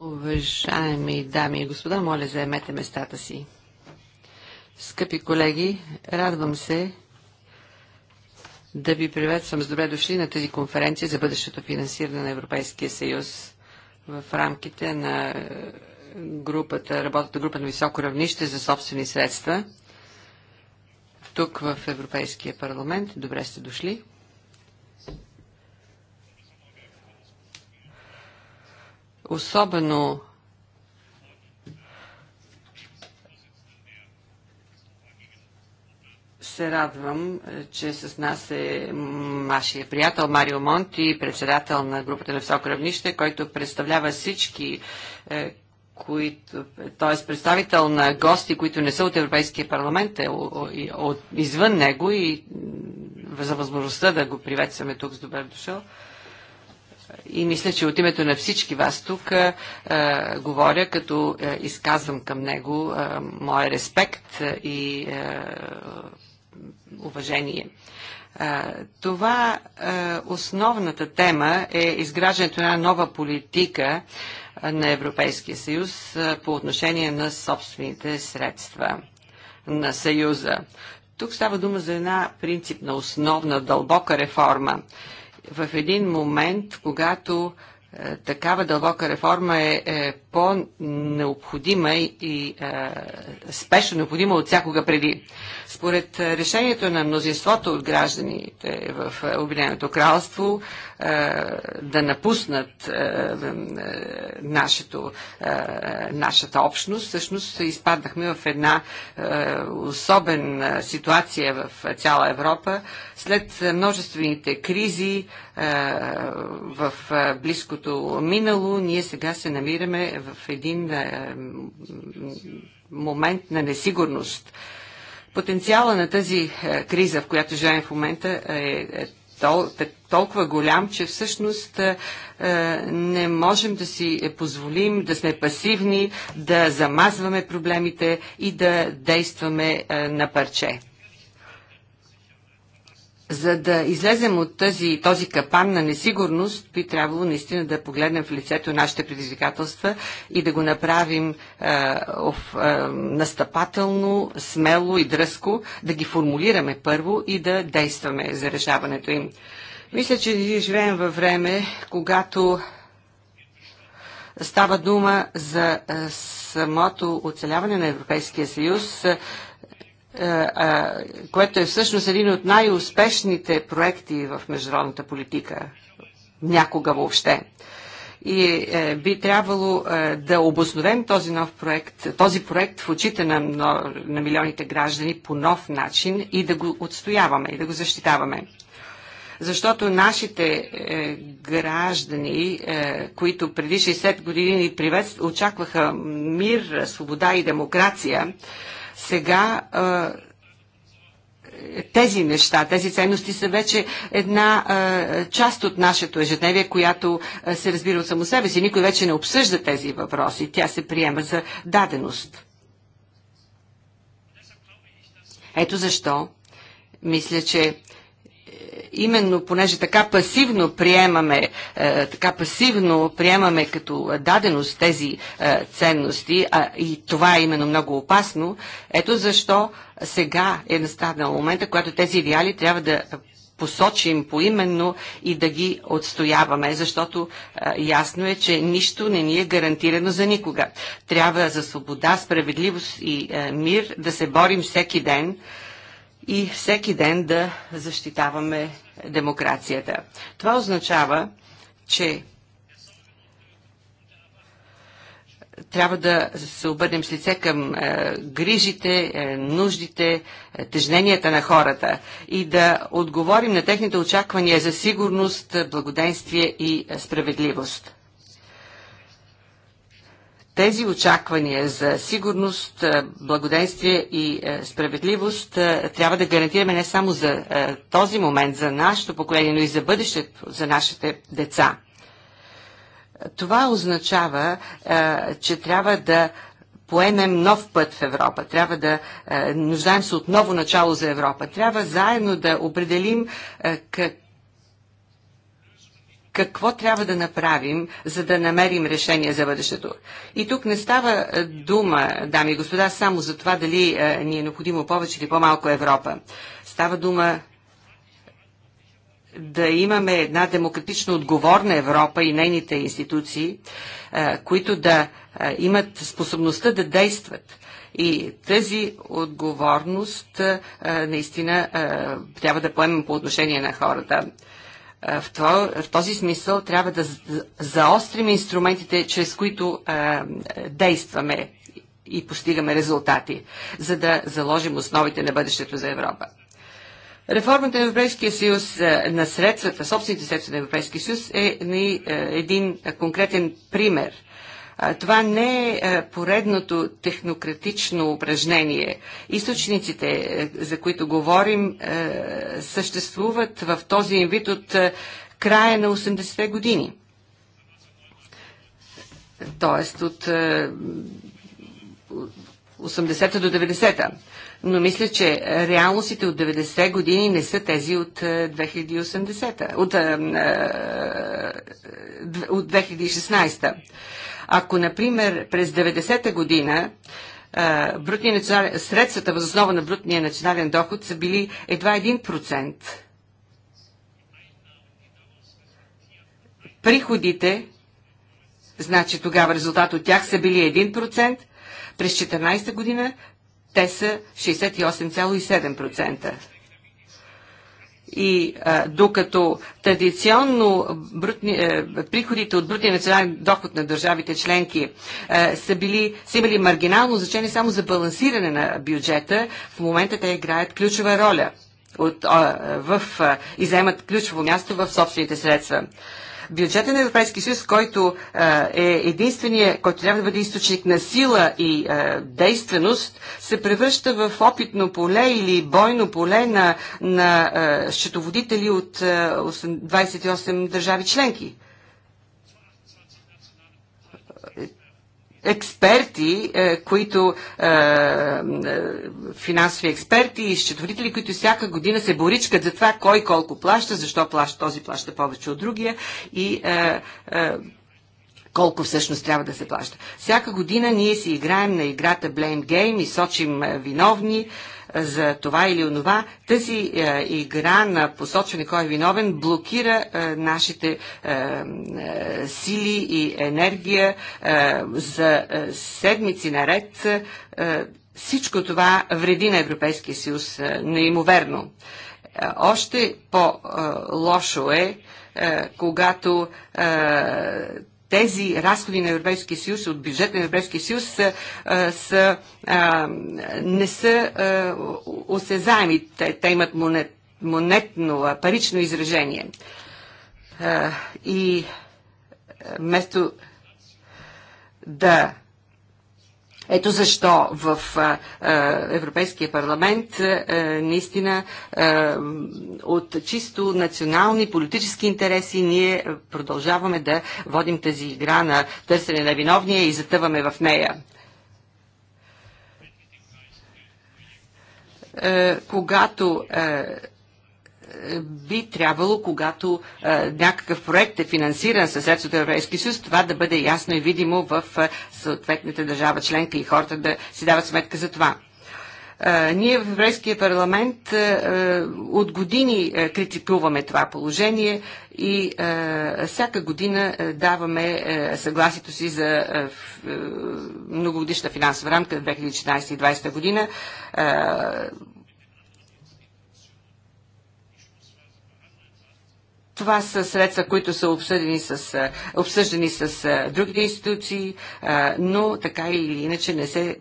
Уважаеми дами и господа, моля заемете местата си. Скъпи колеги, радвам се да ви приветствам с добре дошли на тази конференция за бъдещето финансиране на Европейския съюз в рамките на е, групата, работата група на високо равнище за собствени средства тук в Европейския парламент. Добре сте дошли. особено се радвам, е, че с нас е нашия приятел Марио Монти, председател на групата на високо равнище, който представлява всички е, които, т.е. представител на гости, които не са от Европейския парламент, е от, извън него и за възможността да го приветстваме тук с добър дошъл и мисля, че от името на всички вас тук а, е, а, е, говоря, като а, е, изказвам към него а, моя респект а, и а, уважение. А, това а, основната тема е изграждането на нова политика на Европейския съюз а, по отношение на собствените средства на съюза. Тук става дума за една принципна, основна, дълбока реформа в един момент, когато е, такава дълбока реформа е, е по-необходима и а, спешно необходима от всякога преди. Според решението на мнозинството от гражданите в Обединеното кралство а, да напуснат а, нашето, а, нашата общност, всъщност изпаднахме в една а, особена ситуация в цяла Европа. След множествените кризи а, в близкото минало, ние сега се намираме в един е, момент на несигурност. Потенциала на тази е, криза, в която живеем в момента, е, е тол, толкова голям, че всъщност е, не можем да си позволим да сме пасивни, да замазваме проблемите и да действаме е, на парче за да излезем от тази, този капан на несигурност, би трябвало наистина да погледнем в лицето нашите предизвикателства и да го направим е, ов, е, настъпателно, смело и дръзко, да ги формулираме първо и да действаме за решаването им. Мисля, че живеем във време, когато става дума за самото оцеляване на Европейския съюз е, е, което е всъщност един от най-успешните проекти в международната политика някога въобще. И е, би трябвало да обосновем този нов проект, този проект в очите на, на, на милионите граждани по нов начин и да го отстояваме и да го защитаваме защото нашите е, граждани, е, които преди 60 години приветств, очакваха мир, свобода и демокрация, сега тези неща, тези ценности са вече една а, част от нашето ежедневие, която а, се разбира от само себе си. Никой вече не обсъжда тези въпроси. Тя се приема за даденост. Ето защо мисля, че именно понеже така пасивно приемаме, е, така пасивно приемаме като даденост тези е, ценности, а и това е именно много опасно, ето защо сега е настанал момента, когато тези идеали трябва да посочим поименно и да ги отстояваме, защото а, е, ясно е, че нищо не ни е гарантирано за никога. Трябва за свобода, справедливост и а, мир да се борим всеки ден и всеки ден да защитаваме демокрацията. Това означава, че трябва да се обърнем с лице към е, грижите, е, нуждите, е, тежненията на хората и да отговорим на техните очаквания за сигурност, благоденствие и е, справедливост тези очаквания за сигурност, е, благоденствие и е, справедливост е, трябва да гарантираме не само за този момент, за нашето поколение, но и за бъдещето, за нашите деца. Това означава, че трябва да поемем нов път в Европа. Трябва да нуждаем се от ново начало за Европа. Трябва заедно да определим как, какво трябва да направим, за да намерим решение за бъдещето. И тук не става е, дума, дами и господа, само за това дали е, ни е необходимо повече или по-малко Европа. Става дума да имаме една демократично отговорна Европа и нейните институции, е, които да имат способността да действат. И тази отговорност наистина трябва да поемем по отношение на хората. Е, в този смисъл трябва да заострим инструментите, чрез които е, е, действаме и постигаме резултати, за да заложим основите на бъдещето за Европа. Реформата на Европейския съюз на средствата, собствените средства на Европейския съюз е един конкретен пример – това не е, е поредното технократично упражнение. Източниците, е, за които говорим, е, съществуват в този им вид от края на 80-те години. Тоест от 80-та до 90-та. Но мисля, че реалностите от 90-те години не са тези от 2080-та, от, от 2016-та. Ако, например, през 90-та година национален, средствата възоснова на брутния национален доход са били едва 1%, приходите, значи тогава резултат от тях са били 1%, през 14-та година те са 68,7% и а, докато традиционно брутни, а, е, приходите от брутния национален доход на държавите членки а, е, са, били, са имали маргинално значение само за балансиране на бюджета, в момента те играят ключова роля от, а, в, а, и заемат ключово място в собствените средства. А, бюджета на Европейския съюз, който е, е единствения, който трябва да бъде източник на сила и е, действеност, се превръща в опитно поле или бойно поле на, на е, счетоводители от 28 държави членки. експерти, е, които е, е, финансови експерти и счетоводители, които всяка година се боричкат за това кой колко плаща, защо плаща, този плаща повече от другия и колко всъщност трябва да се плаща. Всяка година ние си играем на играта Blame Game и сочим виновни за това или онова, тази е, игра на посочване кой е виновен блокира е, нашите е, е сили и енергия е, за е, седмици наред. Всичко това вреди на Европейския съюз неимоверно. Още по-лошо е, когато тези разходи на Европейския съюз, от бюджета на Европейския съюз, са, са, а, не са а, осезаеми. Те, те имат монет, монетно, парично изражение. А, и вместо да ето защо в Европейския парламент наистина от чисто национални политически интереси ние продължаваме да водим тази игра на търсене на виновния и затъваме в нея. Е, когато е, би трябвало, когато а, някакъв проект е финансиран със от Европейския съюз, това да бъде ясно и видимо в съответните съответната държава членка и хората да си дават сметка за това. А, ние в Европейския парламент от години критикуваме това положение и всяка година даваме съгласието си за многогодишна финансова рамка 2014-2020 година Това са средства, които са обсъдени с, обсъждани с другите институции, но така или иначе не се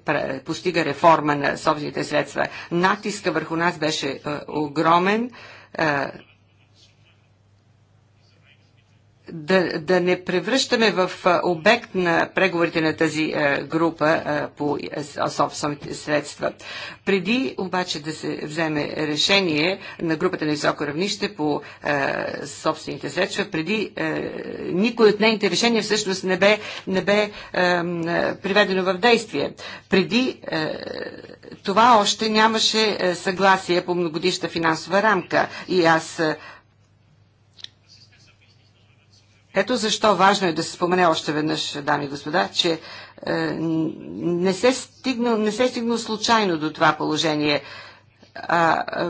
постига реформа на собствените средства. Натиска върху нас беше огромен да, да не превръщаме в обект на преговорите на тази група по собствените средства. Преди обаче да се вземе решение на групата на високо равнище по собствените средства, преди никой от нейните решения всъщност не бе, не бе приведено в действие. Преди това още нямаше съгласие по многодишна финансова рамка и аз ето защо важно е да се спомене още веднъж, дами и господа, че е, не, се стигна, не се е стигна случайно до това положение. А, а, е,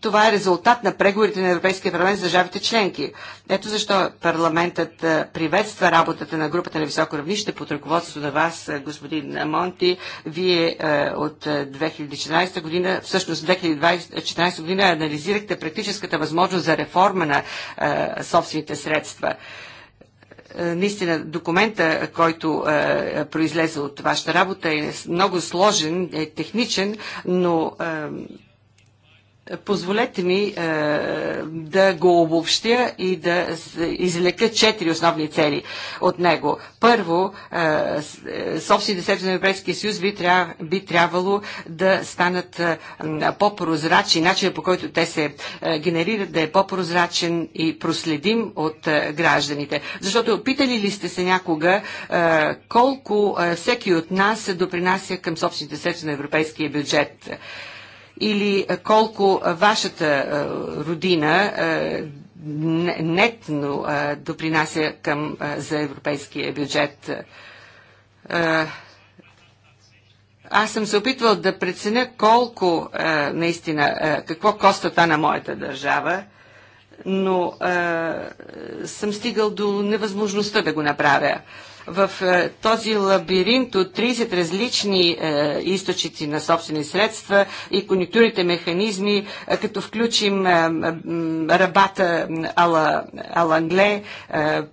това е резултат на преговорите на Европейския парламент с държавите членки. Ето защо парламентът е, приветства работата на групата на високо равнище под ръководство на вас, господин Монти. Вие а, от 2014 година, всъщност 2014 година анализирахте практическата възможност за реформа на а, собствените средства. А, наистина документа, който е, произлезе от вашата работа е много сложен, е техничен, но е, Позволете ми е, да го обобщя и да извлека четири основни цели от него. Първо, е, собствените средства на Европейския съюз би, тря, би трябвало да станат е, по-прозрачни. Начинът по който те се е, генерират да е по-прозрачен и проследим от е, гражданите. Защото питали ли сте се някога е, колко е, всеки от нас се допринася към собствените средства на Европейския бюджет? или колко вашата родина нетно допринася към, за европейския бюджет. Аз съм се опитвал да преценя колко наистина, какво коста та на моята държава, но съм стигал до невъзможността да го направя в е, този лабиринт от 30 различни е, източници на собствени средства и конъюнктурните механизми, е, като включим рабата Ала, Алангле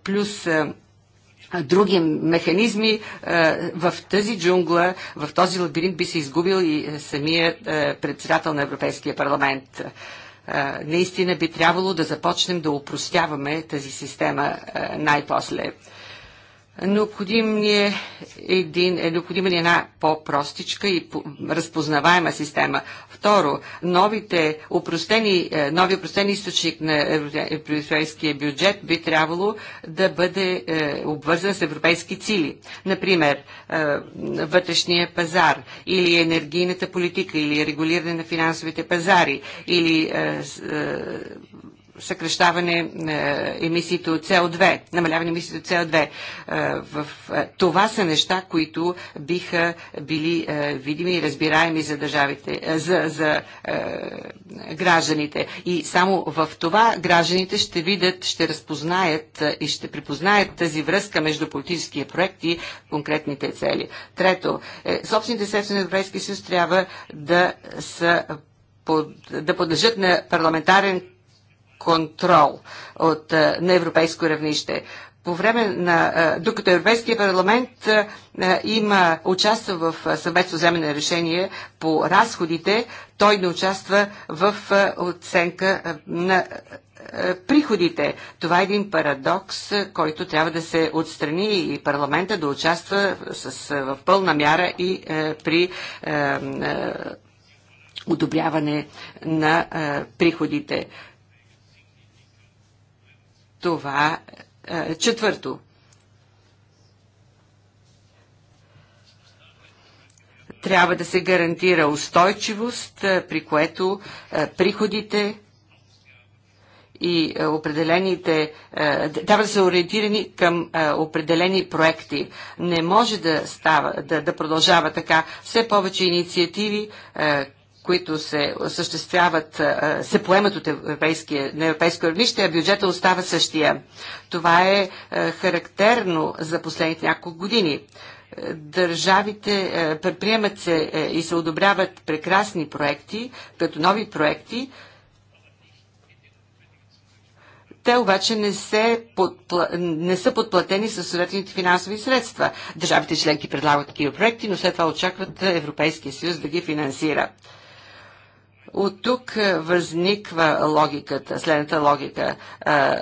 плюс други механизми, в тази джунгла, в този лабиринт би се изгубил и самият председател на Европейския парламент. Наистина би трябвало да започнем да упростяваме тази система най-после. Необходим ни е, един, е необходима ни една по-простичка и по разпознаваема система. Второ, новите упростени, е, нови упростени източник на европейския бюджет би трябвало да бъде е, обвързан с европейски цили. Например, е, вътрешния пазар или енергийната политика или регулиране на финансовите пазари или е, е съкрещаване на е, емисиите от СО2, намаляване емисиите от СО2. Е, е, това са неща, които биха били видими и разбираеми за държавите, за, за гражданите. И само в това гражданите ще видят, ще разпознаят и ще припознаят тази връзка между политическия проект и конкретните цели. Трето, собствените средства на Европейския съюз трябва да са да подлежат на парламентарен контрол от, е, на европейско равнище по време на, е, докато Европейския парламент е, има, участва в съвместно вземане на решение по разходите, той не участва в оценка на приходите. Това е един парадокс, който трябва да се отстрани и парламента да участва с, в пълна мяра и е, при е, е, одобряване на е, приходите. Това е, четвърто. Трябва да се гарантира устойчивост, е, при което е, приходите и е, определените, е, трябва да са ориентирани към определени проекти. Не може да, става, да, да продължава така. Все повече инициативи които се осъществяват, се поемат от европейския, на европейско равнище, а бюджета остава същия. Това е характерно за последните няколко години. Държавите предприемат се и се одобряват прекрасни проекти, като нови проекти, те обаче не, се подпла... не са подплатени със съответните финансови средства. Държавите членки предлагат такива проекти, но след това очакват Европейския съюз да ги финансира. От тук е, възниква логиката, следната логика. А,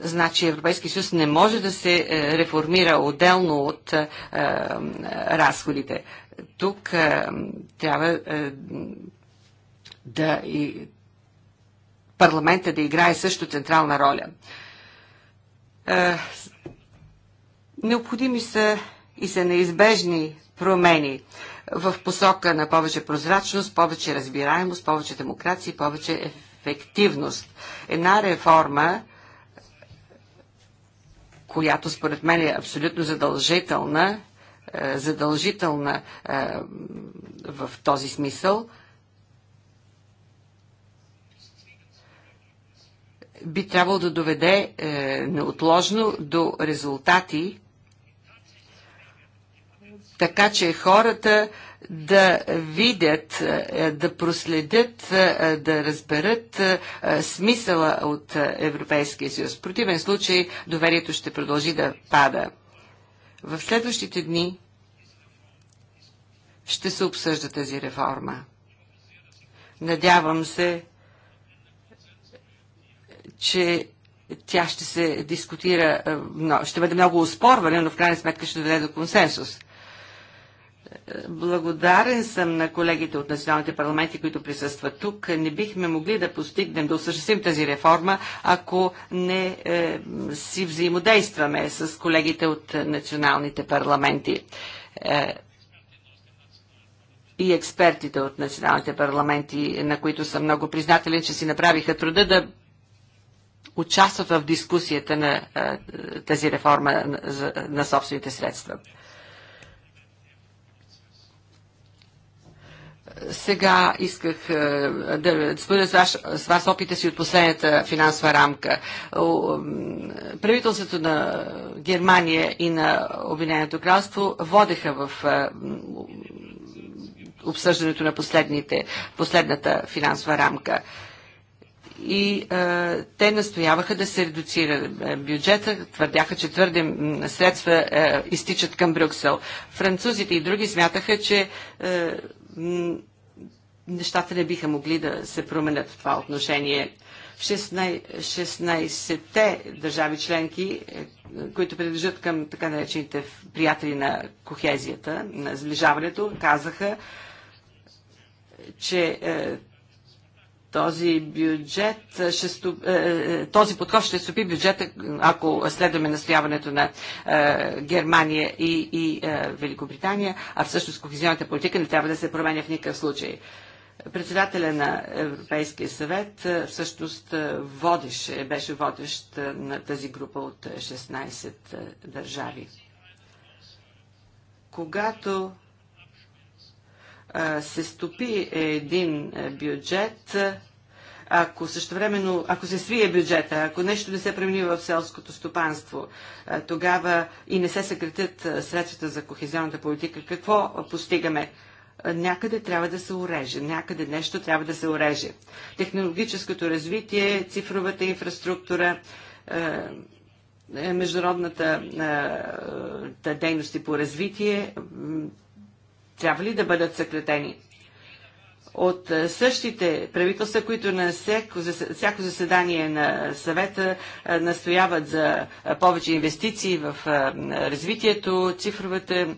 значи Европейски съюз не може да се е, реформира отделно от а, е, разходите. Тук а, трябва да и парламента да играе също централна роля. Необходими са и са неизбежни промени в посока на повече прозрачност, повече разбираемост, повече демокрация и повече ефективност. Една реформа, която според мен е абсолютно задължителна, е, задължителна е, в този смисъл, би трябвало да доведе е, неотложно до резултати, така че хората да видят, е, да проследят, е, е, да разберат смисъла от Европейския съюз. В противен случай доверието ще продължи да пада. В следващите дни ще се обсъжда тази реформа. Надявам се, че тя ще се дискутира, ще бъде много успорване, но в крайна сметка ще доведе до консенсус. Благодарен съм на колегите от националните парламенти, които присъстват тук. Не бихме могли да постигнем, да осъществим тази реформа, ако не е, си взаимодействаме с колегите от националните парламенти е, и експертите от националните парламенти, на които съм много признателен, че си направиха труда да участват в дискусията на е, тази реформа на, на собствените средства. Сега исках е, да споделя с вас, с вас опита си от последната финансова рамка. Правителството на Германия и на Обединеното кралство водеха в е, обсъждането на последните, последната финансова рамка и а, е, те настояваха да се редуцира е, бюджета, твърдяха, че твърде средства а, е, изтичат към Брюксел. Французите и други смятаха, че а, нещата не биха могли да се променят в това отношение. 16-те държави членки, които принадлежат към така наречените приятели на кохезията, на сближаването, казаха, че този бюджет, ще ступ, е, е, този подход ще стопи бюджета, ако следваме настояването на е, Германия и, и е, Великобритания, а всъщност кохезионната политика не трябва да се променя в никакъв случай. Председателя на Европейския съвет е, всъщност е, водиш, беше водещ на тази група от 16 държави. Когато се стопи един е, бюджет, ако същевременно, ако се свие бюджета, ако нещо не се премени в селското стопанство, тогава и не се съкретят средствата за кохезионната политика, какво постигаме? Някъде трябва да се уреже, някъде нещо трябва да се уреже. Технологическото развитие, цифровата инфраструктура, е, международната дейност и по развитие трябва ли да бъдат съкретени? от е, същите правителства, които на всяко, всяко заседание на съвета е, настояват за е, повече инвестиции в развитието, цифровата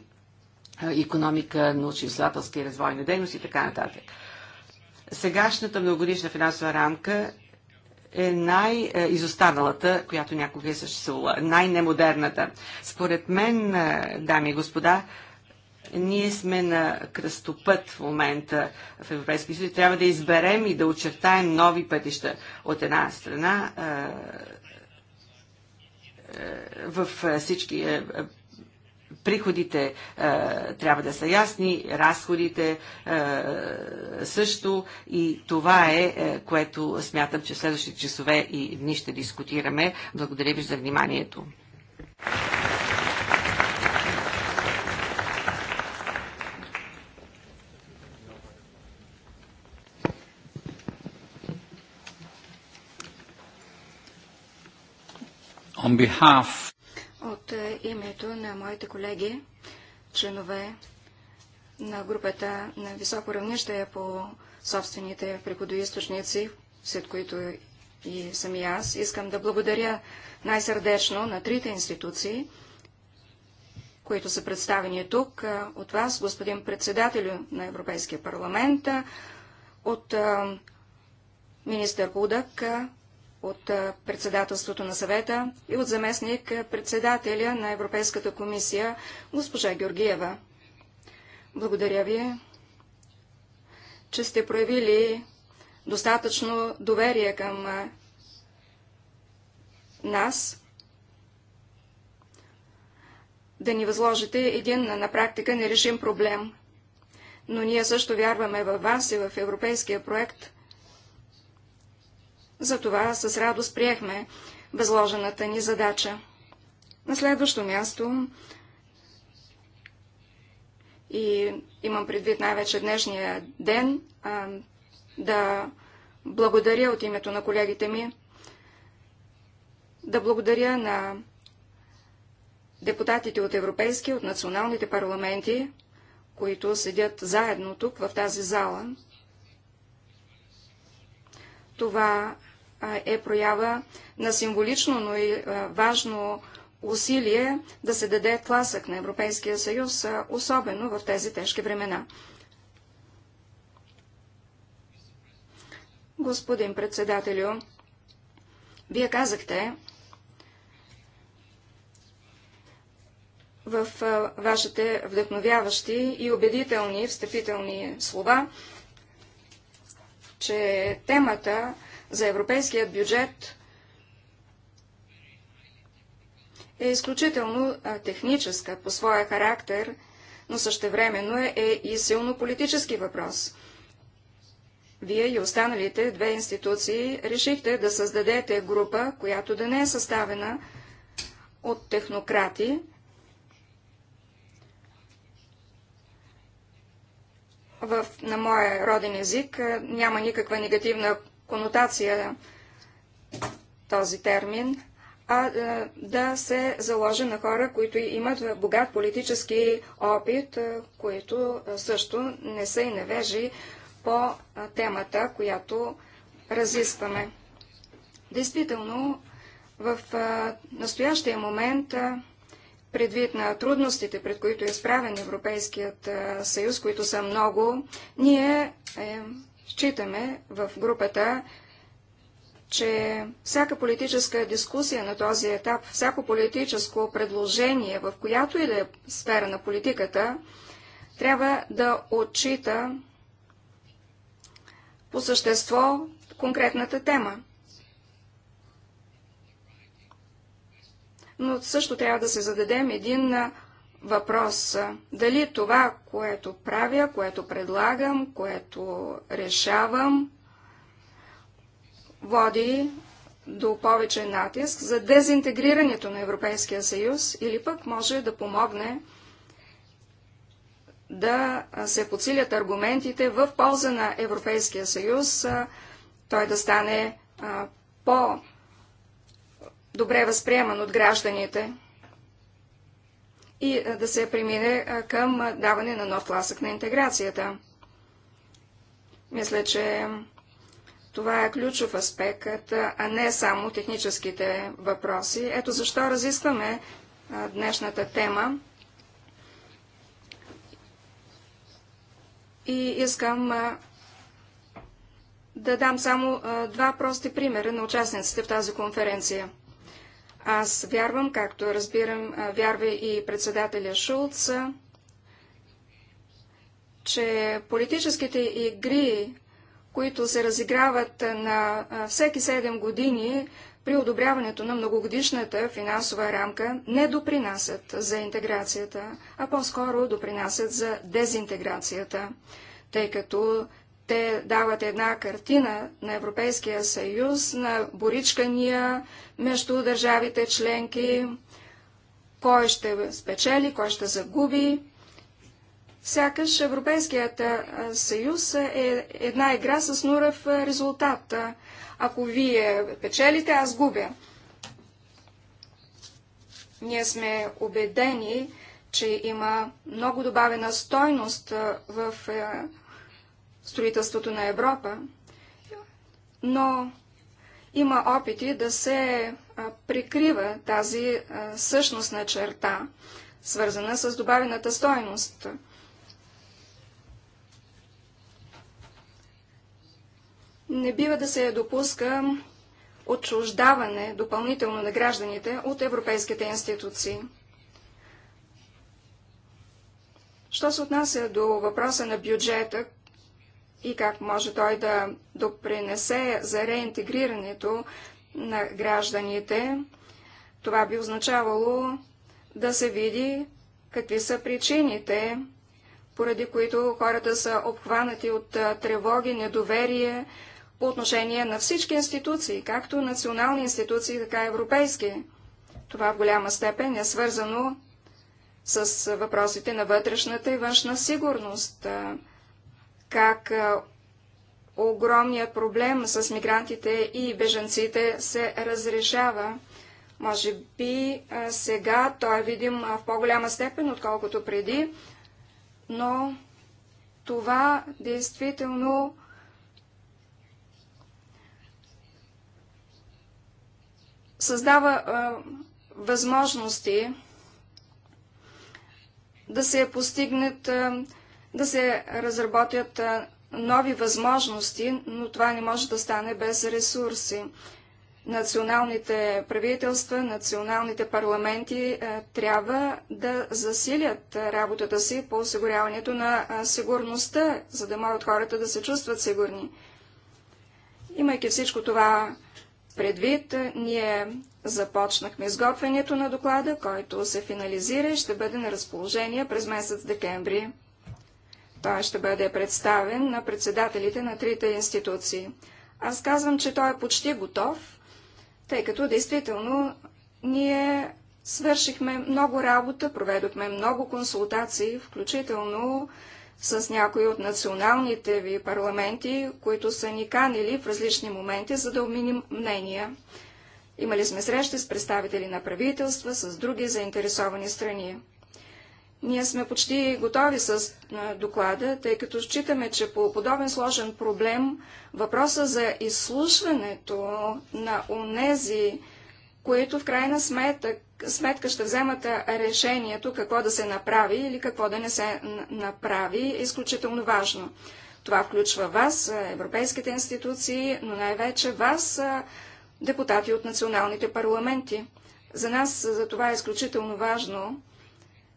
економика, научно-изследователска и развойна дейност и така нататък. Сегашната многогодишна финансова рамка е най-изостаналата, която някога е съществувала, най-немодерната. Според мен, дами и господа, ние сме на кръстопът в момента в Европейския съюз. Трябва да изберем и да очертаем нови пътища. От една страна в всички приходите трябва да са ясни, разходите също и това е, което смятам, че в следващите часове и дни ще дискутираме. Благодаря ви за вниманието. behalf... От е, името на моите колеги, членове на групата на високо равнище по собствените приходоисточници, след които и сами аз, искам да благодаря най-сърдечно на трите институции, които са представени тук е, от вас, господин председател на Европейския парламент, е, от министър Будък, от председателството на съвета и от заместник председателя на Европейската комисия госпожа Георгиева. Благодаря ви, че сте проявили достатъчно доверие към нас, да ни възложите един на практика нерешим проблем. Но ние също вярваме във вас и в европейския проект – затова с радост приехме възложената ни задача. На следващо място, и имам предвид най-вече днешния ден, да благодаря от името на колегите ми, да благодаря на депутатите от европейски, от националните парламенти, които седят заедно тук в тази зала. Това е проява на символично, но и важно усилие да се даде тласък на Европейския съюз, особено в тези тежки времена. Господин председателю, вие казахте в вашите вдъхновяващи и убедителни встъпителни слова, че темата за европейският бюджет е изключително техническа по своя характер, но същевременно е, е и силно политически въпрос. Вие и останалите две институции решихте да създадете група, която да не е съставена от технократи, в, на моя роден език няма никаква негативна конотация този термин, а е, да се заложи на хора, които имат богат политически опит, е, които е, също не са и невежи по темата, която разискваме. Действително, в настоящия момент, предвид на трудностите, пред които е изправен Европейският съюз, които са много, ние Считаме в групата, че всяка политическа дискусия на този етап, всяко политическо предложение, в която и да е сфера на политиката, трябва да отчита по същество конкретната тема. Но също трябва да се зададем един въпрос дали това, което правя, което предлагам, което решавам, води до повече натиск за дезинтегрирането на Европейския съюз или пък може да помогне да се подсилят аргументите в полза на Европейския съюз, той да стане по-добре възприеман от гражданите и е, да се премине е, към е, даване на нов тласък на интеграцията. Мисля, че това е ключов аспект, а не само техническите въпроси. Ето защо разискваме днешната тема. И искам да дам само два прости примера на участниците в тази конференция – аз вярвам, както разбирам, вярва и председателя Шулц, че политическите игри, които се разиграват на всеки 7 години при одобряването на многогодишната финансова рамка, не допринасят за интеграцията, а по-скоро допринасят за дезинтеграцията, тъй като те дават една картина на Европейския съюз, на боричкания между държавите членки, кой ще спечели, кой ще загуби. Сякаш Европейският съюз е една игра с нурав резултат. Ако вие печелите, аз губя. Ние сме убедени, че има много добавена стойност в строителството на Европа, но има опити да се прикрива тази същностна черта, свързана с добавената стойност. Не бива да се допуска отчуждаване допълнително на гражданите от европейските институции. Що се отнася до въпроса на бюджета, и как може той да допринесе за реинтегрирането на гражданите. Това би означавало да се види какви са причините, поради които хората са обхванати от тревоги, недоверие по отношение на всички институции, както национални институции, така и европейски. Това в голяма степен е свързано с въпросите на вътрешната и външна сигурност как огромният проблем с мигрантите и беженците се разрешава. Може би сега той е видим в по-голяма степен, отколкото преди, но това действително създава а, възможности да се постигнат а, да се разработят нови възможности, но това не може да стане без ресурси. Националните правителства, националните парламенти трябва да засилят работата си по осигуряването на сигурността, за да могат хората да се чувстват сигурни. Имайки всичко това предвид, ние започнахме изготвянето на доклада, който се финализира и ще бъде на разположение през месец декември. Той ще бъде представен на председателите на трите институции. Аз казвам, че той е почти готов, тъй като действително ние свършихме много работа, проведохме много консултации, включително с някои от националните ви парламенти, които са ни канили в различни моменти, за да обминим мнения. Имали сме срещи с представители на правителства, с други заинтересовани страни. Ние сме почти готови с доклада, тъй като считаме, че по подобен сложен проблем въпроса за изслушването на онези, които в крайна сметка ще вземат решението какво да се направи или какво да не се направи, е изключително важно. Това включва вас, европейските институции, но най-вече вас, депутати от националните парламенти. За нас за това е изключително важно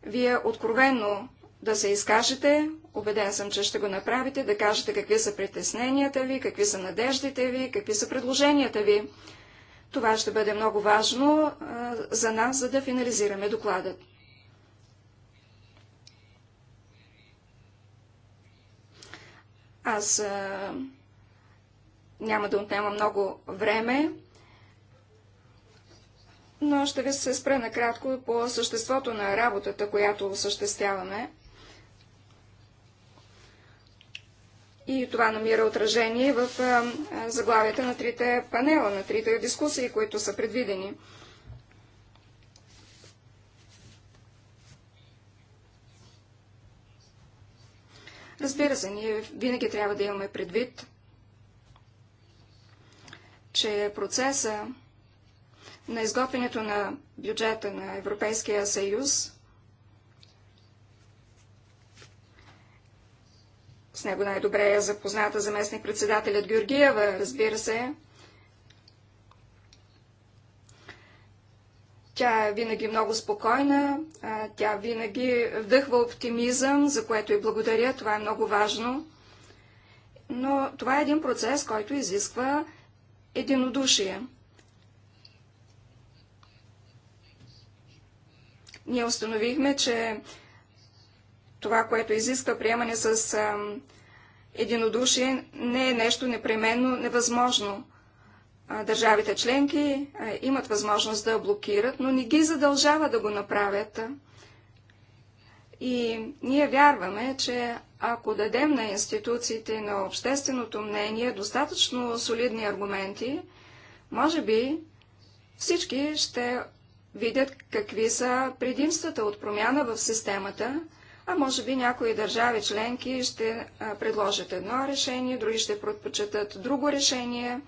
вие откровенно да се изкажете, убеден съм, че ще го направите, да кажете какви са притесненията ви, какви са надеждите ви, какви са предложенията ви. Това ще бъде много важно а, за нас, за да финализираме докладът. Аз а, няма да отнема много време но ще ви се спра накратко по съществото на работата, която осъществяваме. И това намира отражение в заглавията на трите панела, на трите дискусии, които са предвидени. Разбира се, ние винаги трябва да имаме предвид, че процеса на изготвянето на бюджета на Европейския съюз. С него най-добре е запозната заместник-председателят Георгиева, разбира се. Тя е винаги много спокойна, тя винаги вдъхва оптимизъм, за което и благодаря, това е много важно. Но това е един процес, който изисква единодушие. Ние установихме, че това, което изисква приемане с а, единодушие, не е нещо непременно невъзможно. А, държавите членки а, имат възможност да блокират, но не ги задължава да го направят. И ние вярваме, че ако дадем на институциите на общественото мнение достатъчно солидни аргументи, може би всички ще видят какви са предимствата от промяна в системата, а може би някои държави членки ще предложат едно решение, други ще предпочитат друго решение.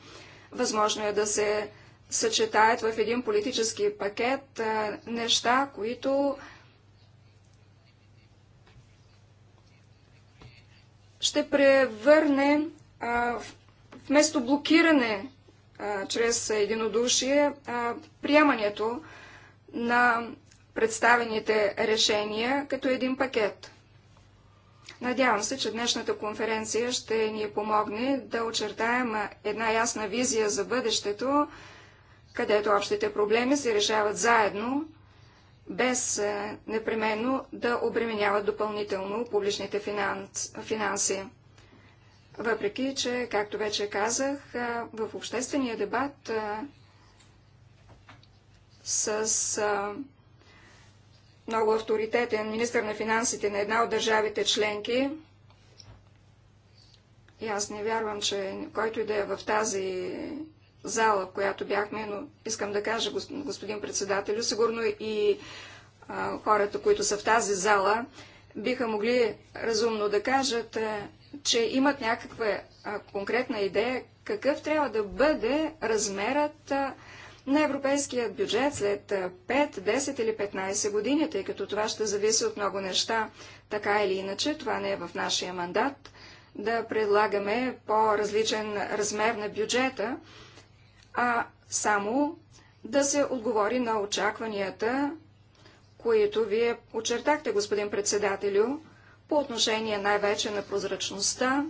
Възможно е да се съчетаят в един политически пакет неща, които ще превърне вместо блокиране чрез единодушие приемането на представените решения като един пакет. Надявам се, че днешната конференция ще ни помогне да очертаем една ясна визия за бъдещето, където общите проблеми се решават заедно, без е, непременно да обременяват допълнително публичните финанси. Въпреки, че, както вече казах, е, в обществения дебат е, с а, много авторитетен министр на финансите на една от държавите членки. И аз не вярвам, че който и да е в тази зала, в която бяхме, но искам да кажа, господин председателю, сигурно и а, хората, които са в тази зала, биха могли разумно да кажат, а, че имат някаква а, конкретна идея какъв трябва да бъде размерът а, на европейския бюджет след 5, 10 или 15 години, тъй като това ще зависи от много неща. Така или иначе, това не е в нашия мандат да предлагаме по-различен размер на бюджета, а само да се отговори на очакванията, които вие очертахте, господин председателю, по отношение най-вече на прозрачността,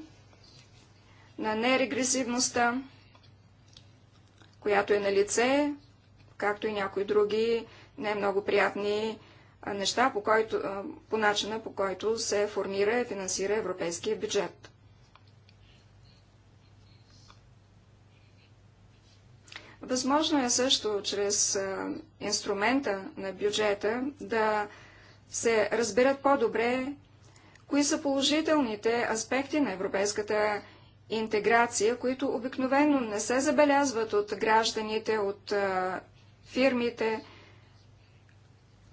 на нерегресивността която е на лице, както и някои други не много приятни неща, по, който, по начина по който се формира и финансира европейския бюджет. Възможно е също чрез инструмента на бюджета да се разберат по-добре кои са положителните аспекти на европейската интеграция, които обикновено не се забелязват от гражданите, от а, фирмите,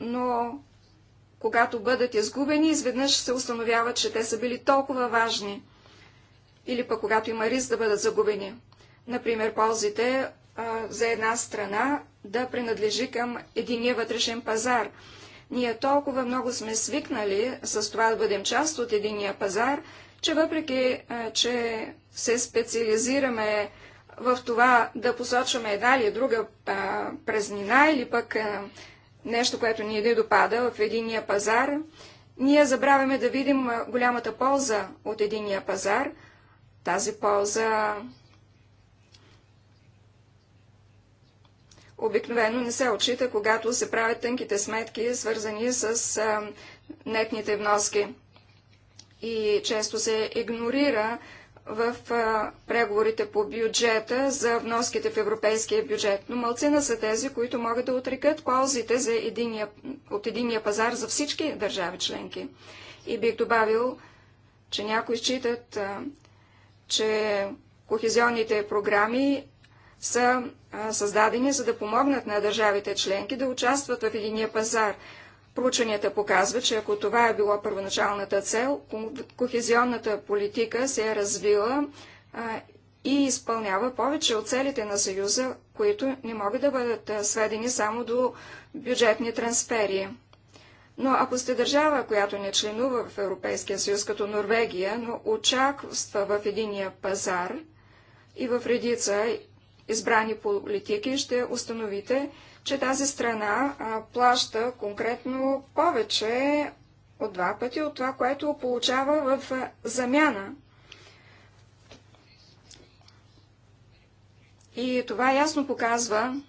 но когато бъдат изгубени, изведнъж се установява, че те са били толкова важни. Или пък когато има риск да бъдат загубени. Например, ползите а, за една страна да принадлежи към единия вътрешен пазар. Ние толкова много сме свикнали с това да бъдем част от единия пазар, че въпреки, че се специализираме в това да посочваме една или друга а, празнина или пък а, нещо, което ни не допада в единия пазар, ние забравяме да видим голямата полза от единия пазар. Тази полза обикновено не се отчита, когато се правят тънките сметки, свързани с а, нетните вноски. И често се игнорира в преговорите по бюджета за вноските в европейския бюджет, но малцина са тези, които могат да отрекат ползите за единия, от единия пазар за всички държави членки. И бих добавил, че някои считат, че кохезионните програми са създадени за да помогнат на държавите членки да участват в единия пазар. Проучванията показва, че ако това е било първоначалната цел, кохезионната политика се е развила а, и изпълнява повече от целите на Съюза, които не могат да бъдат сведени само до бюджетни трансфери. Но ако сте държава, която не членува в Европейския съюз като Норвегия, но очаква в единия пазар и в редица избрани политики, ще установите, че тази страна плаща конкретно повече от два пъти от това, което получава в замяна. И това ясно показва,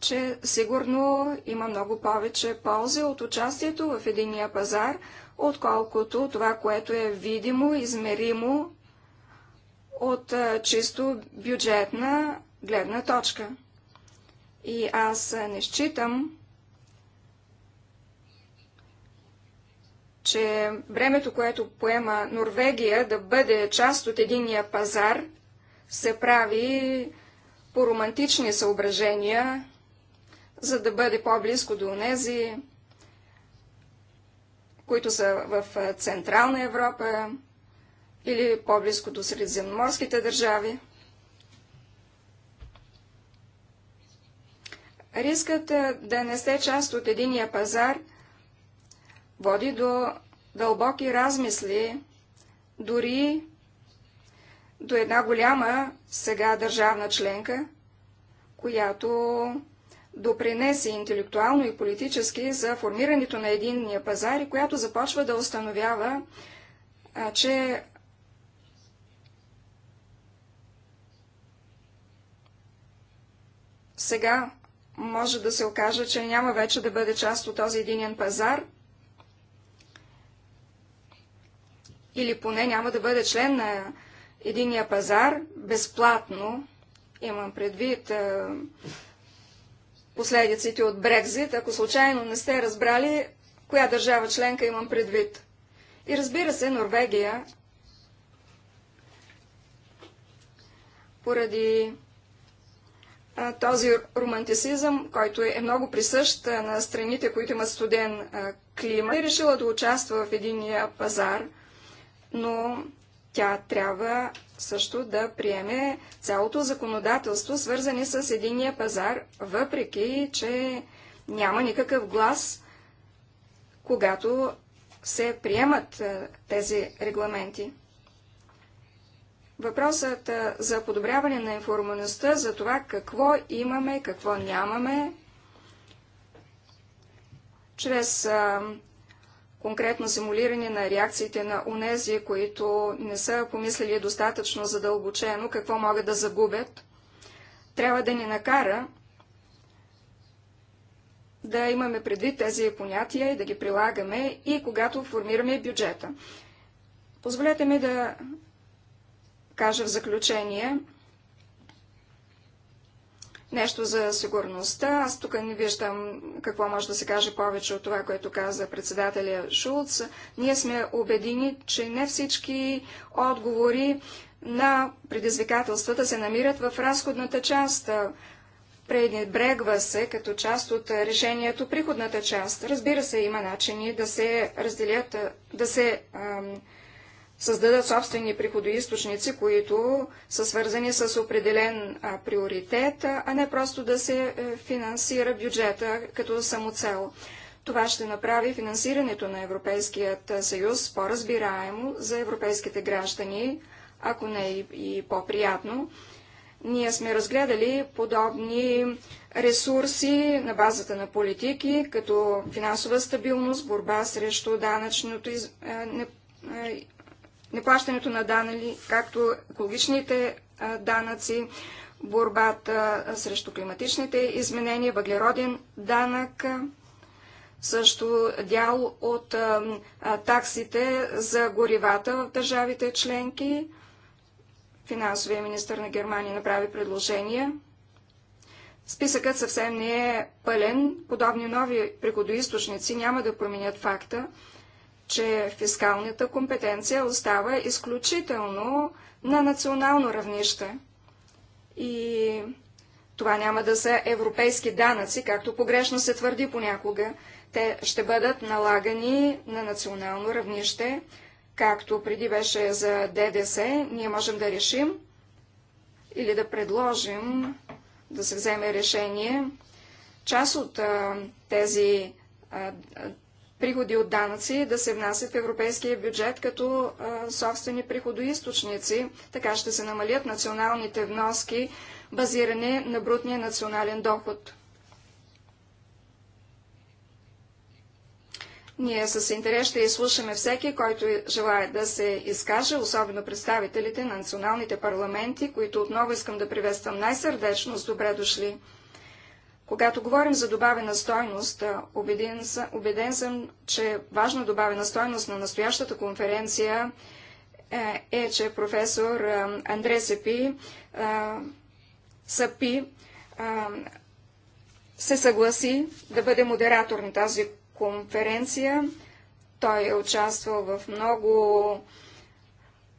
че сигурно има много повече ползи от участието в единия пазар, отколкото това, което е видимо, измеримо от чисто бюджетна гледна точка. И аз не считам, че времето, което поема Норвегия да бъде част от единия пазар, се прави по романтични съображения, за да бъде по-близко до нези, които са в Централна Европа или по-близко до средиземноморските държави. Рискът да не сте част от единия пазар води до дълбоки размисли, дори до една голяма сега държавна членка, която допринесе интелектуално и политически за формирането на единния пазар и която започва да установява, че сега може да се окаже, че няма вече да бъде част от този единен пазар или поне няма да бъде член на единия пазар безплатно. Имам предвид е, последиците от Брекзит, ако случайно не сте разбрали коя държава членка имам предвид. И разбира се, Норвегия, поради този романтицизъм, който е много присъщ на страните, които имат студен климат, е решила да участва в единия пазар, но тя трябва също да приеме цялото законодателство, свързани с единия пазар, въпреки, че няма никакъв глас, когато се приемат тези регламенти. Въпросът за подобряване на информаността, за това какво имаме, какво нямаме, чрез а, конкретно симулиране на реакциите на унези, които не са помислили достатъчно задълбочено какво могат да загубят, трябва да ни накара да имаме предвид тези понятия и да ги прилагаме и когато формираме бюджета. Позволете ми да кажа в заключение нещо за сигурността. Аз тук не виждам какво може да се каже повече от това, което каза председателя Шулц. Ние сме убедени, че не всички отговори на предизвикателствата се намират в разходната част. Пренебрегва се като част от решението приходната част. Разбира се, има начини да се разделят, да се ам, създадат собствени приходоисточници, които са свързани с определен а, приоритет, а не просто да се е, финансира бюджета като самоцел. Това ще направи финансирането на Европейският съюз по-разбираемо за европейските граждани, ако не и, и по-приятно. Ние сме разгледали подобни ресурси на базата на политики, като финансова стабилност, борба срещу данъчното из... Е, е, неплащането на данни, както екологичните данъци, борбата срещу климатичните изменения, въглероден данък, също дял от таксите за горивата в държавите членки. Финансовия министр на Германия направи предложение. Списъкът съвсем не е пълен. Подобни нови приходоисточници няма да променят факта, че фискалната компетенция остава изключително на национално равнище. И това няма да са европейски данъци, както погрешно се твърди понякога. Те ще бъдат налагани на национално равнище, както преди беше за ДДС. Ние можем да решим или да предложим да се вземе решение част от а, тези а, приходи от данъци да се внасят в европейския бюджет като а, собствени приходоисточници. Така ще се намалят националните вноски, базиране на брутния национален доход. Ние с интерес ще изслушаме всеки, който желая да се изкаже, особено представителите на националните парламенти, които отново искам да приветствам най-сърдечно с добре дошли. Когато говорим за добавена стойност, убеден, убеден съм, че важна добавена стойност на настоящата конференция е, е че професор Андре Сепи, Сапи се съгласи да бъде модератор на тази конференция. Той е участвал в много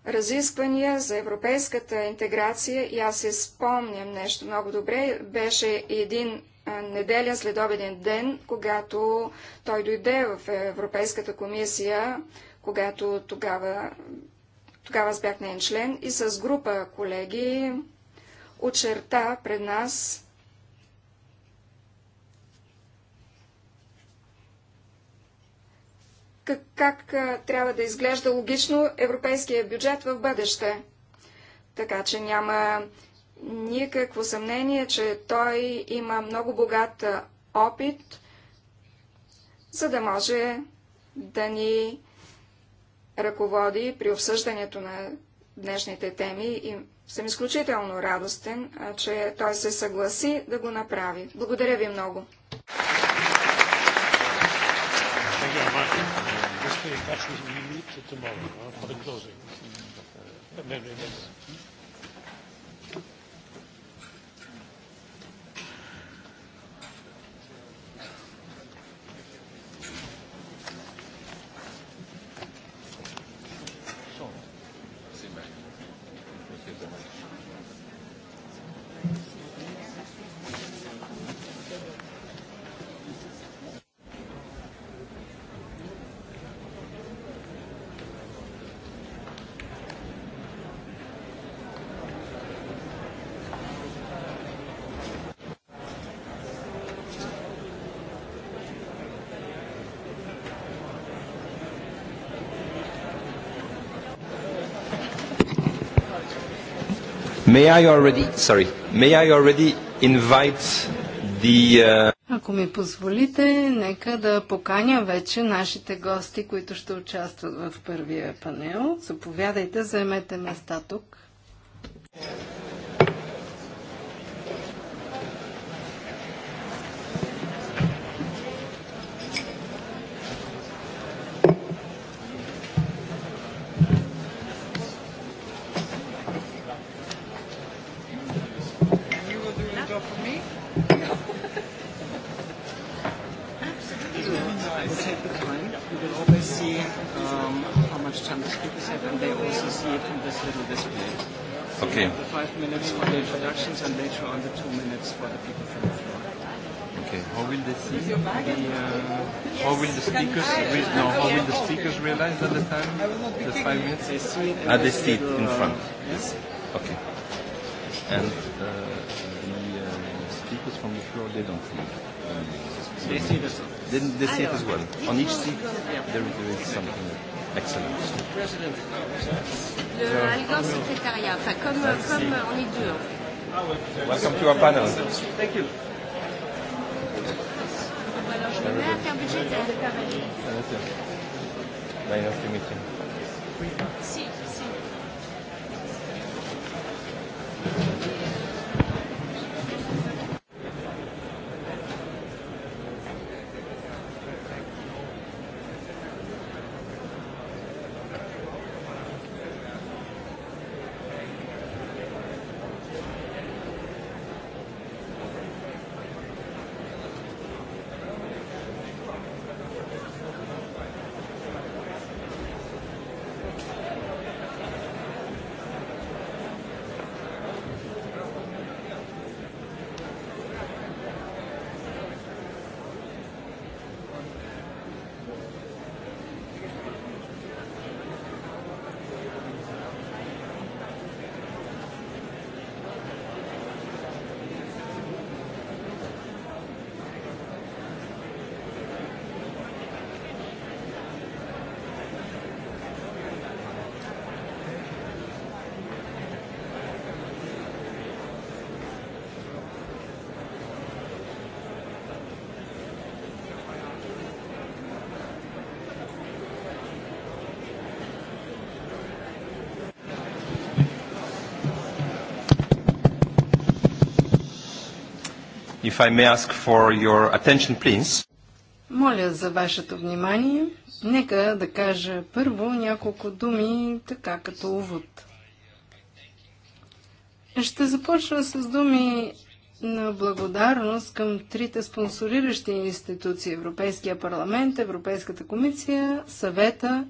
разисквания за европейската интеграция и аз се спомням нещо много добре. Беше един неделя след обеден ден, когато той дойде в Европейската комисия, когато тогава, тогава аз бях неен член и с група колеги очерта пред нас как, как трябва да изглежда логично европейския бюджет в бъдеще. Така че няма никакво съмнение, че той има много богат опит, за да може да ни ръководи при обсъждането на днешните теми и съм изключително радостен, че той се съгласи да го направи. Благодаря ви много. May I already, sorry, may I already invite the... Uh... Ако ми позволите, нека да поканя вече нашите гости, които ще участват в първия панел. Заповядайте, заемете места тук. Okay. The five minutes for the introductions and later on the two minutes for the people from the floor. Okay. How will they see the, uh, how will the speakers re- no, how will the speakers realize that the time the five minutes? They see it ah, they see in front. Yes. Okay. And uh, the uh, speakers from the floor they don't see. They see the They, they see it as well. On each seat there, there is something. Excellent. Le Algor enfin comme, comme on est deux. Welcome to our panel. Thank you. Alors je me mets Dimitri. Si. I may ask for your attention, please. Моля за вашето внимание. Нека да кажа първо няколко думи, така като увод. Ще започна с думи на благодарност към трите спонсориращи институции Европейския парламент, Европейската комисия, съвета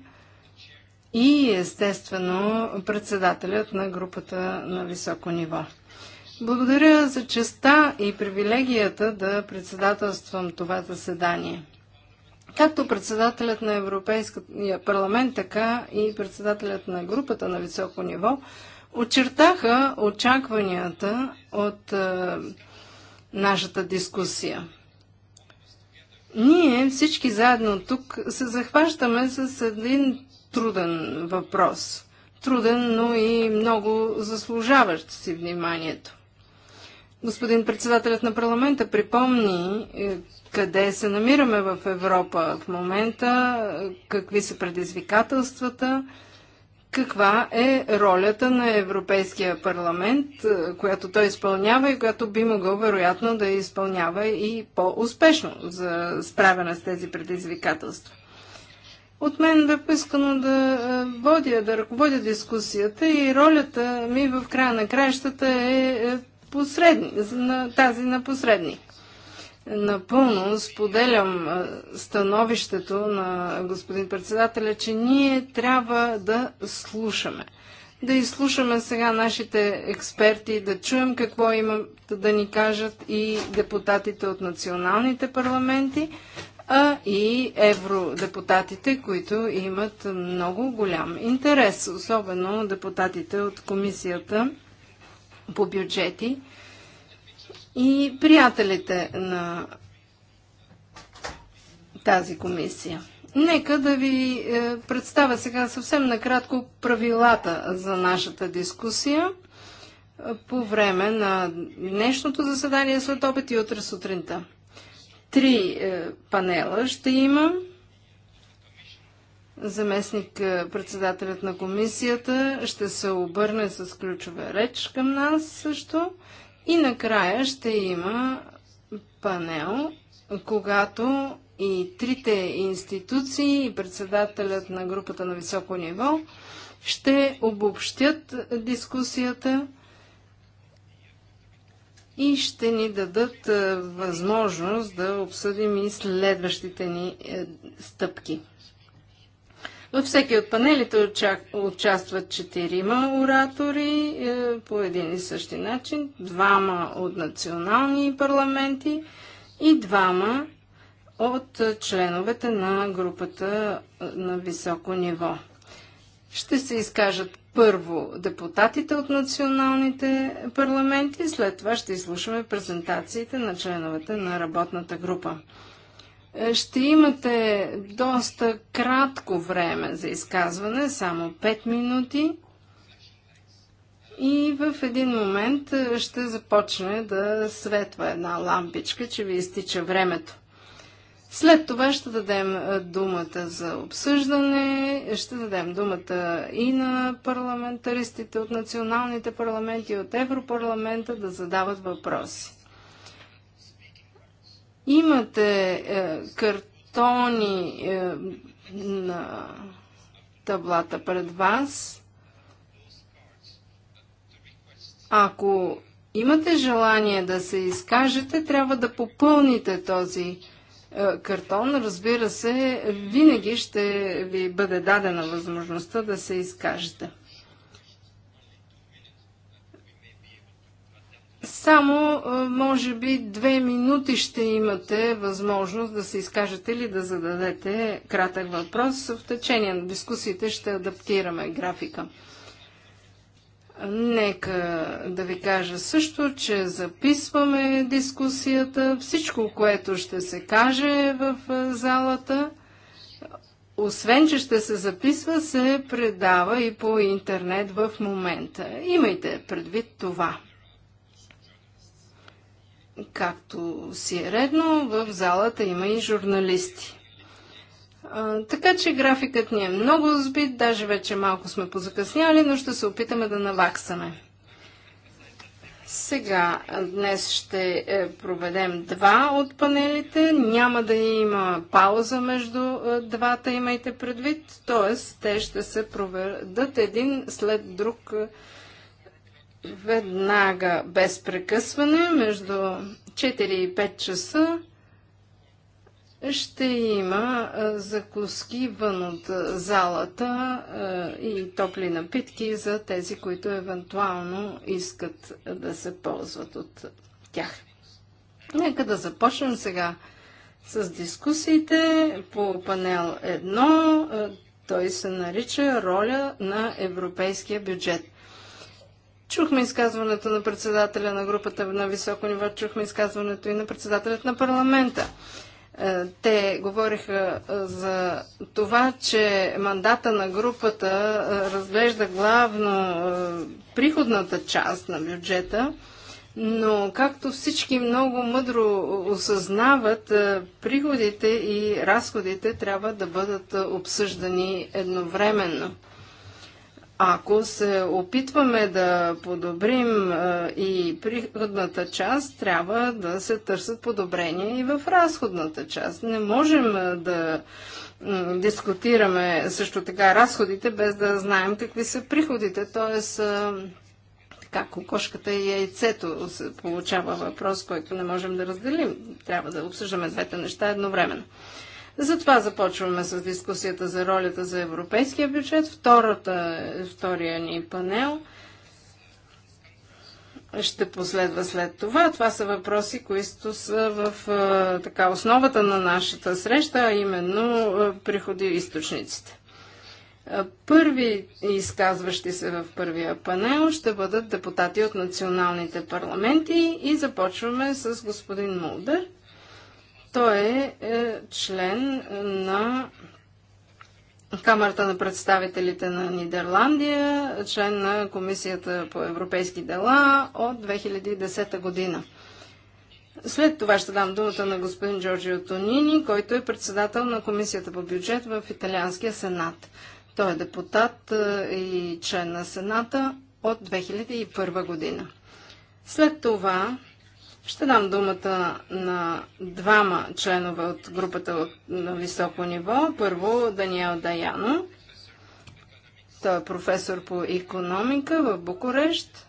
и естествено председателят на групата на високо ниво. Благодаря за честа и привилегията да председателствам това заседание. Както председателят на Европейския парламент, така и председателят на групата на високо ниво очертаха очакванията от е, нашата дискусия. Ние всички заедно тук се захващаме с един труден въпрос. Труден, но и много заслужаващ си вниманието. Господин председателят на парламента припомни е, къде се намираме в Европа в момента, какви са предизвикателствата, каква е ролята на Европейския парламент, е, която той изпълнява и която би могъл вероятно да изпълнява и по-успешно за справяне с тези предизвикателства. От мен бе поискано да е, водя, да ръководя дискусията и ролята ми в края на краищата е посредни, на тази на посредник. Напълно споделям становището на господин председателя, че ние трябва да слушаме. Да изслушаме сега нашите експерти, да чуем какво имат да ни кажат и депутатите от националните парламенти, а и евродепутатите, които имат много голям интерес, особено депутатите от комисията по бюджети и приятелите на тази комисия. Нека да ви е, представя сега съвсем накратко правилата за нашата дискусия е, по време на днешното заседание след обед и утре сутринта. Три е, панела ще имам Заместник е, председателят на комисията ще се обърне с ключове реч към нас също. И накрая ще има панел, когато и трите институции и председателят на групата на високо ниво ще обобщят дискусията и ще ни дадат е, възможност да обсъдим и следващите ни е, стъпки. Във всеки от панелите участват четирима оратори е, по един и същи начин, двама от национални парламенти и двама от членовете на групата е, на високо ниво. Ще се изкажат първо депутатите от националните парламенти, след това ще изслушаме презентациите на членовете на работната група. Ще имате доста кратко време за изказване, само 5 минути. И в един момент е, ще започне да светва една лампичка, че ви изтича времето. След това ще дадем е, думата за обсъждане, ще дадем думата и на парламентаристите от националните парламенти и от Европарламента да задават въпроси имате е, картони е, на таблата пред вас. Ако имате желание да се изкажете, трябва да попълните този е, картон. Разбира се, винаги ще ви бъде дадена възможността да се изкажете. Само, може би, две минути ще имате възможност да се изкажете или да зададете кратък въпрос. В течение на дискусиите ще адаптираме графика. Нека да ви кажа също, че записваме дискусията. Всичко, което ще се каже в залата, освен, че ще се записва, се предава и по интернет в момента. Имайте предвид това. Както си е редно, в залата има и журналисти. А, така че графикът ни е много сбит, даже вече малко сме позакъсняли, но ще се опитаме да наваксаме. Сега, днес ще е, проведем два от панелите. Няма да има пауза между е, двата, имайте предвид. Т.е. те ще се проведат един след друг е, веднага без прекъсване между 4 и 5 часа ще има закуски вън от залата и топли напитки за тези, които евентуално искат да се ползват от тях. Нека да започнем сега с дискусиите по панел 1. Той се нарича Роля на европейския бюджет – Чухме изказването на председателя на групата на високо ниво, чухме изказването и на председателят на парламента. Е, те говориха е, за това, че мандата на групата е, разглежда главно приходната част на бюджета, но както всички много мъдро осъзнават, приходите и разходите трябва да бъдат обсъждани едновременно. Ако се опитваме да подобрим и приходната част, трябва да се търсят подобрения и в разходната част. Не можем да дискутираме също така разходите, без да знаем какви са приходите. Тоест, така, кокошката и яйцето се получава въпрос, който не можем да разделим. Трябва да обсъждаме двете неща едновременно. Затова започваме с дискусията за ролята за европейския бюджет. Втората, втория ни панел ще последва след това. Това са въпроси, които са в така, основата на нашата среща, а именно приходи и източниците. Първи изказващи се в първия панел ще бъдат депутати от националните парламенти и започваме с господин Мулдър. Той е, е, член на Камерата на представителите на Нидерландия, член на Комисията по европейски дела от 2010 година. След това ще дам думата на господин Джорджио Тонини, който е председател на Комисията по бюджет в Италианския сенат. Той е депутат е, и член на сената от 2001 година. След това ще дам думата на двама членове от групата на високо ниво. Първо Даниел Даяно. Той е професор по економика в Букурещ,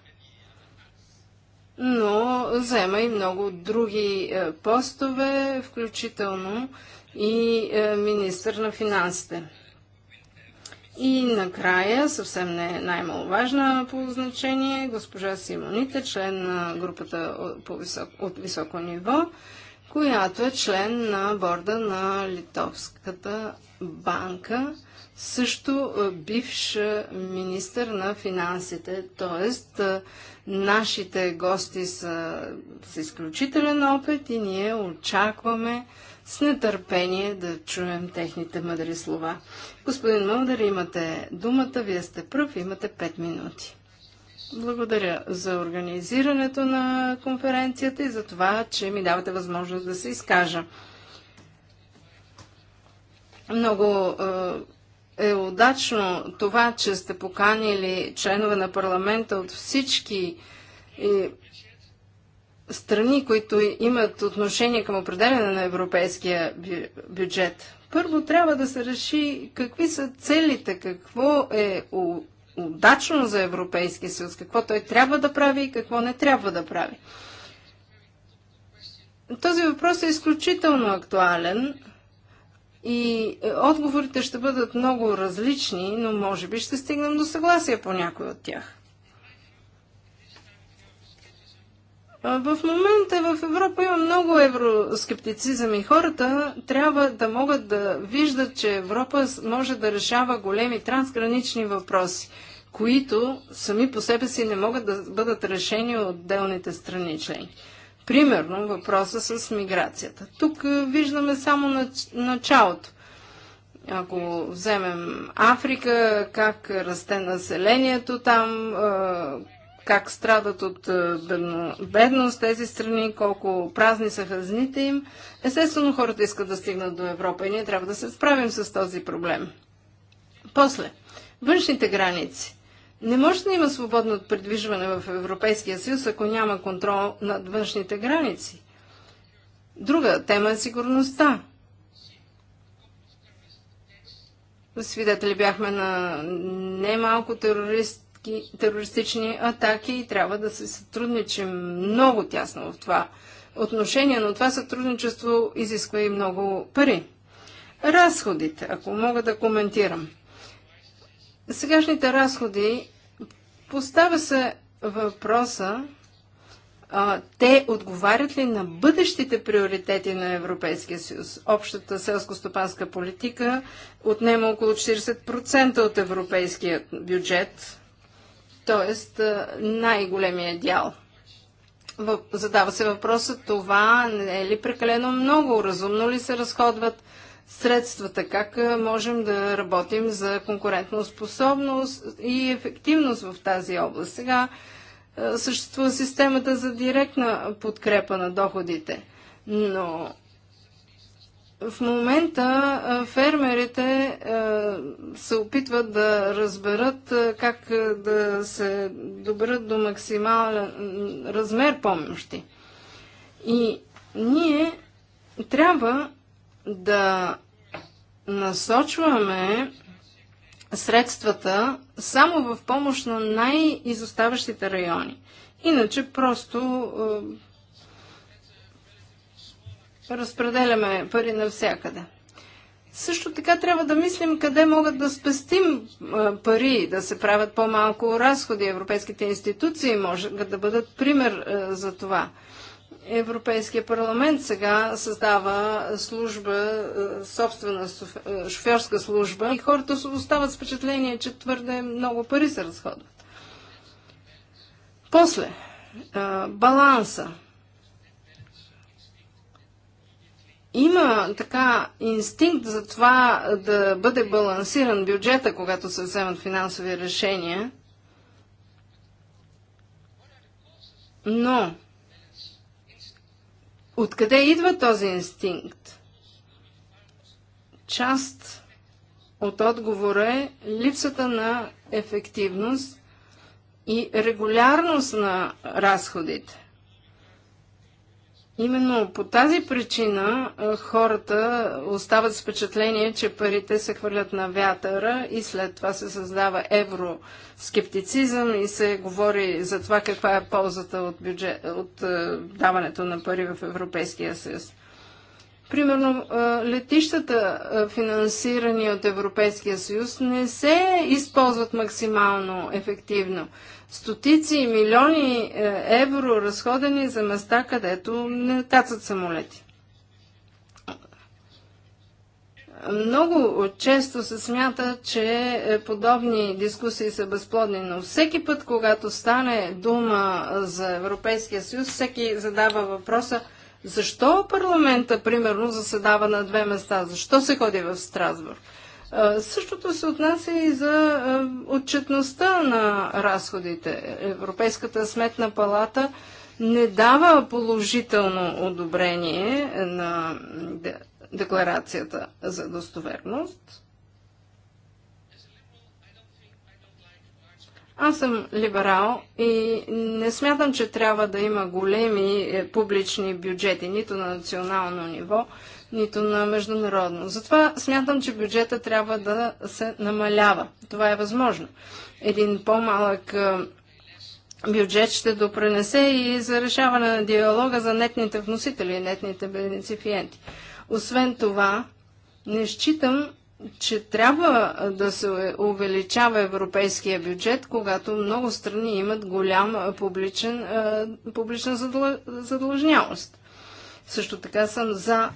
но взема и много други е, постове, включително и е, министър на финансите. И накрая, съвсем не е най-маловажна по значение, госпожа Симоните, член на групата от, висок, от високо ниво, която е член на борда на Литовската банка, също е, бивш е, министър на финансите. Тоест, е, нашите гости са с изключителен опит и ние очакваме с нетърпение да чуем техните мъдри слова. Господин Мълдър, имате думата, вие сте пръв, имате 5 минути. Благодаря за организирането на конференцията и за това, че ми давате възможност да се изкажа. Много е, е удачно това, че сте поканили членове на парламента от всички страни, които имат отношение към определене на европейския бюджет. Първо трябва да се реши какви са целите, какво е удачно за Европейския съюз, какво той трябва да прави и какво не трябва да прави. Този въпрос е изключително актуален и е, отговорите ще бъдат много различни, но може би ще стигнем до съгласие по някой от тях. В момента в Европа има много евроскептицизъм и хората трябва да могат да виждат, че Европа може да решава големи трансгранични въпроси, които сами по себе си не могат да бъдат решени от отделните страни членки. Примерно въпроса с миграцията. Тук виждаме само началото. Ако вземем Африка, как расте населението там, как страдат от е, бедност тези страни, колко празни са хазните им. Естествено, хората искат да стигнат до Европа и ние трябва да се справим с този проблем. После, външните граници. Не може да има свободно придвижване в Европейския съюз, ако няма контрол над външните граници. Друга тема е сигурността. Свидетели бяхме на немалко терорист терористични атаки и трябва да се сътрудничим много тясно в това отношение, но това сътрудничество изисква и много пари. Разходите, ако мога да коментирам. Сегашните разходи поставя се въпроса а, те отговарят ли на бъдещите приоритети на Европейския съюз? Общата селско-стопанска политика отнема около 40% от европейския бюджет т.е. най-големия дял. Задава се въпроса, това не е ли прекалено много? Разумно ли се разходват средствата? Как можем да работим за способност и ефективност в тази област? Сега съществува системата за директна подкрепа на доходите, но в момента фермерите се опитват да разберат как да се добрат до максимален размер помощи. И ние трябва да насочваме средствата само в помощ на най-изоставащите райони. Иначе просто разпределяме пари навсякъде. Също така трябва да мислим къде могат да спестим пари, да се правят по-малко разходи. Европейските институции може да бъдат пример за това. Европейския парламент сега създава служба, собствена шофьорска служба и хората остават с впечатление, че твърде много пари се разходват. После, баланса. има така инстинкт за това да бъде балансиран бюджета, когато се вземат финансови решения. Но откъде идва този инстинкт? Част от отговора е липсата на ефективност и регулярност на разходите. Именно по тази причина хората остават с впечатление, че парите се хвърлят на вятъра и след това се създава евроскептицизъм и се говори за това каква е ползата от, бюджет, от даването на пари в Европейския съюз. Примерно, летищата, финансирани от Европейския съюз, не се използват максимално ефективно стотици и милиони е, евро разходени за места, където не кацат самолети. Много често се смята, че е, подобни дискусии са безплодни, но всеки път, когато стане дума е, за Европейския съюз, всеки задава въпроса защо парламента, примерно, заседава на две места, защо се ходи в Страсбург. Същото се отнася и за отчетността на разходите. Европейската сметна палата не дава положително одобрение на декларацията за достоверност. Аз съм либерал и не смятам, че трябва да има големи е, публични бюджети, нито на национално ниво, нито на международно. Затова смятам, че бюджета трябва да се намалява. Това е възможно. Един по-малък бюджет ще допренесе и за решаване на диалога за нетните вносители и нетните бенефициенти. Освен това, не считам, че трябва да се увеличава европейския бюджет, когато много страни имат голям публична задлъжнялост. Също така съм за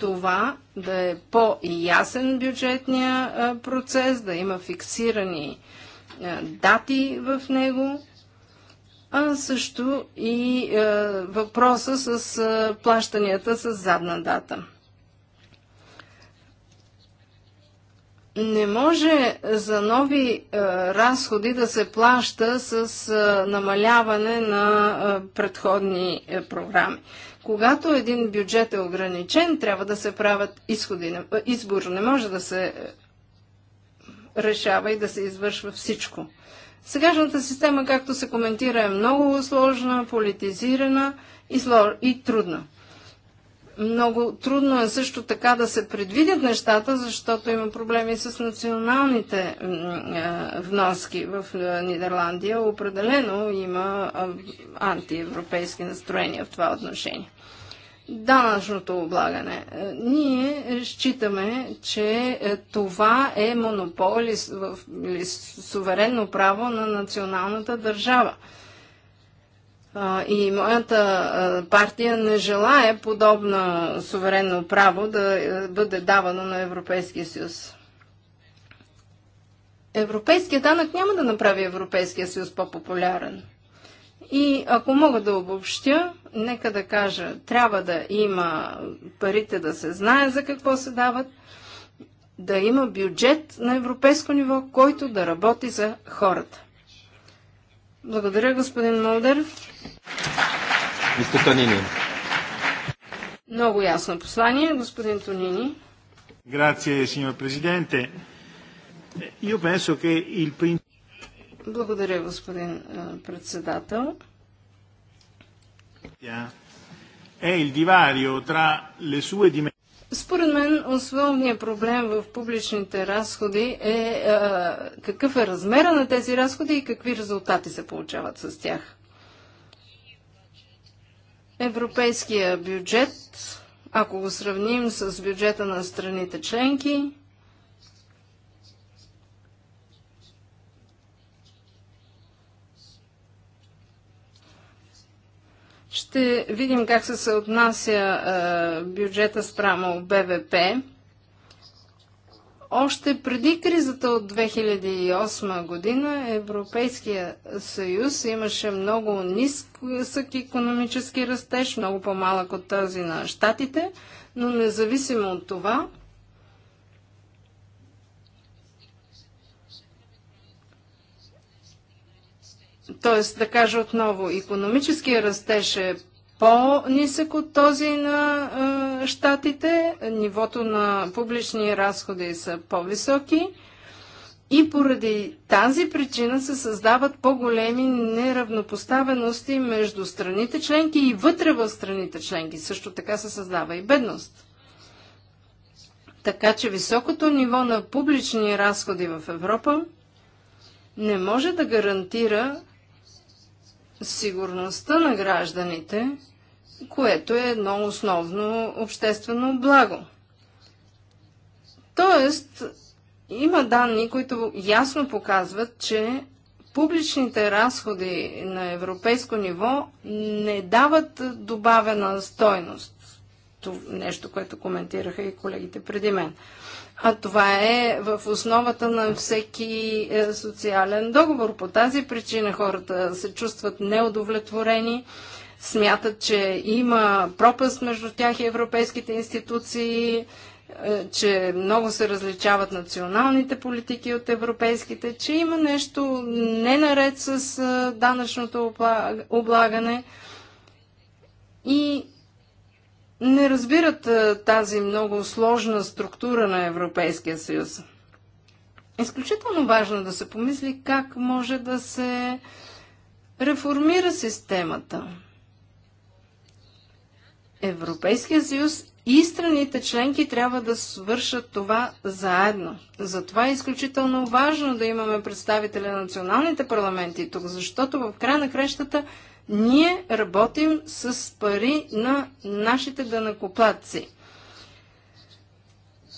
това да е по-ясен бюджетния процес, да има фиксирани дати в него, а също и въпроса с плащанията с задна дата. Не може за нови разходи да се плаща с намаляване на предходни програми. Когато един бюджет е ограничен, трябва да се правят изходи, избор. Не може да се е, решава и да се извършва всичко. Сегашната система, както се коментира, е много сложна, политизирана и, и трудна. Много трудно е също така да се предвидят нещата, защото има проблеми с националните вноски в Нидерландия. Определено има антиевропейски настроения в това отношение данъчното облагане. Е, ние считаме, че е, това е монопол или суверенно право на националната държава. И моята партия не желая подобно суверенно право да е, бъде давано на Европейския съюз. Европейският данък няма да направи Европейския съюз по-популярен. И ако мога да обобщя, нека да кажа, трябва да има парите да се знае за какво се дават, да има бюджет на европейско ниво, който да работи за хората. Благодаря, господин Молдер. Мистер Тонини. Много ясно послание, господин Тонини. Грация, сеньор Presidente. Io penso che il principio... Благодаря, господин е, председател. Е, il divario tra le sue dimensioni според мен основният проблем в публичните разходи е а, е, какъв е размера на тези разходи и какви резултати се получават с тях. Европейския бюджет, ако го сравним с бюджета на страните членки, ще видим как се съотнася бюджета спрямо БВП. Още преди кризата от 2008 година Европейския съюз имаше много нисък економически растеж, много по-малък от този на щатите, но независимо от това Тоест, да кажа отново, економическия растеж е по-нисък от този на е, щатите, нивото на публични разходи са по-високи и поради тази причина се създават по-големи неравнопоставености между страните членки и вътре в страните членки. Също така се създава и бедност. Така че високото ниво на публични разходи в Европа не може да гарантира сигурността на гражданите, което е едно основно обществено благо. Тоест, има данни, които ясно показват, че публичните разходи на европейско ниво не дават добавена стойност. Това нещо, което коментираха и колегите преди мен. А това е в основата на всеки е, социален договор. По тази причина хората се чувстват неудовлетворени, смятат, че има пропаст между тях и европейските институции, е, че много се различават националните политики от европейските, че има нещо не наред с е, данъчното облагане. И не разбират е, тази много сложна структура на Европейския съюз. Изключително важно е да се помисли как може да се реформира системата. Европейския съюз и страните членки трябва да свършат това заедно. Затова е изключително важно да имаме представители на националните парламенти тук, защото в края на крещата ние работим с пари на нашите данакоплатци.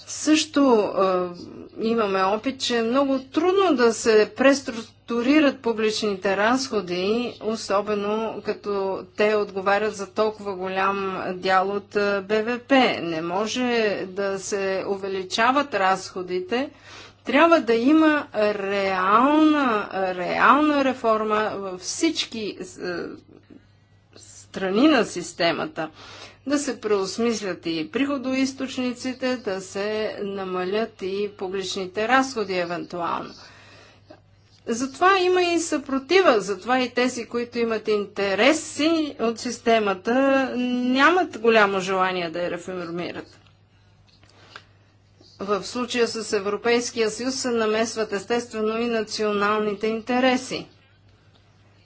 Също е, имаме опит, че е много трудно да се преструктурират публичните разходи, особено като те отговарят за толкова голям дял от БВП. Не може да се увеличават разходите, трябва да има реална, реална реформа във всички е, страни на системата. Да се преосмислят и приходоисточниците, да се намалят и публичните разходи евентуално. Затова има и съпротива, затова и тези, които имат интереси от системата, нямат голямо желание да я реформират в случая с Европейския съюз се намесват естествено и националните интереси.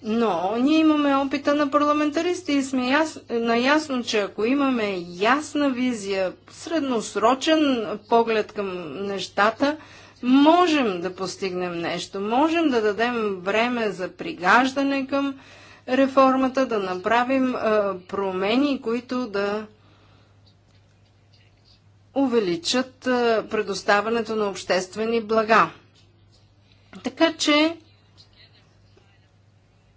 Но ние имаме опита на парламентаристи и сме яс... наясно, че ако имаме ясна визия, средносрочен поглед към нещата, можем да постигнем нещо, можем да дадем време за пригаждане към реформата, да направим е, промени, които да увеличат предоставането на обществени блага. Така че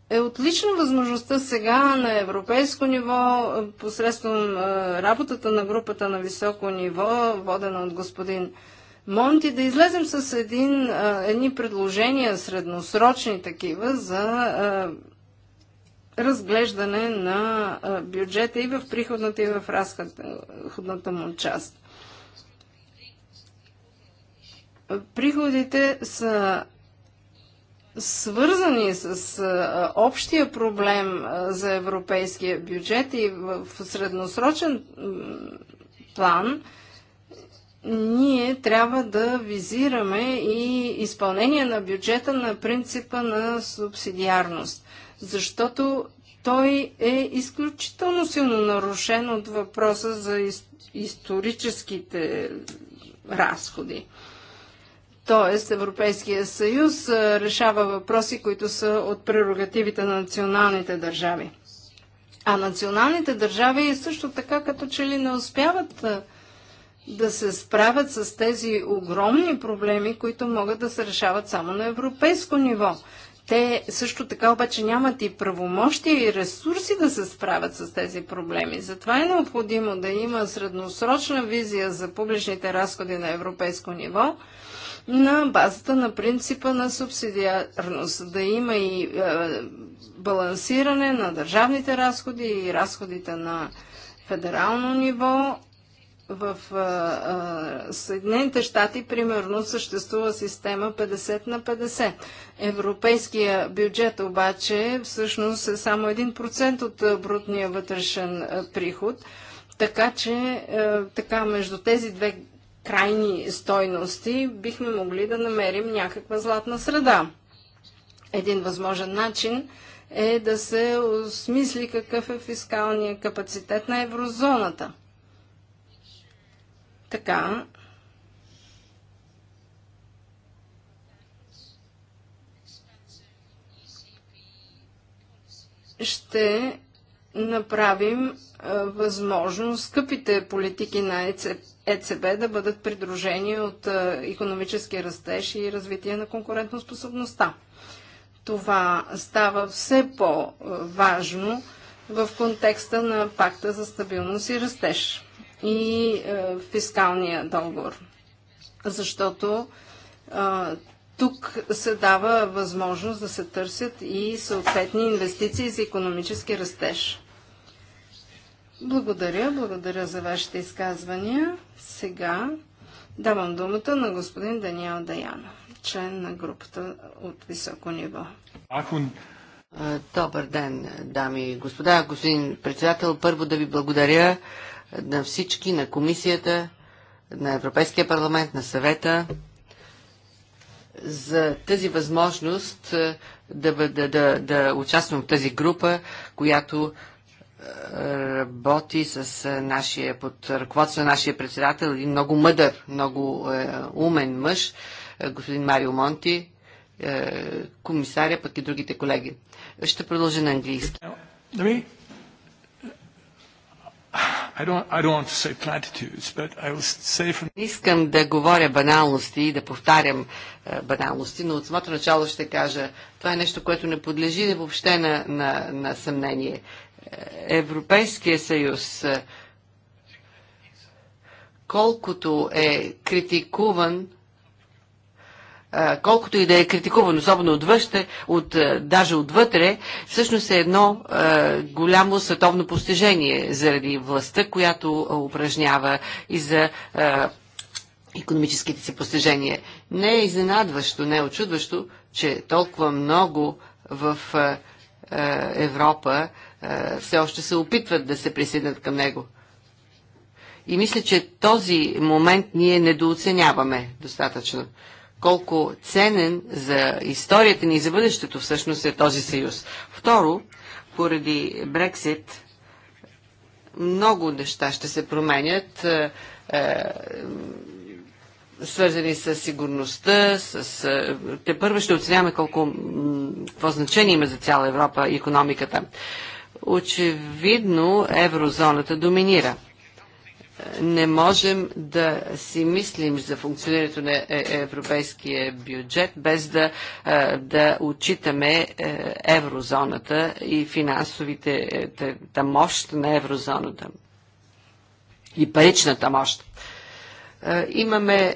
е отлична възможността сега на европейско ниво, посредством работата на групата на високо ниво, водена от господин Монти, да излезем с един, едни предложения, средносрочни такива, за разглеждане на бюджета и в приходната, и в разходната му част приходите са свързани с а, общия проблем а, за европейския бюджет и в средносрочен план, ние трябва да визираме и изпълнение на бюджета на принципа на субсидиарност, защото той е изключително силно нарушен от въпроса за историческите разходи. Тоест Европейския съюз решава въпроси, които са от прерогативите на националните държави. А националните държави също така като че ли не успяват да се справят с тези огромни проблеми, които могат да се решават само на европейско ниво. Те също така обаче нямат и правомощия и ресурси да се справят с тези проблеми. Затова е необходимо да има средносрочна визия за публичните разходи на европейско ниво – на базата на принципа на субсидиарност. Да има и е, балансиране на държавните разходи и разходите на федерално ниво. В е, е, Съединените щати, примерно, съществува система 50 на 50. Европейския бюджет обаче всъщност е само 1% от е, брутния вътрешен е, приход. Така че е, така между тези две крайни стойности, бихме могли да намерим някаква златна среда. Един възможен начин е да се осмисли какъв е фискалният капацитет на еврозоната. Така, ще направим възможно скъпите политики на ЕЦП ЕЦБ да бъдат придружени от економически растеж и развитие на конкурентоспособността. Това става все по-важно в контекста на пакта за стабилност и растеж и фискалния договор. Защото тук се дава възможност да се търсят и съответни инвестиции за економически растеж. Благодаря, благодаря за вашите изказвания. Сега давам думата на господин Даниел Даяна, член на групата от високо ниво. Добър ден, дами и господа. Господин председател, първо да ви благодаря на всички, на комисията, на Европейския парламент, на съвета за тази възможност да, да, да, да участвам в тази група, която работи с е, нашия, под ръководство на нашия председател, един много мъдър, много е, умен мъж, е, господин Марио Монти, е, комисаря, пък и другите колеги. Ще продължа на английски. Не Искам да говоря баналности и да повтарям е, баналности, но от самото начало ще кажа, това е нещо, което не подлежи въобще на, на, на съмнение. Европейския съюз, колкото е критикуван, колкото и да е критикуван, особено отвъще, от, даже отвътре, всъщност е едно е, голямо световно постижение заради властта, която упражнява и за е, економическите си постижения. Не е изненадващо, не е очудващо, че толкова много в е, Европа е, все още се опитват да се присъединят към него. И мисля, че този момент ние недооценяваме достатъчно. Колко ценен за историята ни и за бъдещето всъщност е този съюз. Второ, поради Брексит много неща ще се променят, свързани с сигурността, с... те първо ще оценяваме колко... какво значение има за цяла Европа економиката очевидно еврозоната доминира. Не можем да си мислим за функционирането на е, европейския бюджет без да, е, да отчитаме е, еврозоната и финансовите та мощ на еврозоната и паричната мощ. Имаме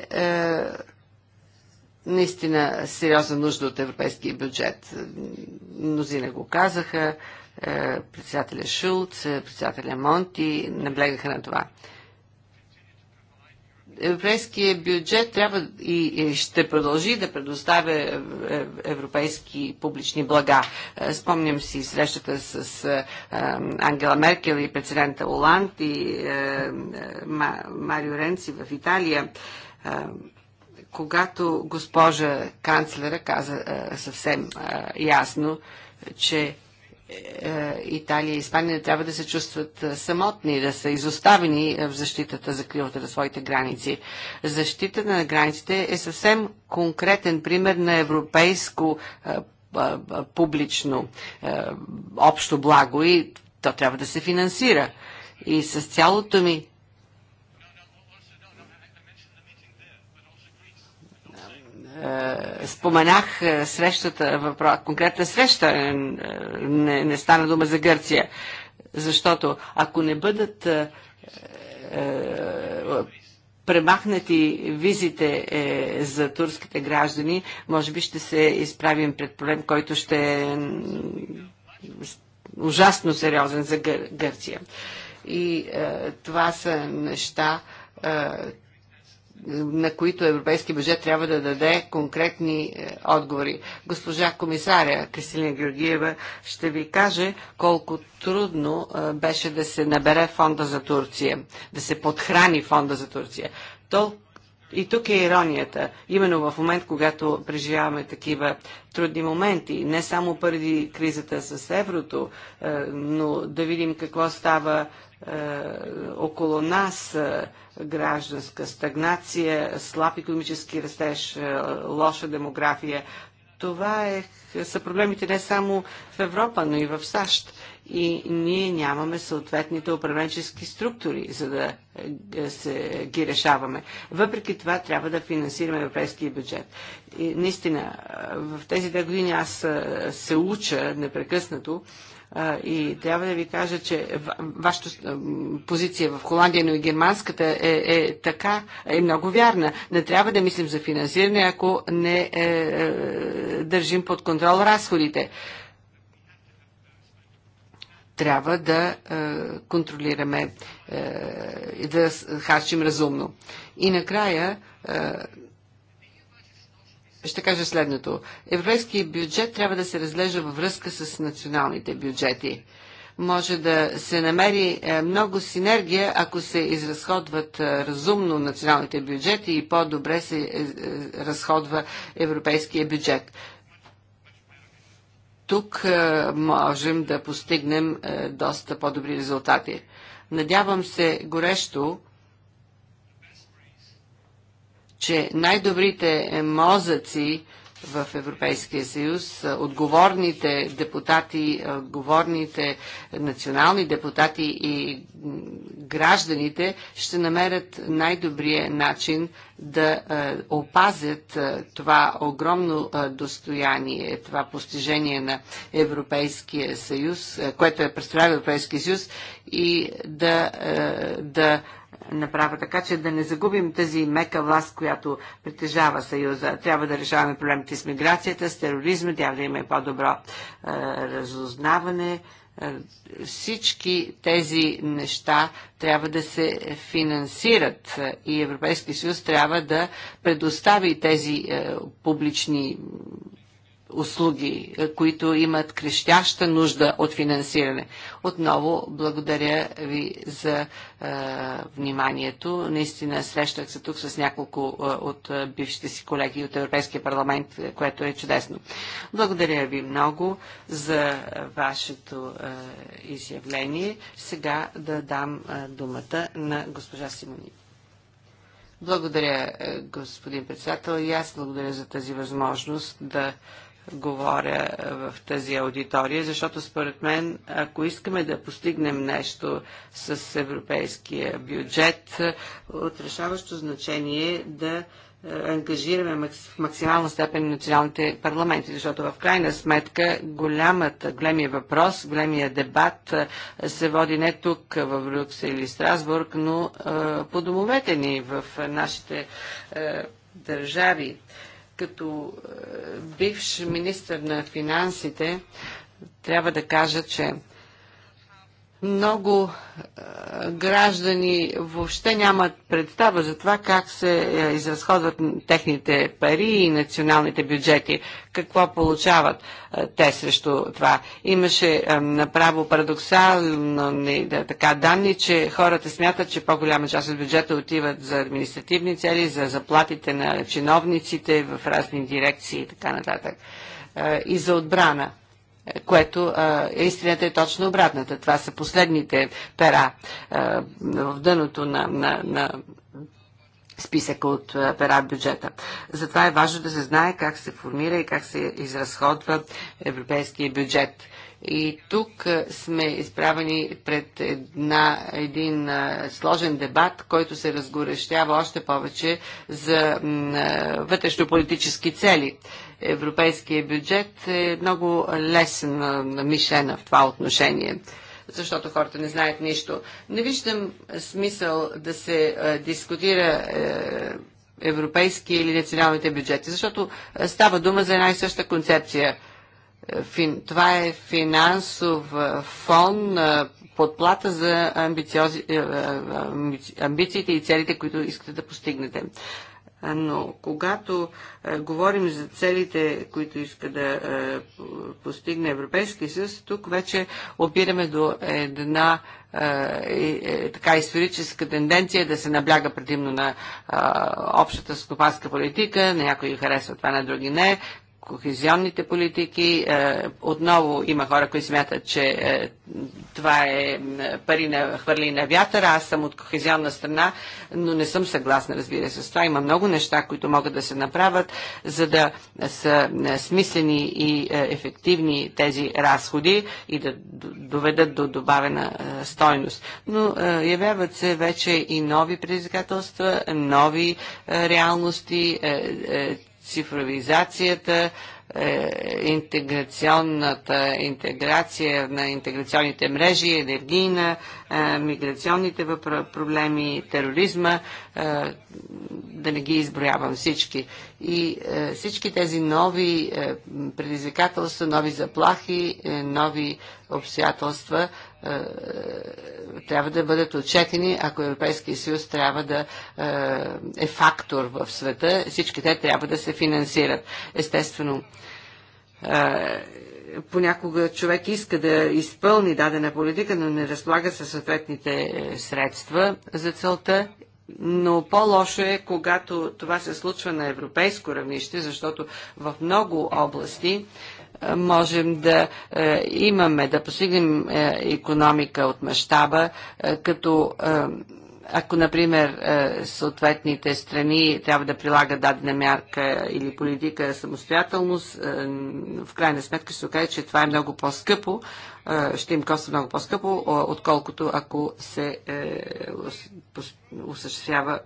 наистина сериозна нужда от европейския бюджет. Мнозина го казаха. Е, председателя Шулц, е, председателя Монти наблегаха на това. Европейския бюджет трябва и ще продължи да предоставя е, европейски публични блага. Спомням си срещата с Ангела Меркел и президента Оланд и Марио Ренци в Италия когато госпожа канцлера каза съвсем ясно, че е, Италия и Испания трябва да се чувстват е, самотни, да са изоставени е, в защитата за крилата на своите граници. Защитата на границите е съвсем конкретен пример на европейско публично общо благо и то трябва да се финансира. И с цялото ми Е, споменах е, срещата, въпрос, конкретна среща, е, не, не стана дума за Гърция, защото ако не бъдат премахнати визите за турските граждани, може би ще се изправим пред проблем, който ще е ужасно сериозен за Гърция. И това са неща, на които европейски бюджет трябва да даде конкретни е, отговори. Госпожа комисаря Кристина Георгиева ще ви каже колко трудно е, беше да се набере фонда за Турция, да се подхрани фонда за Турция. Тол... и тук е иронията. Именно в момент, когато преживяваме такива трудни моменти, не само преди кризата с еврото, е, но да видим какво става е, около нас е, гражданска стагнация, слаб економически растеж, е, лоша демография. Това е, са проблемите не само в Европа, но и в САЩ. И ние нямаме съответните управленчески структури, за да се ги решаваме. Въпреки това трябва да финансираме европейския бюджет. И наистина, в тези две години аз се уча непрекъснато и трябва да ви кажа, че вашата позиция в Холандия, но и германската е, е така, е много вярна. Не трябва да мислим за финансиране, ако не е, е, държим под контрол разходите. Трябва да е, контролираме е, и е, да харчим разумно. И накрая. Е, ще кажа следното. Европейският бюджет трябва да се разглежда във връзка с националните бюджети. Може да се намери е, много синергия, ако се изразходват е, разумно националните бюджети и по-добре се е, разходва европейския бюджет. Тук можем да постигнем доста по-добри резултати. Надявам се горещо че най-добрите мозъци в Европейския съюз, отговорните депутати, отговорните национални депутати и гражданите ще намерят най-добрия начин да опазят това огромно достояние, това постижение на Европейския съюз, което е представил Европейския съюз и да, да направя така, че да не загубим тази мека власт, която притежава Съюза. Трябва да решаваме проблемите с миграцията, с тероризма, трябва да имаме по-добро е, разузнаване. Е, всички тези неща трябва да се финансират и Европейския съюз трябва да предостави тези е, публични услуги, е, които имат крещяща нужда от финансиране. Отново благодаря ви за е, вниманието. Наистина срещах се тук с няколко е, от е, бившите си колеги от Европейския парламент, е, което е чудесно. Благодаря ви много за вашето е, изявление. Сега да дам е, думата на госпожа Симони. Благодаря, господин председател, и аз благодаря за тази възможност да говоря е, в тази аудитория, защото според мен, ако искаме да постигнем нещо с европейския бюджет, е, от решаващо значение е да ангажираме в максимална степен националните парламенти, защото в крайна сметка голямата, големия въпрос, големия дебат се води не тук в Брюксел или Страсбург, но по домовете ни в нашите държави като е, бивш министр на финансите трябва да кажа, че много е, граждани въобще нямат представа за това как се е, изразходват техните пари и националните бюджети, какво получават е, те срещу това. Имаше направо парадоксално така данни, че хората смятат, че по-голяма част от бюджета отиват за административни цели, за заплатите на чиновниците в разни дирекции и така нататък и за отбрана което а, истината е точно обратната. Това са последните пера а, в дъното на, на, на списъка от а, пера в бюджета. Затова е важно да се знае как се формира и как се изразходва европейския бюджет. И тук сме изправени пред една, един сложен дебат, който се разгорещява още повече за вътрешно-политически цели европейския бюджет е много лесна мишена в това отношение защото хората не знаят нищо. Не виждам смисъл да се е, дискутира е, европейски или националните бюджети, защото е, става дума за една и съща концепция. Фин, това е финансов фон, подплата за амбициите и целите, които искате да постигнете но когато говорим за целите, които иска да постигне Европейския съюз, тук вече опираме до една е, така историческа тенденция да се набляга предимно на общата скопанска политика. На някои харесва това, на други не кохезионните политики. Е, отново има хора, които смятат, че е, това е пари на хвърли на вятъра. Аз съм от кохезионна страна, но не съм съгласна, разбира се, с това. Има много неща, които могат да се направят, за да са смислени и е, ефективни тези разходи и да доведат до добавена стойност. Но явяват се вече и нови предизвикателства, нови реалности, цифровизацията, е, интеграционната интеграция на интеграционните мрежи, енергийна, е, миграционните проблеми, тероризма, е, да не ги изброявам всички. И е, всички тези нови е, предизвикателства, нови заплахи, е, нови обстоятелства е, трябва да бъдат отчетени, ако Европейския съюз трябва да е, е фактор в света. Всички те трябва да се финансират. Естествено, е, понякога човек иска да изпълни дадена политика, но не разполага със съответните е, средства за целта но по-лошо е, когато това се случва на европейско равнище, защото в много области е, можем да е, имаме, да постигнем економика от мащаба, е, като ако, например, съответните страни трябва да прилагат дадена мярка или политика самостоятелност, в крайна сметка се окаже, че това е много по-скъпо, ще им коства много по-скъпо, отколкото ако се е, осъществява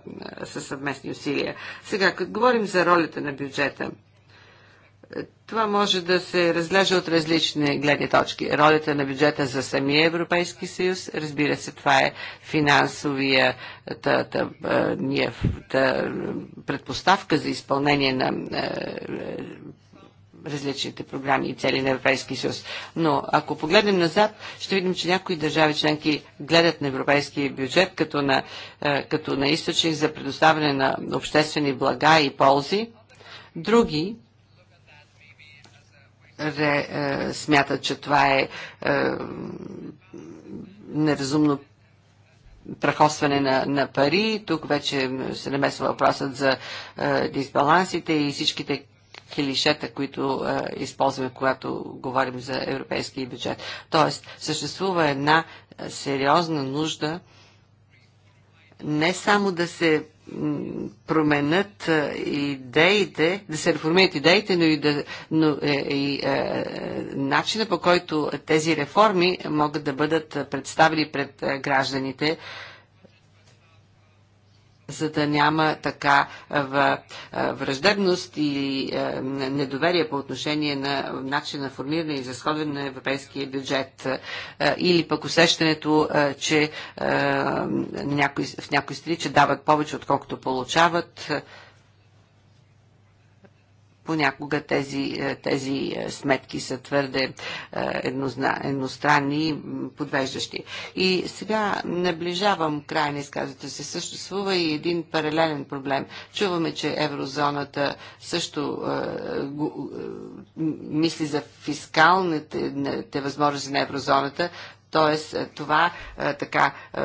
със съвместни усилия. Сега, като говорим за ролята на бюджета, е, това може да се разглежда от различни гледни точки. Ролята на бюджета за самия Европейски съюз, разбира се, това е финансовия та, та, та, предпоставка за изпълнение на е, различните програми и цели на Европейския съюз. Но ако погледнем назад, ще видим, че някои държави членки гледат на европейския бюджет като на, е, като на източник за предоставяне на обществени блага и ползи. Други ре, е, смятат, че това е, е неразумно прахосване на, на пари. Тук вече се намесва въпросът за е, дисбалансите и всичките Хилишета, които е, използваме, когато говорим за европейския бюджет. Тоест, съществува една е, сериозна нужда не само да се променят е, идеите, да се реформират идеите, но и, да, но, е, и е, начина по който тези реформи могат да бъдат представили пред гражданите за да няма така враждебност или недоверие по отношение на начин на формиране и изразходване на европейския бюджет или пък усещането, че в някои страни, че дават повече, отколкото получават. Понякога тези, е, тези е, сметки са твърде е, еднозна, едностранни, подвеждащи. И сега наближавам край на изказата се. Съществува и един паралелен проблем. Чуваме, че еврозоната също е, го, е, мисли за фискалните възможности на еврозоната, Тоест е, това е, така е,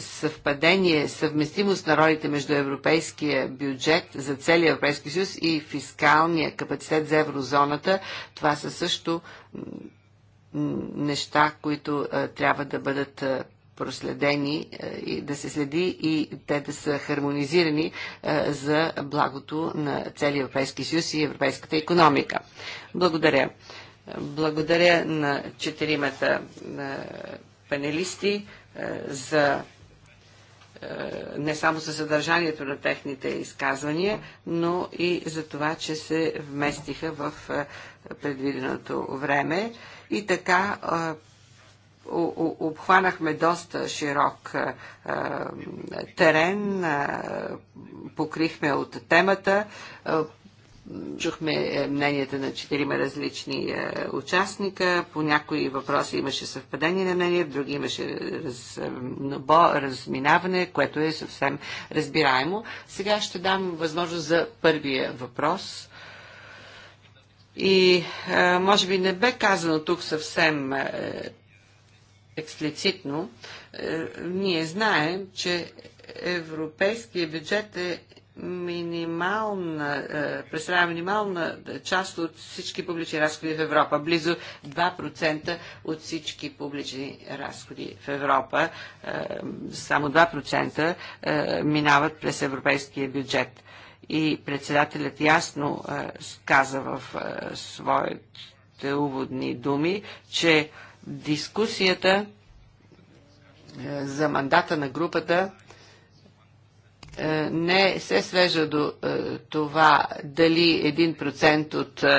съвпадение, съвместимост на ролите между европейския бюджет за целия Европейски съюз и фискалния капацитет за еврозоната, това са също неща, които трябва да бъдат проследени и да се следи и те да са хармонизирани за благото на целия Европейски съюз и европейската економика. Благодаря. Благодаря на четиримата е, панелисти е, за е, не само за съдържанието на техните изказвания, но и за това, че се вместиха в предвиденото време. И така обхванахме доста широк терен, покрихме от темата, Чухме е, мненията на четирима различни е, участника. По някои въпроси имаше съвпадение на мнение, в други имаше раз, бо, разминаване, което е съвсем разбираемо. Сега ще дам възможност за първия въпрос. И е, може би не бе казано тук съвсем експлицитно. Ние знаем, че европейския бюджет е минимална, е, представлява минимална част от всички публични разходи в Европа. Близо 2% от всички публични разходи в Европа, е, само 2% е, минават през европейския бюджет. И председателят ясно каза в своите уводни думи, че дискусията за мандата на групата е, не се свежа до е, това дали 1% от е,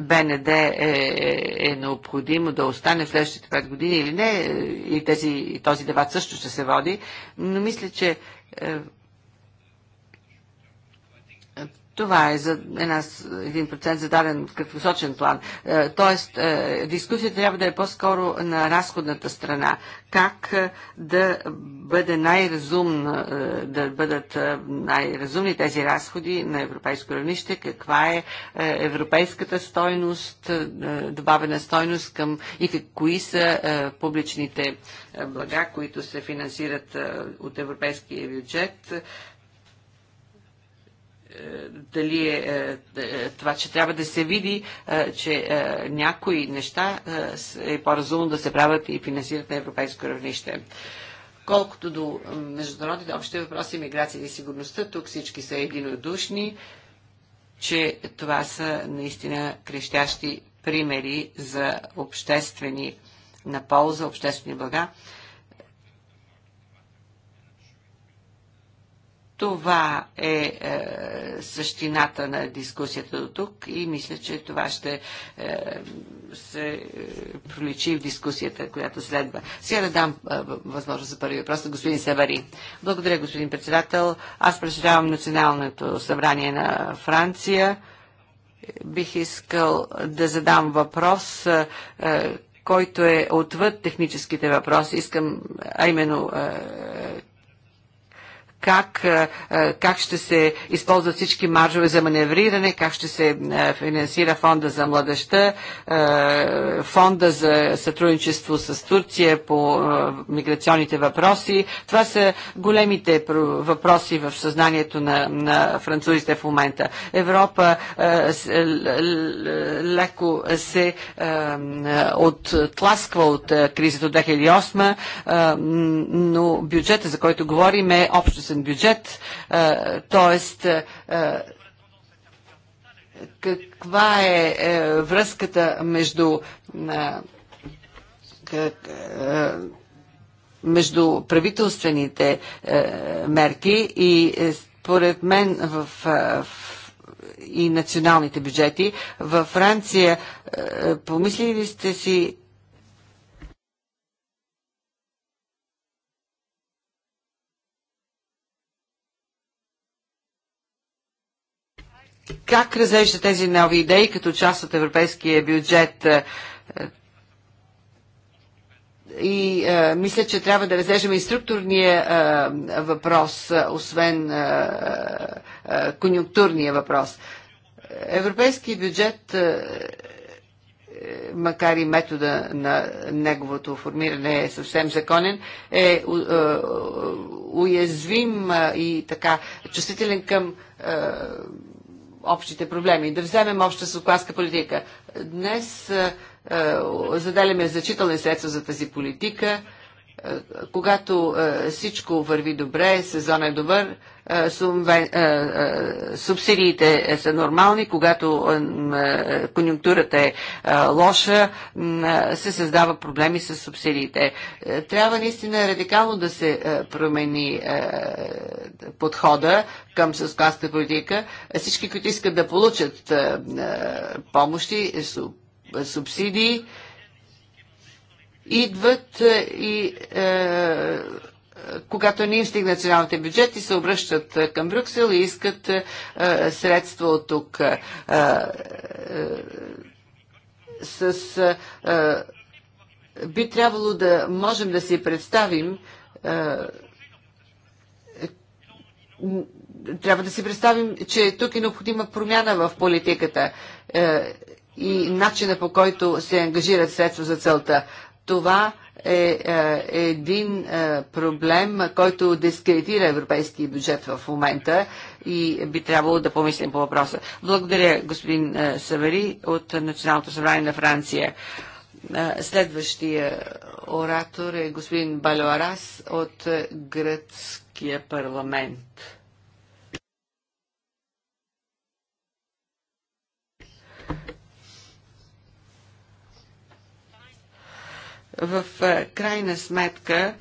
БНД е, необходимо да остане в следващите 5 години или не, и този дебат също ще се води, но мисля, че това е за една, един процент зададен краткосрочен план. Е, тоест, е, дискусията трябва да е по-скоро на разходната страна. Как е, да бъде най-разумно, да бъдат най-разумни тези разходи на европейско равнище, каква е европейската стойност, добавена стойност към и кои са публичните блага, които се финансират от европейския бюджет дали е, е, е, това, че трябва да се види, е, че някои неща е по-разумно да се правят и финансират на европейско равнище. Колкото до международните общи въпроси, миграция и сигурността, тук всички са единодушни, че това са наистина крещящи примери за обществени на полза, обществени блага Това е, е същината на дискусията до тук и мисля, че това ще е, се е, проличи в дискусията, която следва. Сега да дам е, възможност за първи въпрос на господин Савари. Благодаря, господин председател. Аз председавам Националното събрание на Франция. Бих искал да задам въпрос, е, е който е отвъд техническите въпроси. Искам, а именно, е, как, е, е, как ще се използват всички маржове за маневриране, как ще се е, финансира фонда за младеща, фонда за сътрудничество с Турция по миграционните въпроси. Това са големите въпроси в съзнанието на, на французите в момента. Европа леко се оттласква от кризата от 2008, но бюджета, за който говорим, е общо собствен бюджет, т.е. каква е, е връзката между между правителствените е, мерки и е, според мен в, в и националните бюджети. Във Франция помислили сте си Как разглежда тези нови идеи като част от европейския бюджет? Е, и а, е, мисля, че трябва да разглеждаме и структурния а, е, въпрос, освен а, а, конюнктурния въпрос. Европейски бюджет а, макар и метода на неговото формиране е съвсем законен, е уязвим и така чувствителен към общите проблеми. Да вземем обща сокласка политика. Днес е, е, заделяме значителни средства за тази политика е, когато е, всичко върви добре, сезон е добър, е, субсидиите са нормални, когато конъюнктурата е лоша, се създава проблеми с субсидиите. Трябва наистина радикално да се промени подхода към селскостопанската политика. Всички, които искат да получат помощи, субсидии, идват е, и е, когато не им стигнат националните бюджети, се обръщат е, към Брюксел и искат средства от тук. с, би трябвало да можем да си представим трябва да си представим, че тук е необходима промяна в политиката и начина по който се ангажират средства за целта. Това е, е един е, проблем, който дискредитира европейския бюджет в момента и би трябвало да помислим по въпроса. Благодаря, господин е, Савери от Националното събрание на Франция. Е, следващия оратор е господин Балюарас от е, Гръцкия парламент. в е, крайна сметка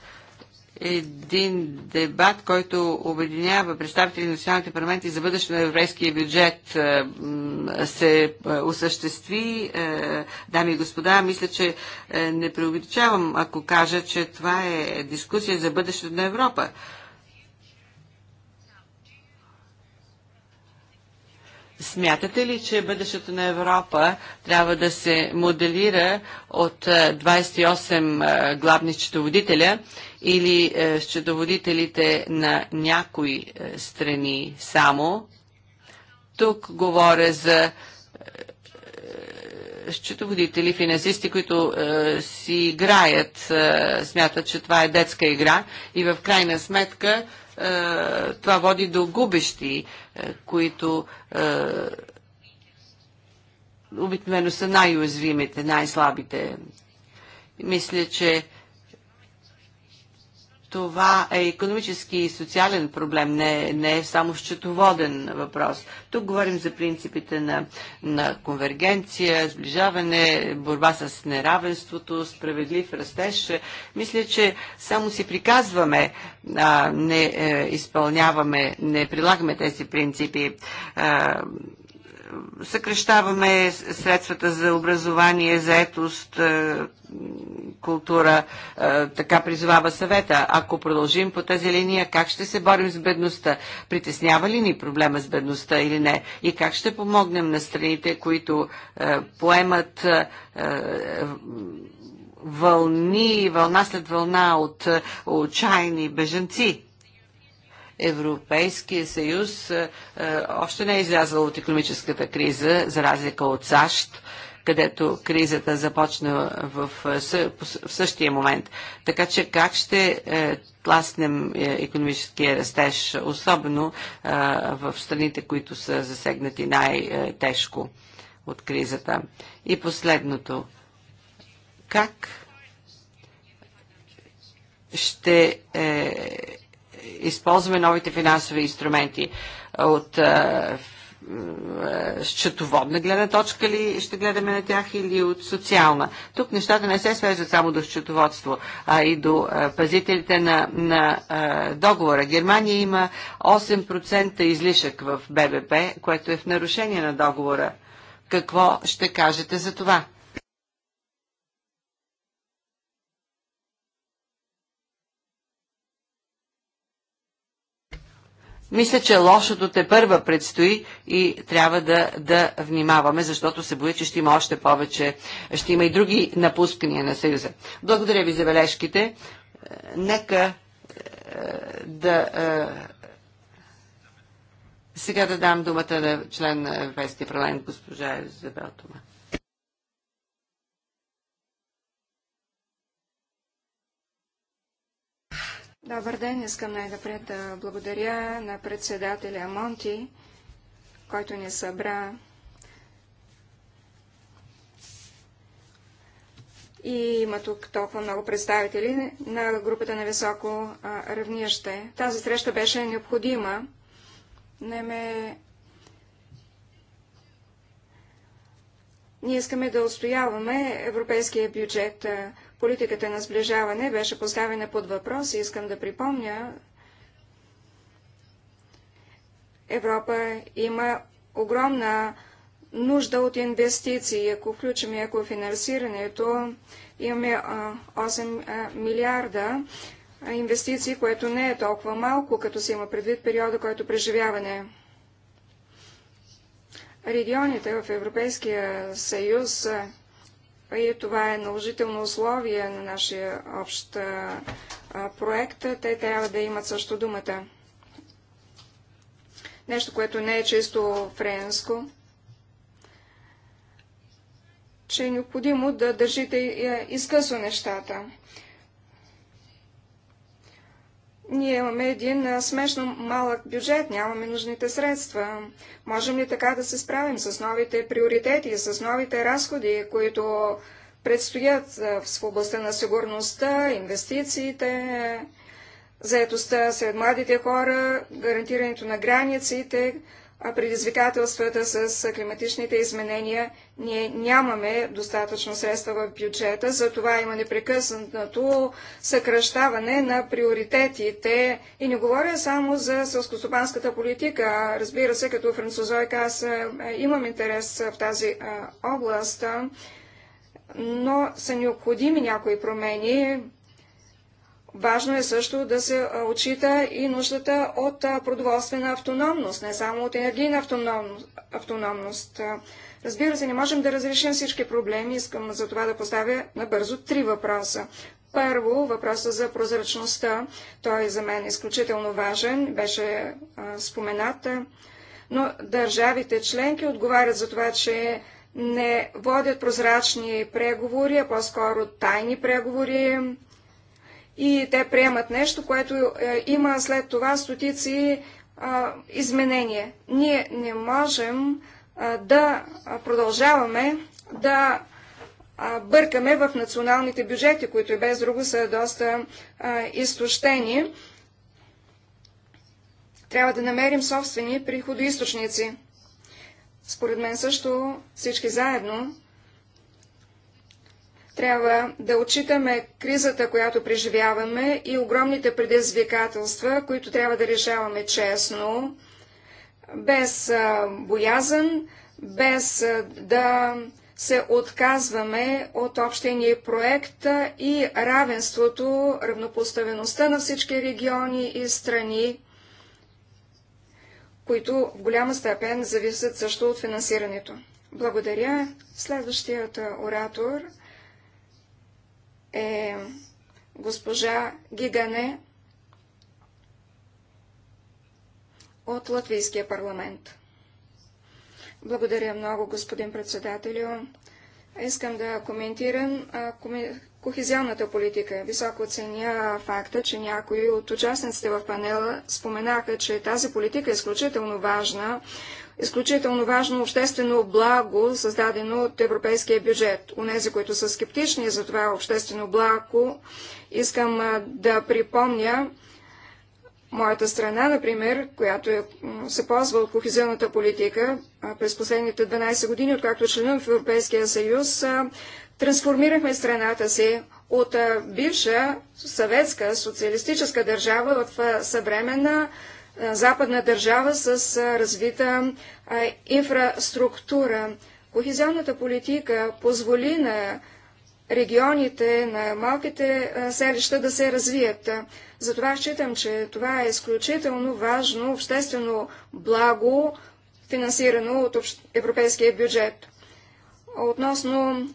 един дебат, който обединява представители на националните парламенти за бъдещето на европейския бюджет е, се е, осъществи. Дами и господа, мисля, че не преувеличавам, ако кажа, че това е дискусия за бъдещето на Европа. Смятате ли, че бъдещето на Европа трябва да се моделира от 28 е, е, главни счетоводителя или е, счетоводителите на някои страни само? Тук говоря за счетоводители, финансисти, които е, си играят, е, смятат, че това е детска игра и в крайна сметка е, това води до губещи, е, които е, обикновено са най-уязвимите, най-слабите. Мисля, че това е економически и социален проблем, не, не е само счетоводен въпрос. Тук говорим за принципите на, на конвергенция, сближаване, борба с неравенството, справедлив растеж. Мисля, че само си приказваме, а, не е, изпълняваме, не прилагаме тези принципи. А, съкрещаваме средствата за образование, заетост, е, култура, е, така призовава съвета. Ако продължим по тази линия, как ще се борим с бедността? Притеснява ли ни проблема с бедността или не? И как ще помогнем на страните, които е, поемат вълни, вълна след вълна от отчаяни беженци? Европейския съюз е, е, още не е излязъл от економическата криза, за разлика от САЩ където кризата започна в, е, същия момент. Така че как ще тласнем економическия растеж, особено в страните, които са засегнати най-тежко от кризата. И последното. Как ще е, използваме новите финансови инструменти от счетоводна гледна точка ли ще гледаме на тях или от социална. Тук нещата не се свеждат само до счетоводство, а и до пазителите на, на договора. Германия има 8% излишък в ББП, което е в нарушение на договора. Какво ще кажете за това? Мисля, че лошото те първа предстои и трябва да, да внимаваме, защото се боя, че ще има още повече, ще има и други напускания на Съюза. Благодаря ви за бележките. Е, нека е, да. Е, сега да дам думата на член на Европейския парламент, госпожа Изабел Тома. Добър ден! Искам най-напред да благодаря на председателя Монти, който ни събра и има тук толкова много представители на групата на високо равнище. Тази среща беше необходима. Не ме... Ние искаме да устояваме европейския бюджет. А, Политиката на сближаване беше поставена под въпрос и искам да припомня, Европа има огромна нужда от инвестиции. Ако включим екофинансирането, имаме 8 милиарда инвестиции, което не е толкова малко, като се има предвид периода, който преживяване. Регионите в Европейския съюз и това е наложително условие на нашия общ проект, те трябва да имат също думата. Нещо, което не е чисто френско, че е необходимо да държите е, изкъсва нещата. Ние имаме един смешно малък бюджет, нямаме нужните средства. Можем ли така да се справим с новите приоритети, с новите разходи, които предстоят в областта на сигурността, инвестициите, заетостта сред младите хора, гарантирането на границите, предизвикателствата с климатичните изменения, ние нямаме достатъчно средства в бюджета, затова има непрекъснато съкръщаване на приоритетите. И не говоря само за сълскостопанската политика. Разбира се, като французойка аз имам интерес в тази област, но са необходими някои промени. Важно е също да се отчита и нуждата от продоволствена автономност, не само от енергийна автономност. Разбира се, не можем да разрешим всички проблеми. Искам за това да поставя набързо три въпроса. Първо, въпроса за прозрачността. Той за мен е изключително важен, беше спомената. споменат. Но държавите членки отговарят за това, че не водят прозрачни преговори, а по-скоро тайни преговори, и те приемат нещо, което е, има след това стотици изменения. Ние не можем да продължаваме да бъркаме в националните бюджети, които и без друго са доста изтощени. Трябва да намерим собствени приходоисточници. Според мен също всички заедно трябва да отчитаме кризата, която преживяваме и огромните предизвикателства, които трябва да решаваме честно, без боязън, без да се отказваме от общия ни проект и равенството, равнопоставеността на всички региони и страни, които в голяма степен зависят също от финансирането. Благодаря. Следващият оратор е госпожа Гигане от Латвийския парламент. Благодаря много, господин председателю. Искам да коментирам коми... кохезионната политика. Високо ценя факта, че някои от участниците в панела споменаха, че тази политика е изключително важна, изключително важно обществено благо, създадено от европейския бюджет. нези, които са скептични за това обществено благо, искам да припомня моята страна, например, която е, се ползва от кохезионната политика през последните 12 години, откакто членувам в Европейския съюз, трансформирахме страната си от бивша съветска социалистическа държава в съвременна западна държава с развита инфраструктура. Кохезионната политика позволи на регионите, на малките селища да се развият. Затова считам, че това е изключително важно обществено благо, финансирано от Европейския бюджет. Относно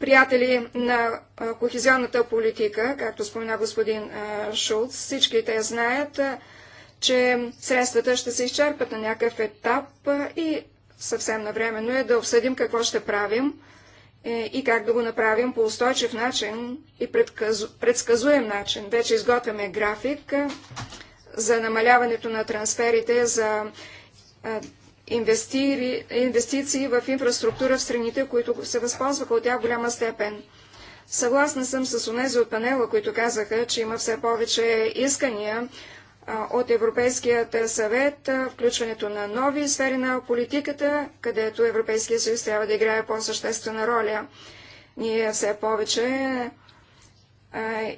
приятели на кохезионната политика, както спомена господин Шулц, всички те знаят, че средствата ще се изчерпат на някакъв етап и съвсем навременно е да обсъдим какво ще правим е, и как да го направим по устойчив начин и предсказуем начин. Вече изготвяме график за намаляването на трансферите за инвестири, инвестиции в инфраструктура в страните, които се възползваха от тях в голяма степен. Съгласна съм с онези от панела, които казаха, че има все повече искания от Европейският съвет, включването на нови сфери на политиката, където Европейския съюз трябва да играе по-съществена роля. Ние все повече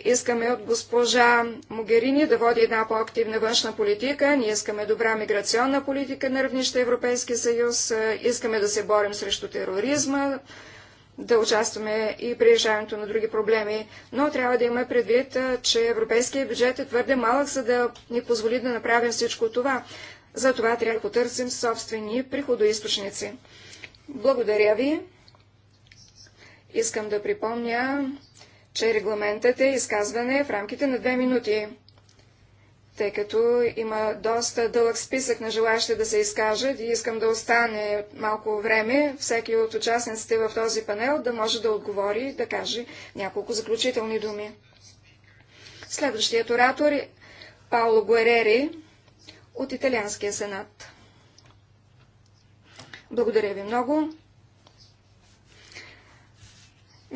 искаме от госпожа Могерини да води една по-активна външна политика, ние искаме добра миграционна политика на равнище Европейски съюз, искаме да се борим срещу тероризма, да участваме и при решаването на други проблеми, но трябва да има предвид, че европейския бюджет е твърде малък, за да ни позволи да направим всичко това. Затова трябва да потърсим собствени приходоисточници. Благодаря ви. Искам да припомня че регламентът е изказване в рамките на две минути, тъй като има доста дълъг списък на желаящи да се изкажат и искам да остане малко време всеки от участниците в този панел да може да отговори и да каже няколко заключителни думи. Следващият оратор е Пауло Гуерери от Италианския сенат. Благодаря ви много.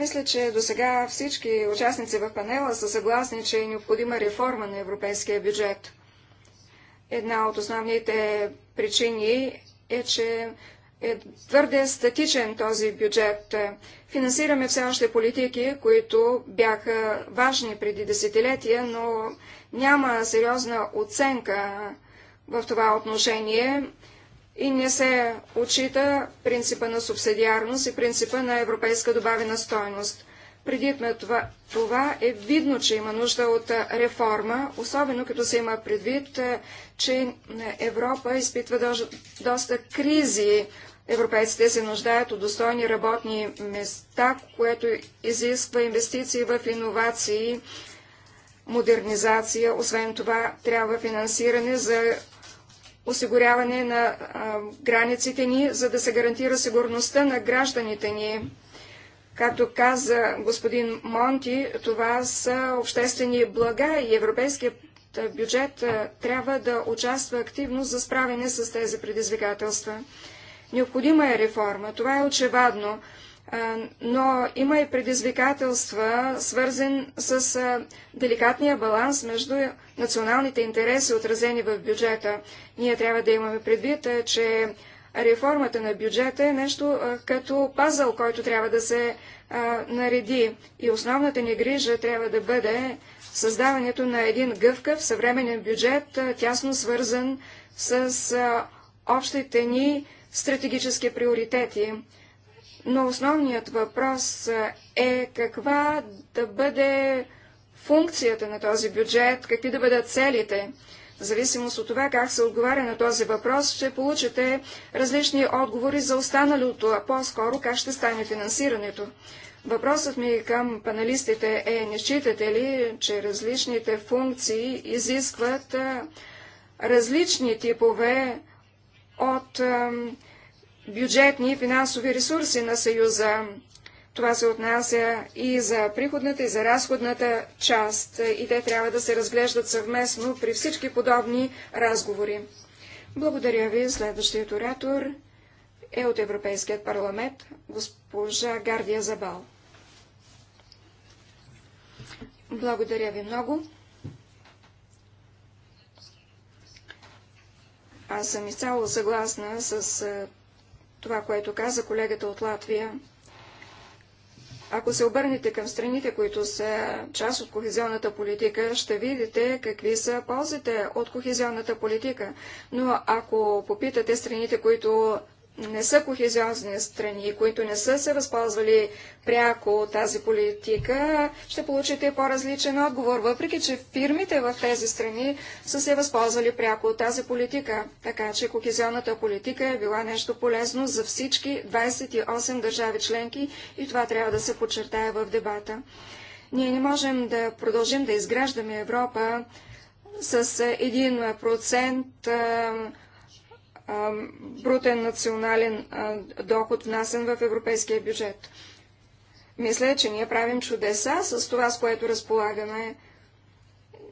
Мисля, че до сега всички участници в панела са съгласни, че е необходима реформа на европейския бюджет. Една от основните причини е, че е твърде статичен този бюджет. Финансираме все още политики, които бяха важни преди десетилетия, но няма сериозна оценка в това отношение и не се отчита принципа на субсидиарност и принципа на европейска добавена стойност. Преди това, това е видно, че има нужда от реформа, особено като се има предвид, че Европа изпитва до, доста кризи. Европейците се нуждаят от достойни работни места, което изисква инвестиции в иновации, модернизация. Освен това, трябва финансиране за осигуряване на а, границите ни, за да се гарантира сигурността на гражданите ни. Както каза господин Монти, това са обществени блага и европейският бюджет трябва да участва активно за справяне с тези предизвикателства. Необходима е реформа, това е очевадно, но има и предизвикателства, свързан с деликатния баланс между националните интереси, отразени в бюджета. Ние трябва да имаме предвид, е, че реформата на бюджета е нещо е, като пазъл, който трябва да се е, нареди. И основната ни грижа трябва да бъде създаването на един гъвкав съвременен бюджет, тясно свързан с общите ни стратегически приоритети. Но основният въпрос е каква да бъде функцията на този бюджет, какви да бъдат целите. В зависимост от това как се отговаря на този въпрос, ще получите различни отговори за останалото, а по-скоро как ще стане финансирането. Въпросът ми към паналистите е, не считате ли, че различните функции изискват различни типове от бюджетни и финансови ресурси на Съюза? Това се отнася и за приходната, и за разходната част, е, и те трябва да се разглеждат съвместно при всички подобни разговори. Благодаря ви. Следващият оратор е от Европейският парламент, госпожа Гардия Забал. Благодаря ви много. Аз съм изцяло съгласна с е, това, което каза колегата от Латвия. Ако се обърнете към страните, които са част от кохезионната политика, ще видите какви са ползите от кохезионната политика. Но ако попитате страните, които не са кохезионни страни, които не са се възползвали пряко от тази политика, ще получите по-различен отговор, въпреки че фирмите в тези страни са се възползвали пряко от тази политика. Така че кохезионната политика е била нещо полезно за всички 28 държави членки и това трябва да се подчертае в дебата. Ние не можем да продължим да изграждаме Европа с 1% брутен национален доход, внасен в европейския бюджет. Мисля, че ние правим чудеса с това, с което разполагаме.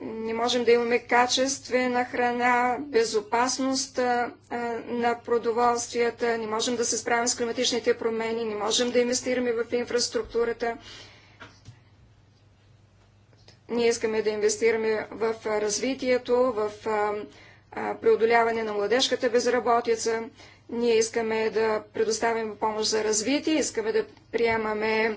Не можем да имаме качествена храна, безопасност на продоволствията, не можем да се справим с климатичните промени, не можем да инвестираме в инфраструктурата. Ние искаме да инвестираме в развитието, в а, преодоляване на младежката безработица. Ние искаме да предоставим помощ за развитие, искаме да приемаме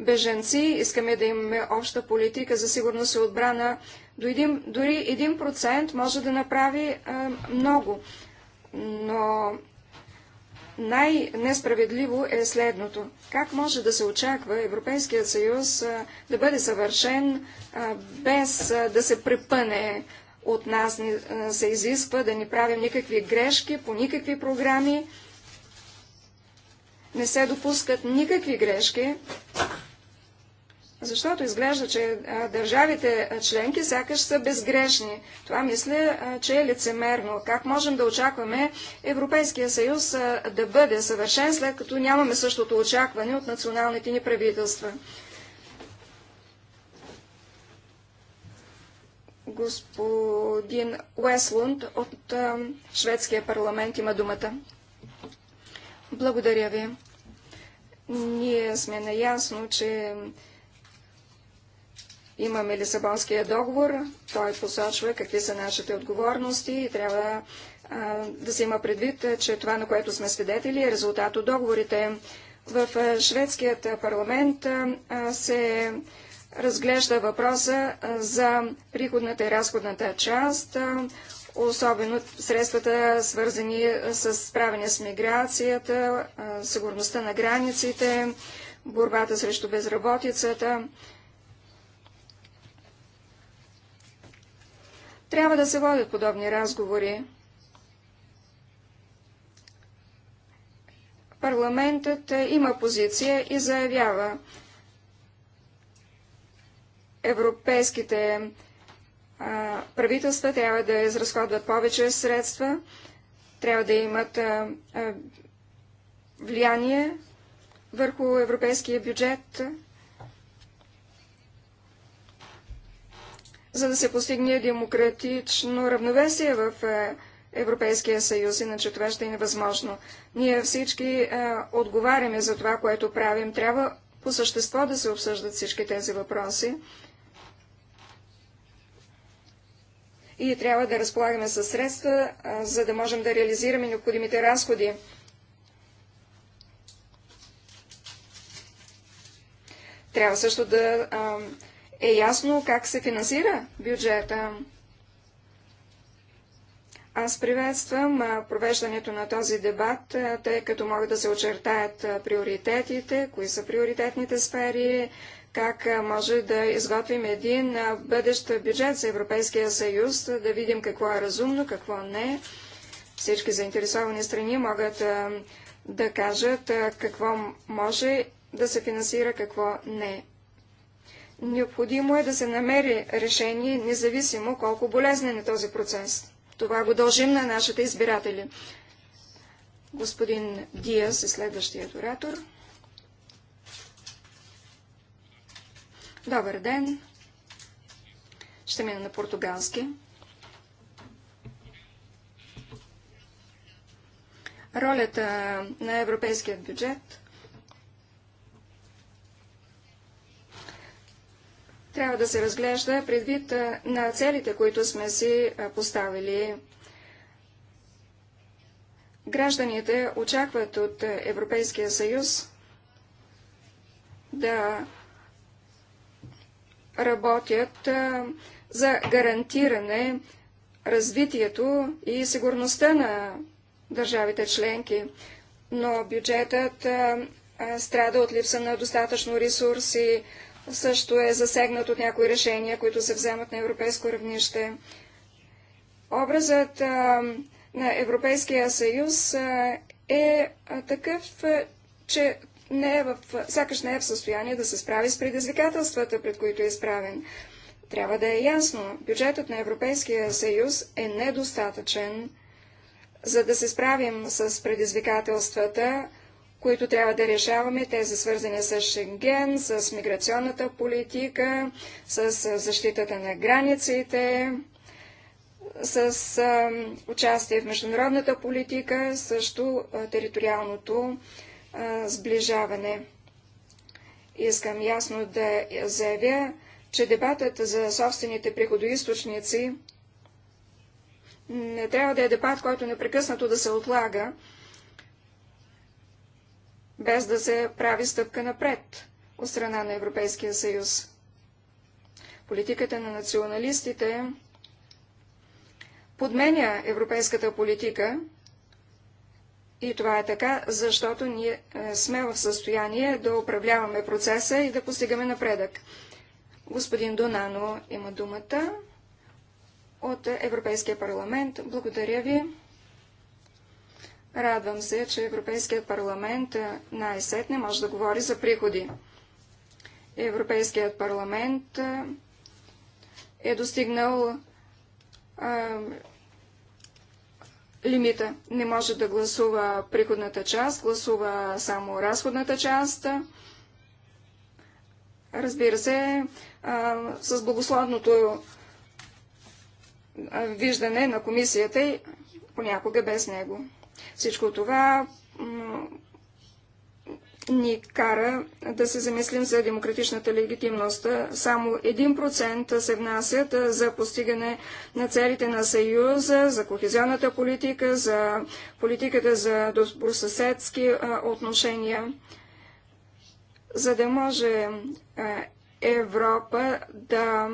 беженци, искаме да имаме обща политика за сигурност и отбрана. един, дори процент може да направи а, много. Но най-несправедливо е следното. Как може да се очаква Европейският съюз а, да бъде съвършен а, без а, да се препъне от нас не, се изисква да не правим никакви грешки по никакви програми. Не се допускат никакви грешки, защото изглежда, че държавите членки сякаш са безгрешни. Това мисля, че е лицемерно. Как можем да очакваме Европейския съюз да бъде съвършен, след като нямаме същото очакване от националните ни правителства? Господин Уеслунд от шведския парламент има думата. Благодаря ви. Ние сме наясно, че имаме Лисабонския договор. Той посочва какви са нашите отговорности и трябва а, да се има предвид, че това, на което сме свидетели, е резултат от договорите. В шведският парламент а, се разглежда въпроса за приходната и разходната част, особено средствата свързани с справяне с миграцията, сигурността на границите, борбата срещу безработицата. Трябва да се водят подобни разговори. Парламентът има позиция и заявява, европейските а, правителства трябва да изразходват повече средства, трябва да имат а, а, влияние върху европейския бюджет, за да се постигне демократично равновесие в Европейския съюз, иначе това ще е невъзможно. Ние всички а, отговаряме за това, което правим. Трябва по същество да се обсъждат всички тези въпроси. и трябва да разполагаме със средства, за да можем да реализираме необходимите разходи. Трябва също да е ясно как се финансира бюджета. Аз приветствам провеждането на този дебат, тъй като могат да се очертаят приоритетите, кои са приоритетните сфери, как може да изготвим един бъдещ бюджет за Европейския съюз, да видим какво е разумно, какво не. Всички заинтересовани страни могат да кажат какво може да се финансира, какво не. Необходимо е да се намери решение, независимо колко болезнен е този процес. Това го дължим на нашите избиратели. Господин Диас е следващият оратор. Добър ден! Ще мина на португалски. Ролята на европейският бюджет трябва да се разглежда предвид на целите, които сме си поставили. Гражданите очакват от Европейския съюз да работят за гарантиране развитието и сигурността на държавите членки, но бюджетът страда от липса на достатъчно ресурси, също е засегнат от някои решения, които се вземат на европейско равнище. Образът на Европейския съюз е такъв, че не е в, сякаш не е в състояние да се справи с предизвикателствата, пред които е изправен. Трябва да е ясно, бюджетът на Европейския съюз е недостатъчен, за да се справим с предизвикателствата, които трябва да решаваме, тези свързани с Шенген, с миграционната политика, с защитата на границите, с а, участие в международната политика, също а, териториалното а, сближаване. Искам ясно да заявя, че дебатът за собствените приходоисточници не трябва да е дебат, който непрекъснато да се отлага, без да се прави стъпка напред от страна на Европейския съюз. Политиката на националистите подменя европейската политика и това е така, защото ние е, сме в състояние да управляваме процеса и да постигаме напредък. Господин Донано има думата от Европейския парламент. Благодаря ви. Радвам се, че Европейският парламент е, най-сетне може да говори за приходи. Европейският парламент е, е достигнал лимита. Не може да гласува приходната част, гласува само разходната част. Разбира се, а, с благословното виждане на комисията и понякога без него. Всичко това ни кара да се замислим за демократичната легитимност. Само 1% се внасят за постигане на целите на Съюза, за кохезионната политика, за политиката за добросъседски отношения. За да може Европа да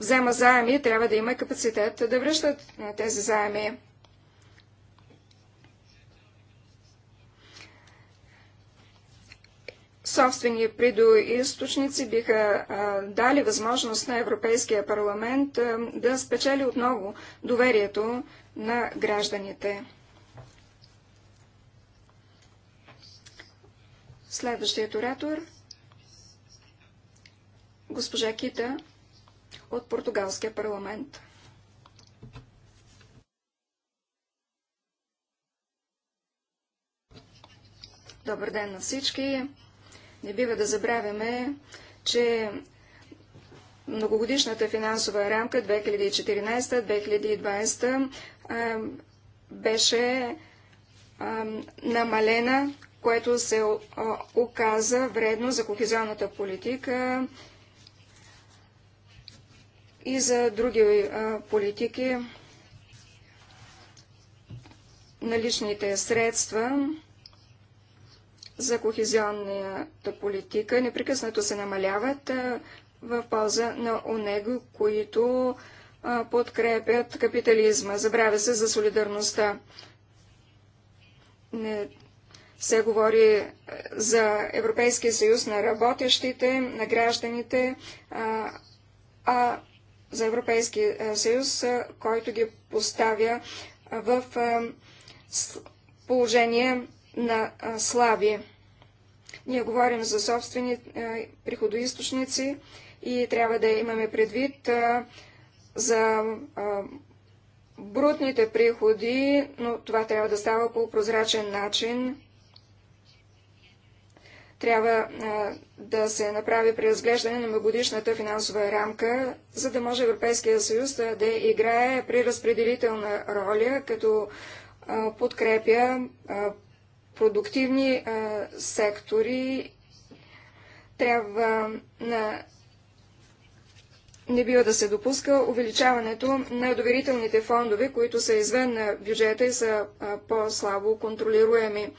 взема заеми, трябва да има капацитет да връщат тези заеми. собствени предоисточници биха а, дали възможност на Европейския парламент а, да спечели отново доверието на гражданите. Следващият оратор госпожа Кита от Португалския парламент. Добър ден на всички! Не бива да забравяме, че многогодишната финансова рамка 2014-2020 беше намалена, което се оказа вредно за кохезионната политика и за други политики политики. Наличните средства за кохезионната политика непрекъснато се намаляват в полза на онего, които подкрепят капитализма. Забравя се за солидарността. Не се говори за Европейския съюз на работещите, на гражданите, а, а за Европейския съюз, който ги поставя в положение на слаби. Ние говорим за собствени приходоисточници и трябва да имаме предвид за брутните приходи, но това трябва да става по прозрачен начин. Трябва а, да се направи преразглеждане на многодишната финансова рамка, за да може Европейския съюз да, да играе преразпределителна роля, като а, подкрепя а, продуктивни а, сектори трябва на не бива да се допуска увеличаването на доверителните фондове, които са извън на бюджета и са по-слабо контролируеми.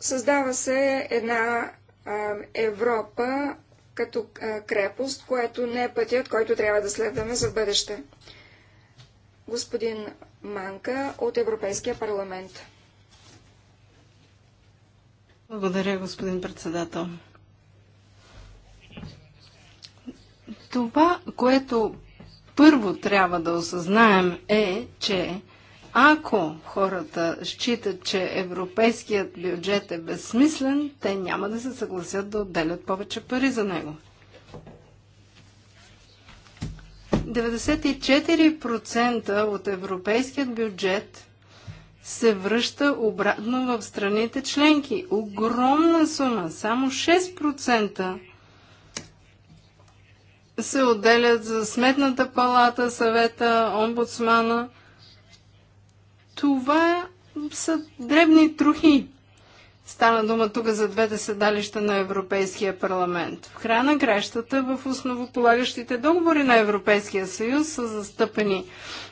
Създава се една а, Европа като а, крепост, което не е пътят, който трябва да следваме за бъдеще господин Манка от Европейския парламент. Благодаря, господин председател. Това, което първо трябва да осъзнаем е, че ако хората считат, че европейският бюджет е безсмислен, те няма да се съгласят да отделят повече пари за него. 94% от европейският бюджет се връща обратно в страните членки. Огромна сума, само 6% се отделят за Сметната палата, съвета, омбудсмана. Това са дребни трухи. Стана дума тук за двете седалища на Европейския парламент. В края на грещата в основополагащите договори на Европейския съюз са застъпени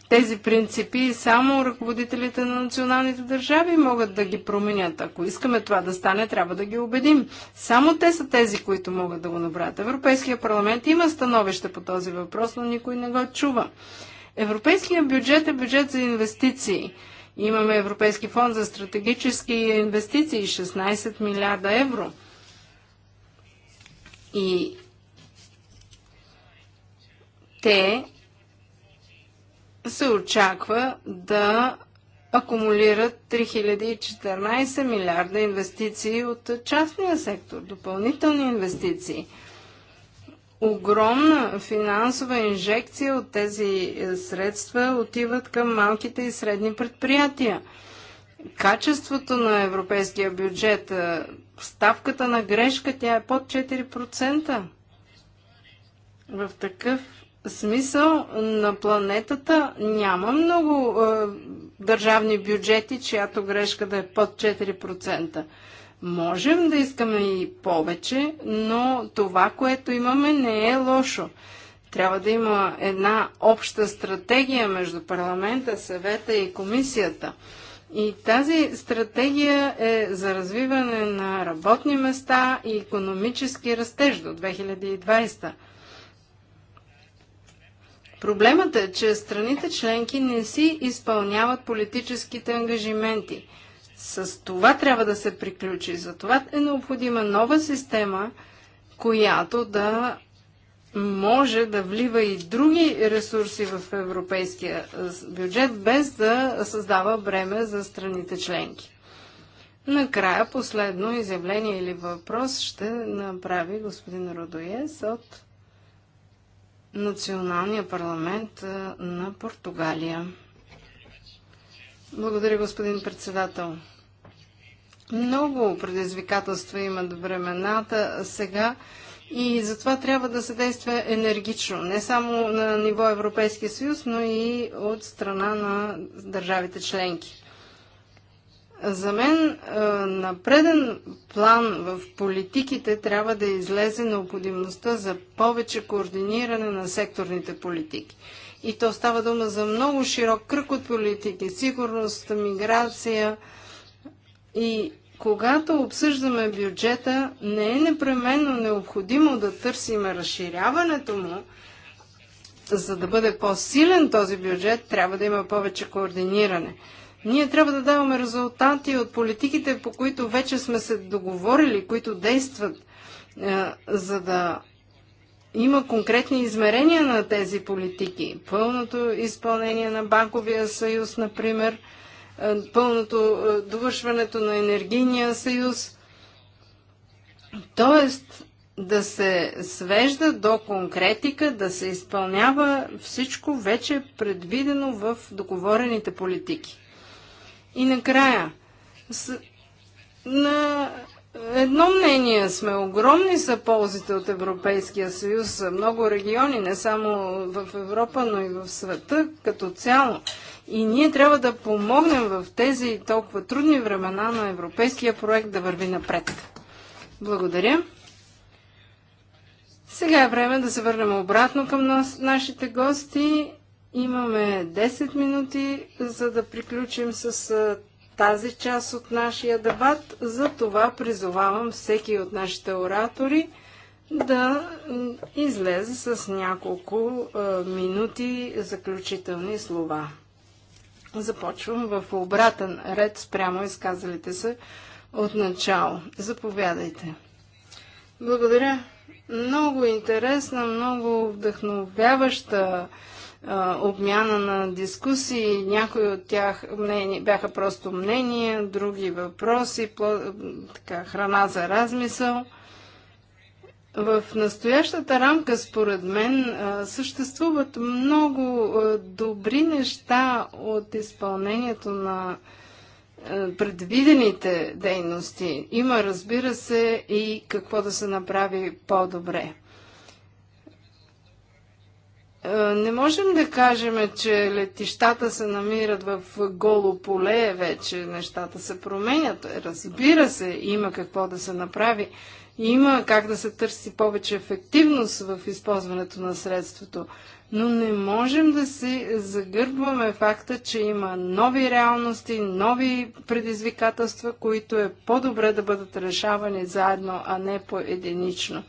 тези принципи и само ръководителите на националните държави могат да ги променят. Ако искаме това да стане, трябва да ги убедим. Само те са тези, които могат да го направят. Европейския парламент има становище по този въпрос, но никой не го чува. Европейския бюджет е бюджет за инвестиции. Имаме Европейски фонд за стратегически инвестиции 16 милиарда евро. И те се очаква да акумулират 3014 милиарда инвестиции от частния сектор, допълнителни инвестиции – огромна финансова инжекция от тези е, средства отиват към малките и средни предприятия. Качеството на европейския бюджет, е, ставката на грешка, тя е под 4%. В такъв смисъл на планетата няма много е, държавни бюджети, чиято грешка да е под 4%. Можем да искаме и повече, но това, което имаме, не е лошо. Трябва да има една обща стратегия между парламента, съвета и комисията. И тази стратегия е за развиване на работни места и економически растеж до 2020. Проблемът е, че страните членки не си изпълняват политическите ангажименти – с това трябва да се приключи. Затова е необходима нова система, която да може да влива и други ресурси в европейския бюджет, без да създава бреме за страните членки. Накрая последно изявление или въпрос ще направи господин Родоес от Националния парламент на Португалия. Благодаря, господин председател. Много предизвикателства имат времената сега и затова трябва да се действа енергично, не само на ниво Европейския съюз, но и от страна на държавите членки. За мен е, на преден план в политиките трябва да излезе необходимостта за повече координиране на секторните политики. И то става дума за много широк кръг от политики. Сигурност, миграция и когато обсъждаме бюджета, не е непременно необходимо да търсиме разширяването му, за да бъде по-силен този бюджет, трябва да има повече координиране. Ние трябва да даваме резултати от политиките, по които вече сме се договорили, които действат, е, за да има конкретни измерения на тези политики. Пълното изпълнение на Банковия съюз, например – е, пълното е, довършването на енергийния съюз. Тоест да се свежда до конкретика, да се изпълнява всичко вече предвидено в договорените политики. И накрая, с... на едно мнение сме. Огромни са ползите от Европейския съюз. Много региони, не само в Европа, но и в света като цяло. И ние трябва да помогнем в тези толкова трудни времена на европейския проект да върви напред. Благодаря. Сега е време да се върнем обратно към нас, нашите гости. Имаме 10 минути, за да приключим с тази част от нашия дебат. За това призовавам всеки от нашите оратори да излезе с няколко минути заключителни слова. Започвам в обратен ред спрямо изказалите се от начало. Заповядайте. Благодаря. Много интересна, много вдъхновяваща а, обмяна на дискусии. Някои от тях мнение, бяха просто мнения, други въпроси, пло, така, храна за размисъл. В настоящата рамка, според мен, съществуват много добри неща от изпълнението на предвидените дейности. Има, разбира се, и какво да се направи по-добре. Не можем да кажем, че летищата се намират в голо поле, вече нещата се променят. Разбира се, има какво да се направи. Има как да се търси повече ефективност в използването на средството, но не можем да си загърбваме факта, че има нови реалности, нови предизвикателства, които е по-добре да бъдат решавани заедно, а не по-единично.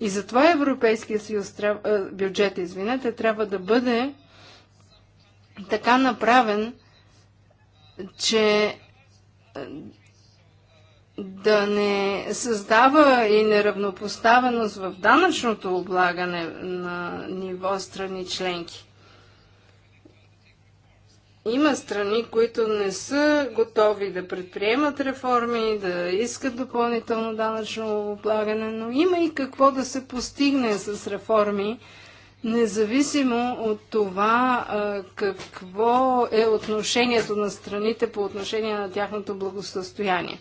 И затова Европейския съюз, е, бюджет, извинете, трябва да бъде така направен, че е, да не създава и неравнопоставеност в данъчното облагане на ниво страни членки. Има страни, които не са готови да предприемат реформи, да искат допълнително данъчно облагане, но има и какво да се постигне с реформи, независимо от това какво е отношението на страните по отношение на тяхното благосъстояние.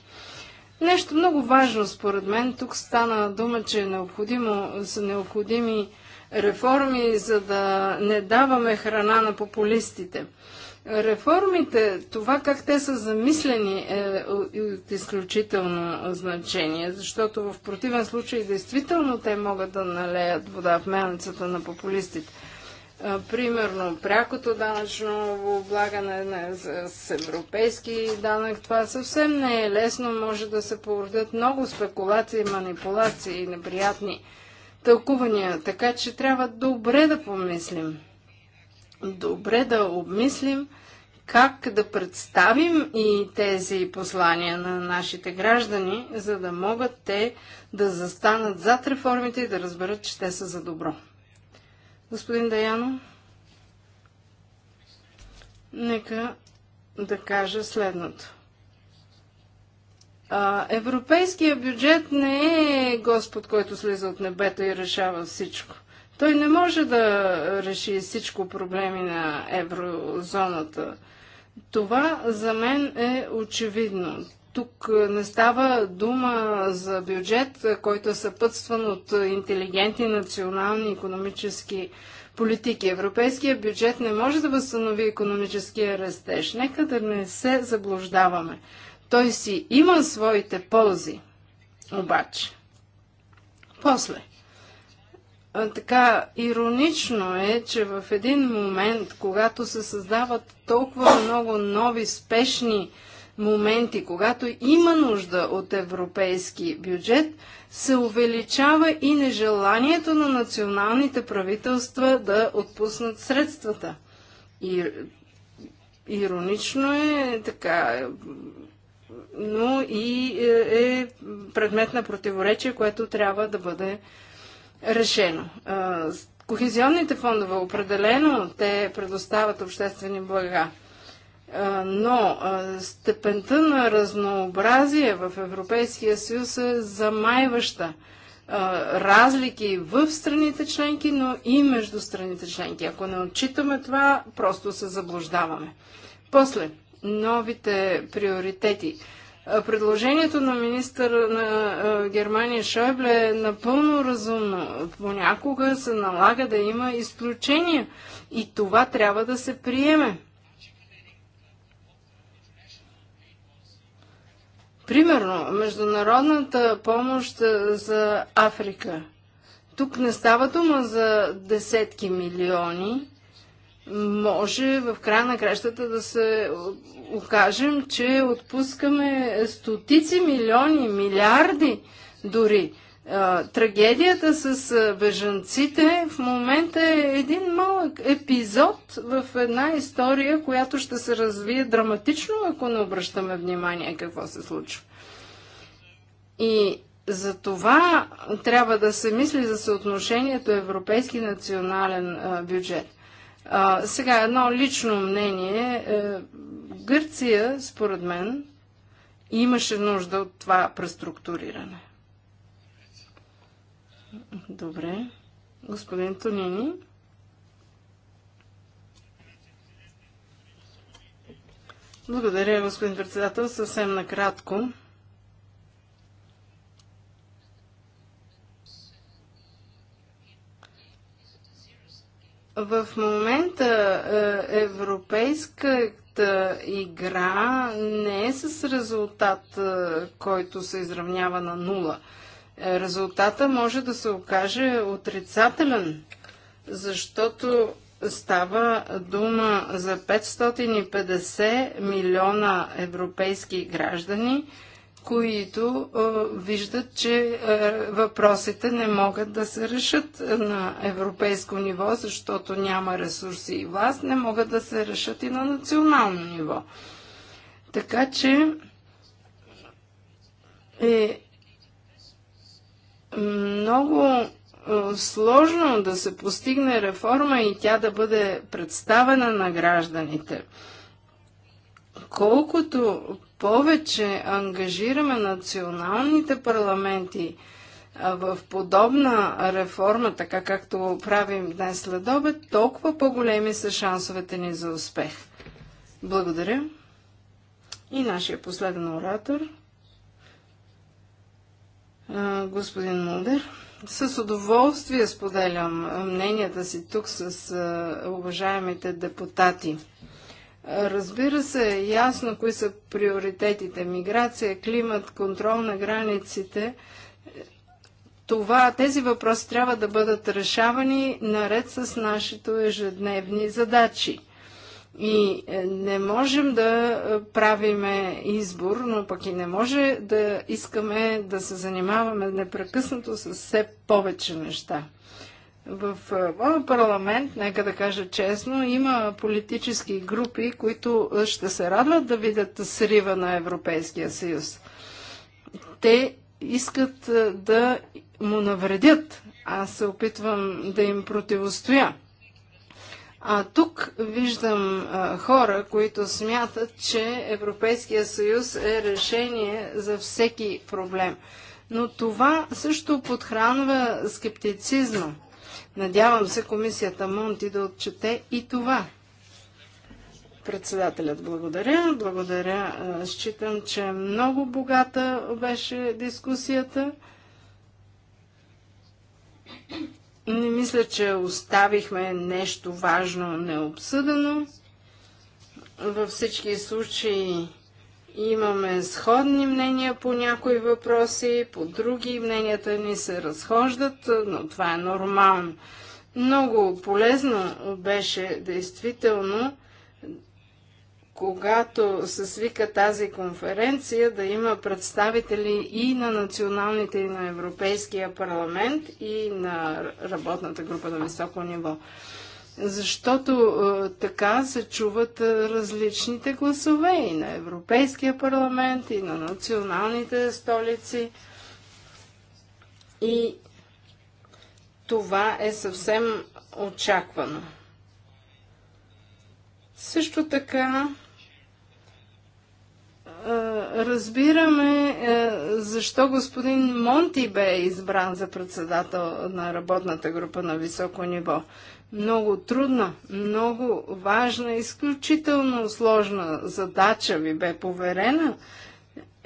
Нещо много важно според мен. Тук стана дума, че е необходимо, са необходими реформи, за да не даваме храна на популистите. Реформите, това как те са замислени е от изключително значение, защото в противен случай действително те могат да налеят вода в мелницата на популистите примерно прякото данъчно облагане с европейски данък. Това съвсем не е лесно. Може да се породят много спекулации, манипулации и неприятни тълкувания. Така че трябва добре да помислим. Добре да обмислим как да представим и тези послания на нашите граждани, за да могат те да застанат зад реформите и да разберат, че те са за добро. Господин Даяно, нека да кажа следното. А, европейския бюджет не е Господ, който слиза от небето и решава всичко. Той не може да реши всичко проблеми на еврозоната. Това за мен е очевидно. Тук не става дума за бюджет, който е съпътстван от интелигентни национални економически политики. Европейския бюджет не може да възстанови економическия растеж. Нека да не се заблуждаваме. Той си има своите ползи. Обаче. После. А, така, иронично е, че в един момент, когато се създават толкова много нови спешни моменти, когато има нужда от европейски бюджет, се увеличава и нежеланието на националните правителства да отпуснат средствата. И, иронично е така, но и е, е предмет на противоречие, което трябва да бъде решено. Кохезионните фондове определено те предоставят обществени блага но степента на разнообразие в Европейския съюз е замайваща. Разлики в страните членки, но и между страните членки. Ако не отчитаме това, просто се заблуждаваме. После, новите приоритети. Предложението на министър на Германия Шойбле е напълно разумно. Понякога се налага да има изключения и това трябва да се приеме. Примерно, международната помощ е, за Африка. Тук не става дума за десетки милиони. Може в края на кращата да се окажем, че отпускаме стотици милиони, милиарди дори трагедията с бежанците в момента е един малък епизод в една история, която ще се развие драматично, ако не обръщаме внимание какво се случва. И за това трябва да се мисли за съотношението европейски национален бюджет. сега едно лично мнение. Е, Гърция, според мен, имаше нужда от това преструктуриране. Добре. Господин Тонини. Благодаря, господин председател. Съвсем накратко. В момента е, европейската игра не е с резултат, е, който се изравнява на нула резултата може да се окаже отрицателен, защото става дума за 550 милиона европейски граждани, които е, виждат, че е, въпросите не могат да се решат на европейско ниво, защото няма ресурси и власт, не могат да се решат и на национално ниво. Така че е много сложно да се постигне реформа и тя да бъде представена на гражданите. Колкото повече ангажираме националните парламенти в подобна реформа, така както правим днес след обед, толкова по-големи са шансовете ни за успех. Благодаря. И нашия последен оратор – господин Мулдер. С удоволствие споделям мненията си тук с уважаемите депутати. Разбира се, ясно кои са приоритетите. Миграция, климат, контрол на границите. Това, тези въпроси трябва да бъдат решавани наред с нашите ежедневни задачи. И е, не можем да е, правиме избор, но пък и не може да искаме да се занимаваме непрекъснато с все повече неща. В е, моят парламент, нека да кажа честно, има политически групи, които ще се радват да видят срива на Европейския съюз. Те искат да му навредят. Аз се опитвам да им противостоя. А тук виждам а, хора, които смятат, че Европейския съюз е решение за всеки проблем. Но това също подхранва скептицизма. Надявам се комисията Монти да отчете и това. Председателят благодаря. Благодаря. Считам, че много богата беше дискусията. Не мисля, че оставихме нещо важно необсъдено. Във всички случаи имаме сходни мнения по някои въпроси, по други мненията ни се разхождат, но това е нормално. Много полезно беше действително когато се свика тази конференция, да има представители и на националните, и на Европейския парламент, и на работната група на високо ниво. Защото е, така се чуват е, различните гласове и на Европейския парламент, и на националните столици. И това е съвсем очаквано. Също така е, разбираме е, защо господин Монти бе избран за председател на работната група на високо ниво. Много трудна, много важна, изключително сложна задача ви бе поверена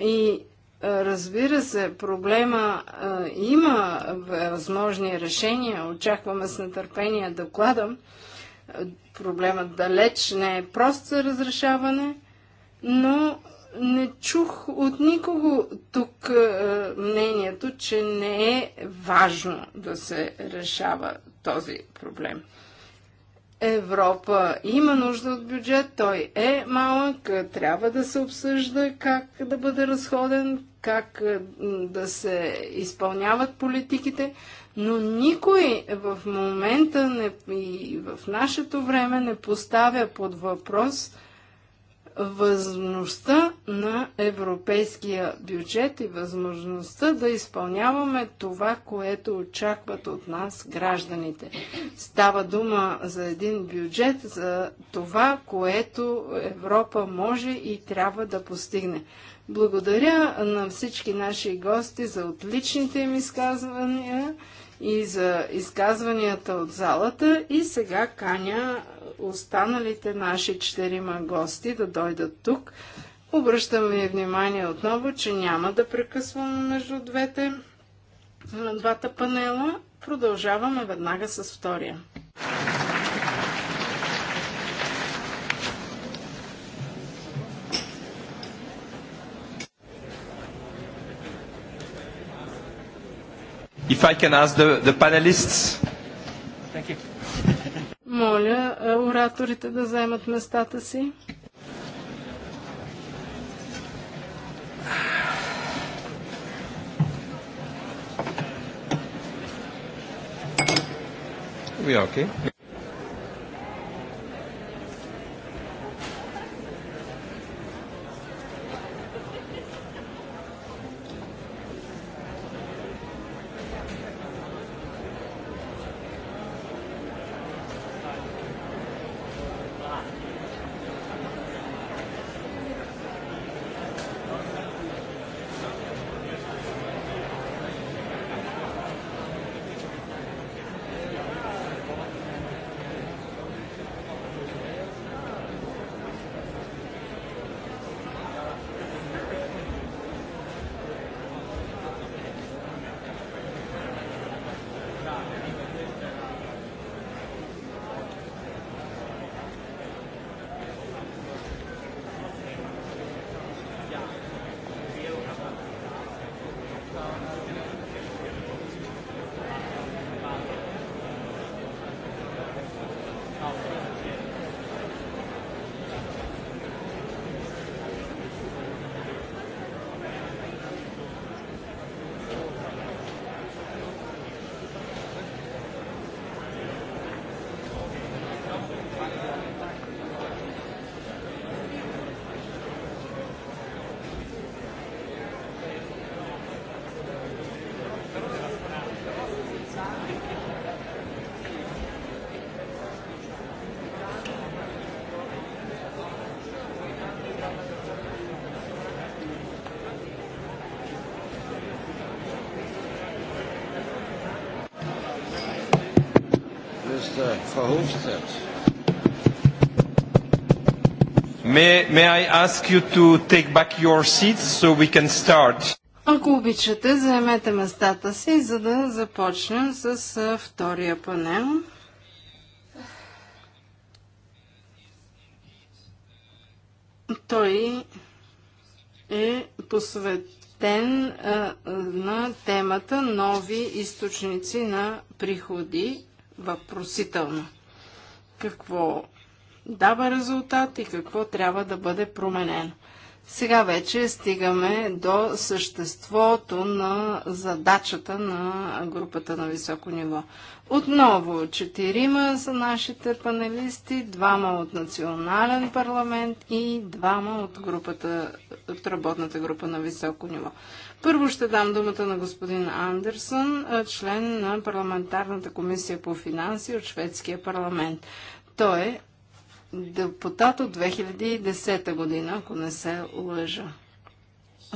и е, Разбира се, проблема има възможни решения. Очакваме с нетърпение докладам. Проблемът далеч не е прост за разрешаване, но не чух от никого тук е, мнението, че не е важно да се решава този проблем. Европа има нужда от бюджет, той е малък, трябва да се обсъжда как да бъде разходен, как е, да се изпълняват политиките, но никой в момента не, и в нашето време не поставя под въпрос – възможността на европейския бюджет и възможността да изпълняваме това, което очакват от нас гражданите. Става дума за един бюджет, за това, което Европа може и трябва да постигне. Благодаря на всички наши гости за отличните им изказвания и за изказванията от залата. И сега каня останалите наши четирима гости да дойдат тук. Обръщам ви внимание отново, че няма да прекъсваме между двете, двата панела. Продължаваме веднага с втория. If I can ask the, the panelists. Thank you. Моля ораторите да вземат местата си. We are okay. May, may I ask you to take back your seats so we can start? Ако обичате, заемете местата си, за да започнем с втория панел. Той е посветен а, на темата нови източници на приходи въпросително. Какво дава резултат и какво трябва да бъде променено. Сега вече стигаме до съществото на задачата на групата на високо ниво. Отново четирима са нашите панелисти, двама от национален парламент и двама от, групата, от работната група на високо ниво. Първо ще дам думата на господин Андерсон, член на парламентарната комисия по финанси от шведския парламент. Той е депутат от 2010 година, ако не се лъжа.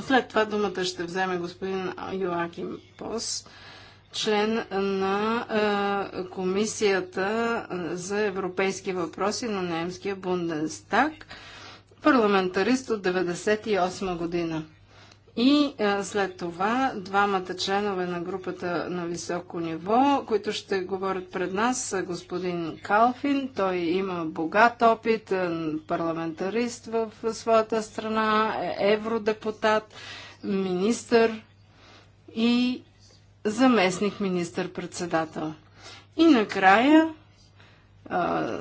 След това думата ще вземе господин Йоаким Пос, член на е, Комисията за европейски въпроси на немския Бунденстаг, парламентарист от 1998 година. И а, след това двамата членове на групата на високо ниво, които ще говорят пред нас, са господин Калфин. Той има богат опит, парламентарист в своята страна, е евродепутат, министър и заместник министър-председател. И накрая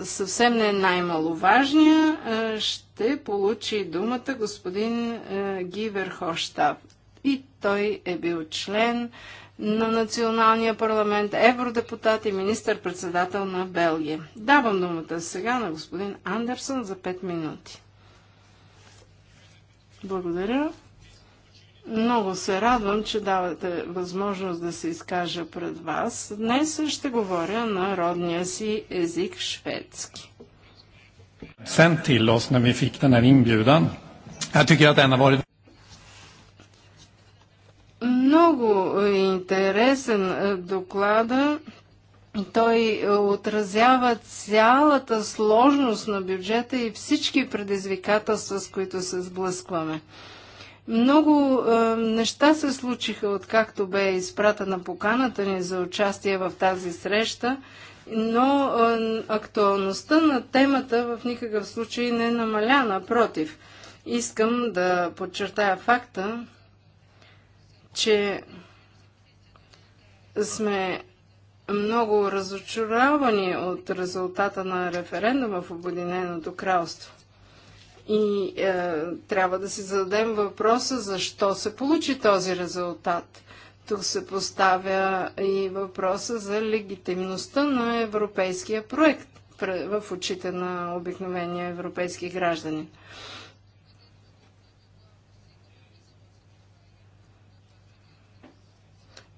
съвсем не най-маловажния, ще получи думата господин Гивер Хоштаб. И той е бил член на Националния парламент, евродепутат и министър-председател на Белгия. Давам думата сега на господин Андерсон за 5 минути. Благодаря. Много се радвам, че давате възможност да се изкажа пред вас. Днес ще говоря на родния си език шведски. Сен till oss när vi fick den här inbjudan. Jag tycker att den har varit много интересен е, доклада. Той отразява цялата сложност на бюджета и всички предизвикателства, с които се сблъскваме. Много е, неща се случиха, откакто бе изпратена поканата ни за участие в тази среща, но е, актуалността на темата в никакъв случай не е намаля, напротив. Искам да подчертая факта, че сме много разочаровани от резултата на референдума в Обединеното кралство. И е, трябва да си зададем въпроса защо се получи този резултат. Тук се поставя и въпроса за легитимността на европейския проект в очите на обикновения европейски граждани.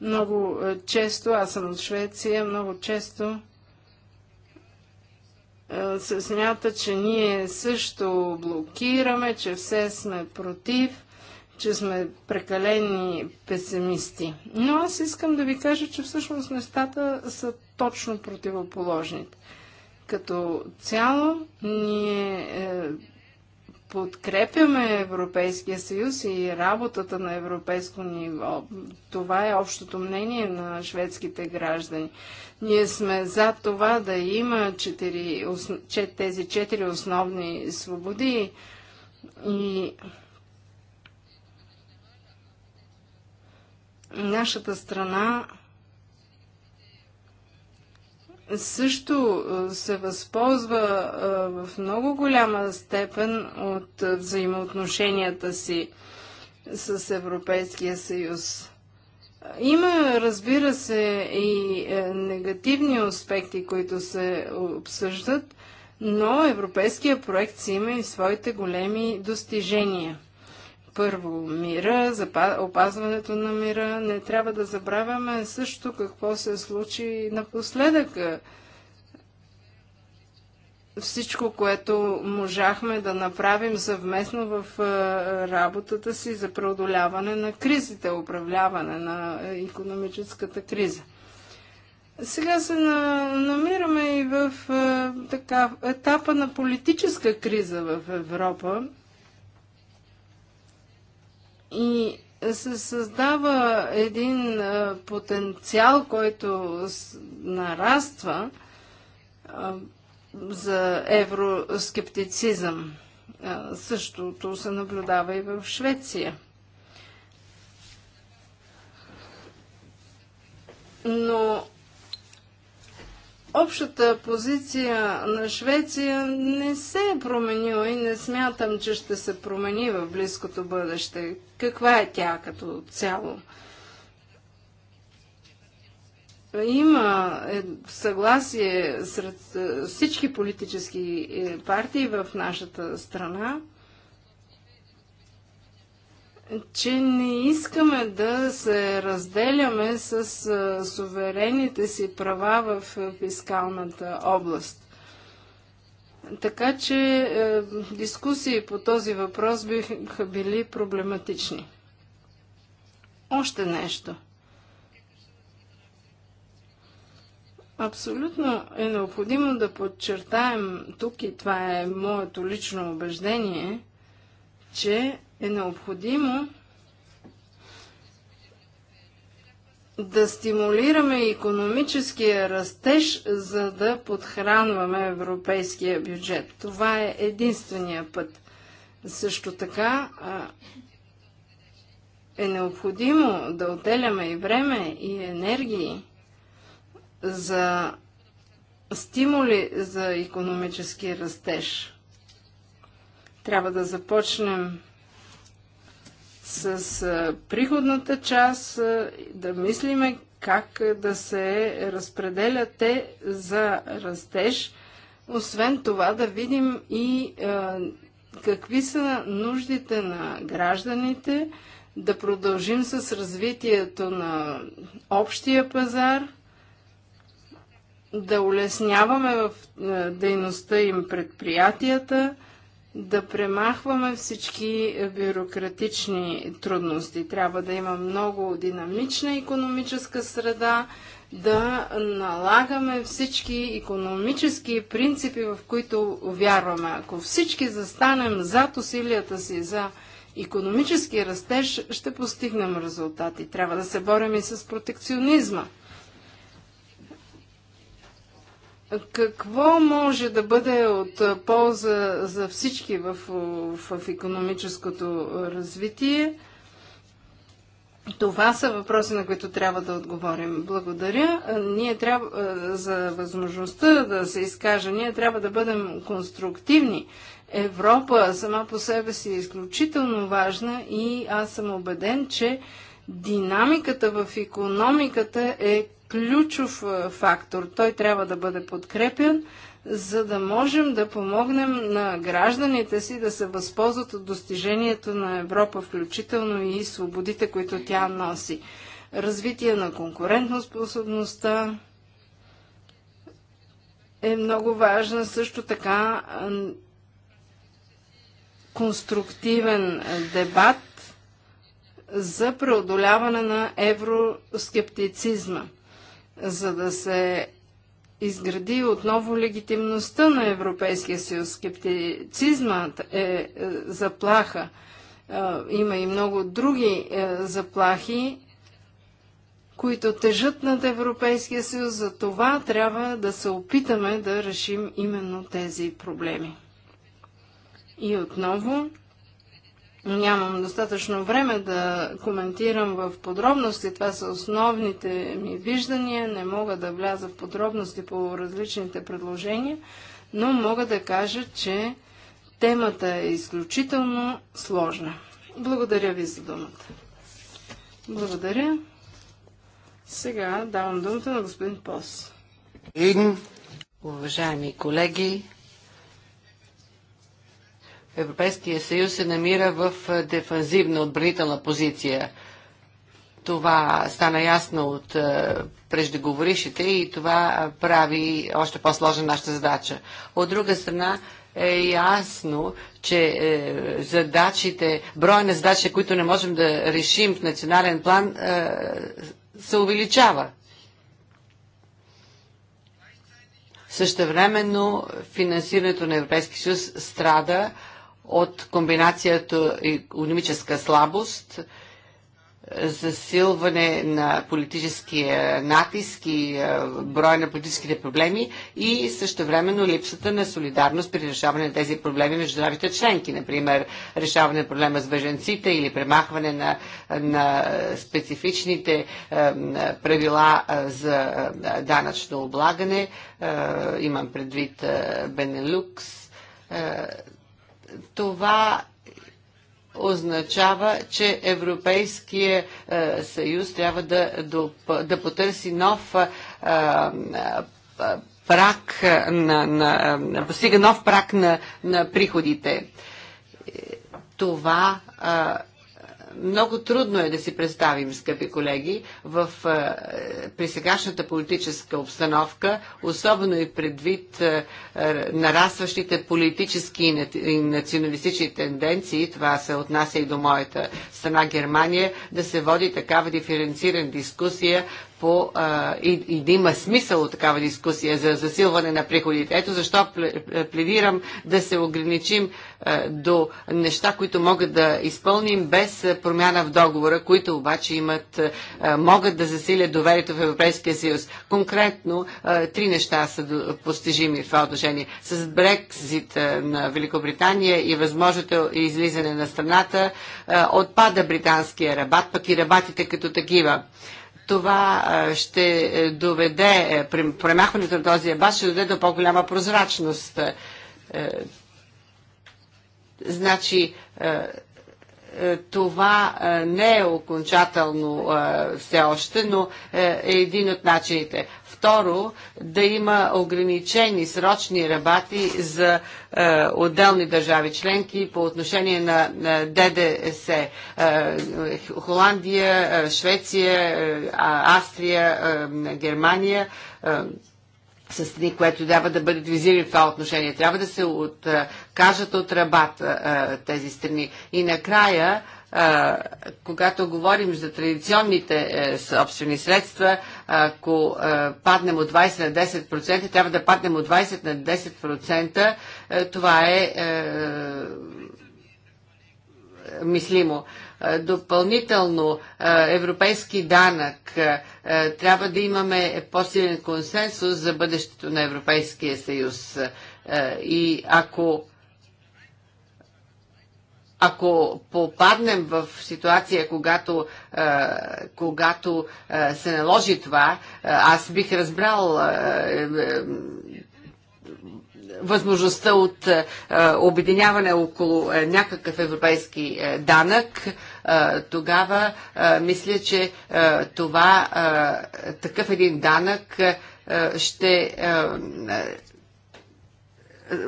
Много е, често, аз съм от Швеция, много често е, се смята, че ние също блокираме, че все сме против, че сме прекалени песимисти. Но аз искам да ви кажа, че всъщност нещата са точно противоположните. Като цяло, ние е, подкрепяме Европейския съюз и работата на европейско ниво. Това е общото мнение на шведските граждани. Ние сме за това да има четири, тези четири основни свободи и нашата страна също се възползва в много голяма степен от взаимоотношенията си с Европейския съюз. Има, разбира се, и е, негативни аспекти, които се обсъждат, но европейския проект си има и своите големи достижения. Първо, мира, опазването на мира. Не трябва да забравяме също какво се случи напоследък. Всичко, което можахме да направим съвместно в работата си за преодоляване на кризите, управляване на економическата криза. Сега се на, намираме и в така, етапа на политическа криза в Европа. И се създава един потенциал, който нараства за евроскептицизъм. Същото се наблюдава и в Швеция. Но общата позиция на Швеция не се е променила и не смятам, че ще се промени в близкото бъдеще. Каква е тя като цяло? Има е, съгласие сред е, всички политически е, партии в нашата страна – че не искаме да се разделяме с суверените си права в фискалната област. Така че е, дискусии по този въпрос биха били проблематични. Още нещо. Абсолютно е необходимо да подчертаем тук, и това е моето лично убеждение, че е необходимо да стимулираме економическия растеж, за да подхранваме европейския бюджет. Това е единствения път. Също така е необходимо да отделяме и време, и енергии за стимули за економически растеж. Трябва да започнем с приходната част, да мислиме как да се разпределят те за растеж. Освен това да видим и а, какви са нуждите на гражданите, да продължим с развитието на общия пазар, да улесняваме в дейността им предприятията, да премахваме всички бюрократични трудности. Трябва да има много динамична економическа среда, да налагаме всички економически принципи, в които вярваме. Ако всички застанем зад усилията си за економически растеж, ще постигнем резултати. Трябва да се борим и с протекционизма. Какво може да бъде от полза за всички в, в, в економическото развитие? Това са въпроси, на които трябва да отговорим. Благодаря. Ние трябва за възможността да се изкажа. Ние трябва да бъдем конструктивни. Европа сама по себе си е изключително важна и аз съм убеден, че динамиката в економиката е ключов е, фактор. Той трябва да бъде подкрепен, за да можем да помогнем на гражданите си да се възползват от достижението на Европа, включително и свободите, които тя носи. Развитие на конкурентоспособността е много важна. Също така конструктивен е, дебат за преодоляване на евроскептицизма за да се изгради отново легитимността на Европейския съюз. Скептицизмът е, е заплаха. Е, има и много други е, заплахи, които тежат над Европейския съюз. За това трябва да се опитаме да решим именно тези проблеми. И отново Нямам достатъчно време да коментирам в подробности. Това са основните ми виждания. Не мога да вляза в подробности по различните предложения, но мога да кажа, че темата е изключително сложна. Благодаря ви за думата. Благодаря. Сега давам думата на господин Пос. Уважаеми колеги, Европейския съюз се намира в дефанзивна отбранителна позиция. Това стана ясно от преждеговорившите и това прави още по-сложна нашата задача. От друга страна, е ясно, че е, задачите, броя на задачи, които не можем да решим в национален план, е, се увеличава. Същевременно финансирането на Европейския съюз страда от комбинацията економическа слабост, засилване на политическия натиск и е, броя на политическите проблеми и също времено липсата на солидарност при решаване на тези проблеми между държавите членки. Например, решаване на проблема с беженците или премахване на, на специфичните е, правила е, за данъчно облагане. Имам предвид Бенелюкс това означава, че Европейския е, съюз трябва да, да, да потърси нов а, е, а, е, прак на, на, на постига нов прак на, на приходите. Това а, много трудно е да си представим, скъпи колеги, в, е, при сегашната политическа обстановка, особено и предвид е, е, нарастващите политически и националистични тенденции, това се отнася и до моята страна Германия, да се води такава диференцирана дискусия по, а, и, и да има смисъл от такава дискусия за засилване на приходите. Ето защо е, пледирам да се ограничим а, до неща, които могат да изпълним без промяна в договора, които обаче имат, а, могат да засилят доверието в Европейския съюз. Конкретно а, три неща са постижими в това отношение. С Брекзит а, на Великобритания и възможното излизане на страната а, отпада британския рабат, пък и рабатите като такива това ще е, доведе, е, премахването на този абат ще доведе до по-голяма прозрачност. Е, значи, това не е окончателно все още, но е един от начините. Второ, да има ограничени срочни рабати за е, отделни държави членки по отношение на, на ДДС. Е, Холандия, е, Швеция, е, Австрия, е, Германия. Е, с страни, което трябва да бъдат визирани в това отношение. Трябва да се откажат от е, рабат е, тези страни. И накрая когато говорим за традиционните е, собствени средства, ако е, паднем от 20 на 10%, трябва да паднем от 20 на 10%, е, това е мислимо. Допълнително европейски данък. Трябва да имаме по-силен консенсус за бъдещето на Европейския съюз. И ако ако попаднем в ситуация, когато, е, когато е, се наложи това, е, аз бих разбрал възможността от обединяване около някакъв европейски данък, тогава мисля, че това такъв един данък ще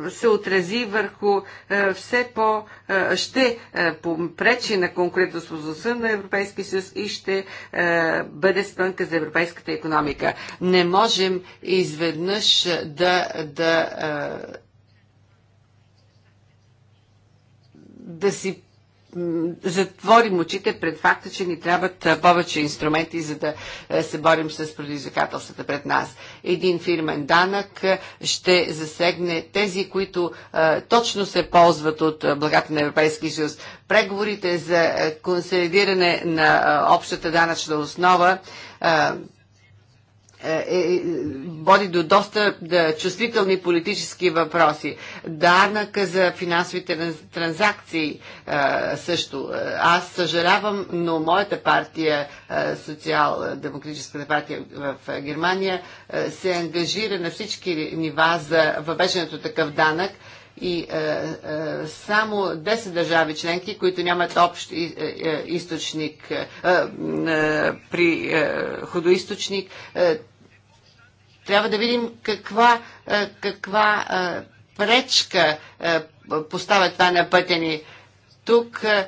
се отрази върху е, все по... Е, ще е, попречи на конкурентоспособността на Европейски съюз и ще бъде спънка за европейската економика. Не можем изведнъж да, да да си затворим очите пред факта, че ни трябват повече инструменти, за да се борим с предизвикателствата пред нас. Един фирмен данък ще засегне тези, които точно се ползват от благата на Европейския съюз. Преговорите за консолидиране на общата данъчна основа е, е, води до доста да, чувствителни политически въпроси. Данъка за финансовите транзакции е, също. Е, аз съжалявам, но моята партия, е, социал-демократическата е, партия в Германия, е, се ангажира на всички нива за въвеждането такъв данък. Е, и е, е, само 10 държави членки, които нямат общ е, е, източник е, е, при е, ходоисточник, е, трябва да видим каква, е, каква е, пречка е, поставя това на пътя ни. Тук е,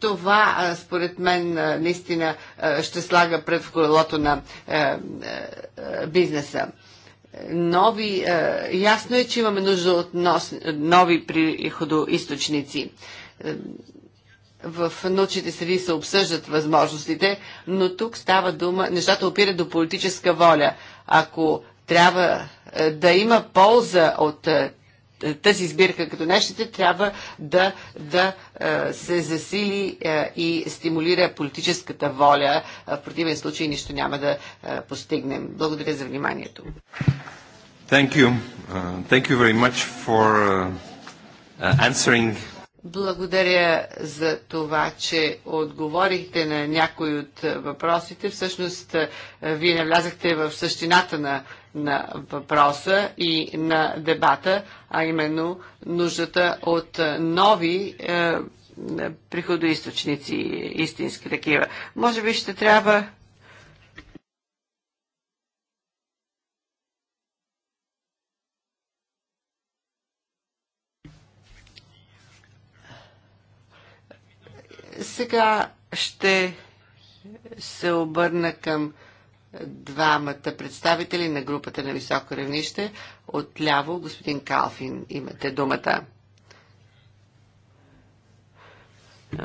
това, е, според мен, наистина ще слага пред колелото на бизнеса нови, е, ясно е, че имаме нужда от нови приходоисточници. Е, в научните среди се обсъждат възможностите, но тук става дума, нещата опират до политическа воля. Ако трябва е, да има полза от тази сбирка като нашите трябва да, да се засили и стимулира политическата воля. В противен случай нищо няма да постигнем. Благодаря за вниманието. Thank you. Uh, thank you very much for uh, uh, answering благодаря за това, че отговорихте на някои от въпросите. Всъщност, вие навлязахте в същината на, на въпроса и на дебата а именно нуждата от нови е, приходоисточници, истински такива. Може би ще трябва Сега ще се обърна към двамата представители на групата на високо равнище. Отляво, господин Калфин, имате думата.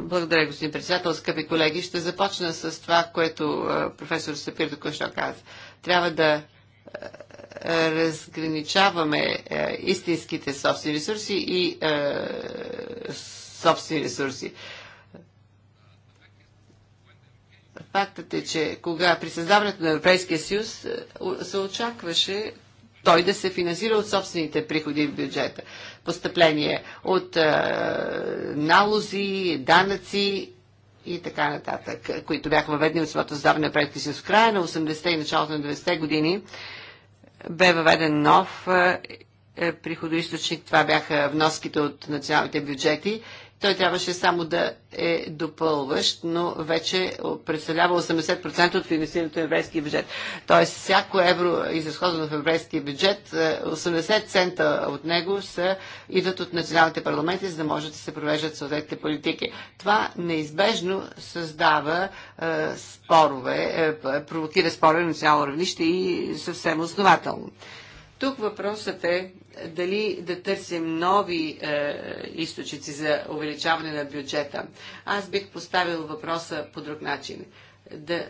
Благодаря, господин председател. Скъпи колеги, ще започна с това, което професор Сапир току-що каза. Трябва да разграничаваме истинските собствени ресурси и собствени ресурси. Фактът е, че кога при създаването на Европейския съюз е, се очакваше той да се финансира от собствените приходи в бюджета. Постъпление от е, налози, данъци и така нататък, които бяха въведени от своето създаване на Европейския съюз. В края на 80-те и началото на 90-те години бе въведен нов е, е, приходоисточник. Това бяха вноските от националните бюджети той трябваше само да е допълващ, но вече представлява 80% от финансирането на еврейския бюджет. Тоест, всяко евро, изразходено в еврейския бюджет, 80 е, цента от него са, идват от националните парламенти, за да може да се провеждат съответните политики. Това неизбежно създава е, спорове, е, провокира спорове на национално равнище и съвсем основателно. Тук въпросът е дали да търсим нови е, източници за увеличаване на бюджета. Аз бих поставил въпроса по друг начин да, е,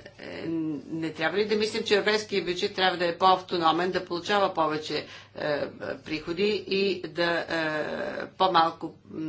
не трябва ли да мислим, че европейския бюджет трябва да е по-автономен, да получава повече е, приходи и да е, по-малко е,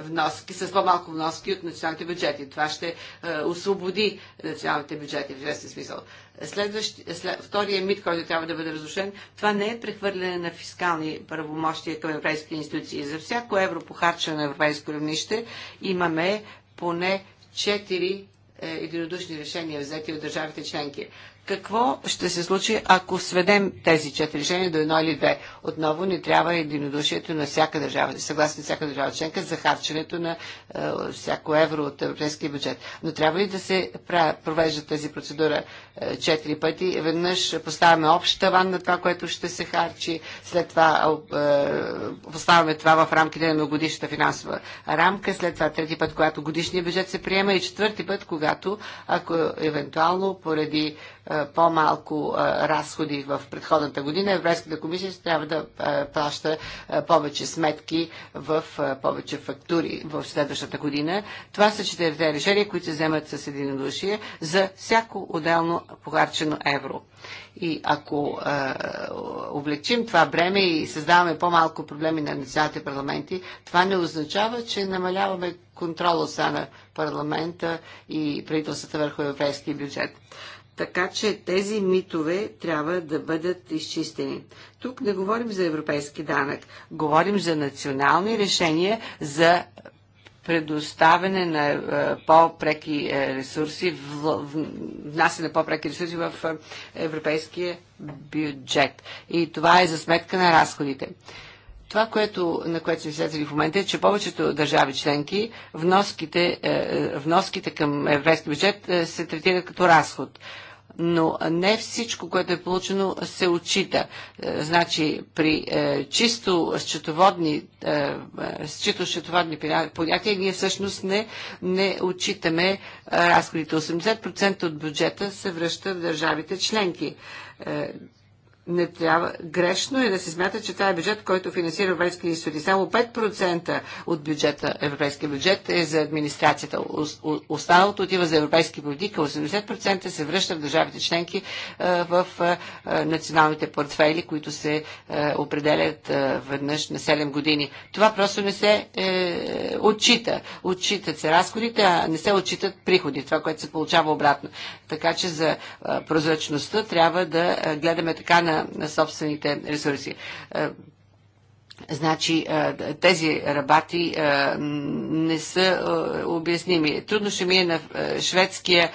вноски, с по-малко вноски от националните бюджети. Това ще е, освободи националните бюджети в известен смисъл. Следващ, след, втория мит, който трябва да бъде разрушен, това не е прехвърляне на фискални правомощия към европейските институции. За всяко евро похарчено на европейско равнище имаме поне 4 е, единодушни решения, взети от държавите членки. Какво ще се случи, ако сведем тези четири решения до едно или две? Отново ни трябва единодушието на всяка държава, на всяка държава членка за харченето на е, всяко евро от европейския бюджет. Но трябва ли да се провежда тази процедура е, четири пъти? Веднъж поставяме общ таван на това, което ще се харчи, след това е, поставяме това в рамките на годишната финансова рамка, след това трети път, когато годишния бюджет се приема и четвърти път, когато, ако евентуално поради е, по-малко е, разходи в предходната година, Европейската комисия ще трябва да е, плаща повече сметки в повече фактури в следващата година. Това са четирите решения, които се вземат с единодушие за всяко отделно похарчено евро. И ако е, облегчим това бреме и създаваме по-малко проблеми на националните парламенти, това не означава, че намаляваме контрола на парламента и правителствата върху европейския бюджет. Така че тези митове трябва да бъдат изчистени. Тук не говорим за европейски данък, говорим за национални решения за предоставяне на е, по-преки е, ресурси, внасяне на по-преки ресурси в е, европейския бюджет. И това е за сметка на разходите. Това, което, на което сме свидетели в момента е, че повечето държави членки вноските, е, вноските към европейски бюджет е, се третират като разход. Но не всичко, което е получено, се отчита. Е, значи, при чисто счетоводни, чисто счетоводни понятия, ние всъщност не, не отчитаме разходите. 80% от бюджета се връща в държавите членки не трябва, грешно е да се смята, че това е бюджет, който финансира европейски институти. Само 5% от бюджета, европейския бюджет е за администрацията. Останалото отива за европейски политика. 80% се връща в държавите членки е, в е, е, националните портфели, които се определят веднъж на 7 години. Това просто не се е, отчита. Отчитат се разходите, а не се отчитат приходи, това, което се получава обратно. Така че за прозрачността трябва да гледаме така на, на собствените ресурси. Значи тези рабати не са обясними. Трудно ще ми е на шведския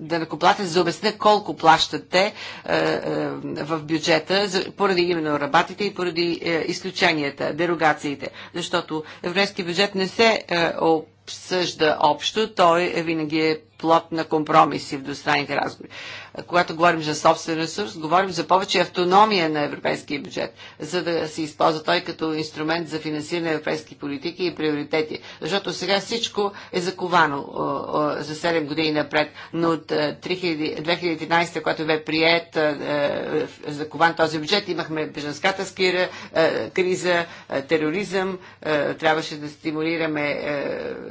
да накоплатец за обясня колко плащат те в бюджета, поради именно работите и поради изключенията, дерогациите. Защото еврейски бюджет не се обсъжда общо, той винаги е плод на компромиси в двустранните разговори когато говорим за собствен ресурс, говорим за повече автономия на европейския бюджет, за да се използва той като инструмент за финансиране на европейски политики и приоритети. Защото сега всичко е заковано за 7 години напред, но от 2013, е, когато бе прият е, е, закован този бюджет, имахме беженската скира, криза, тероризъм, трябваше да стимулираме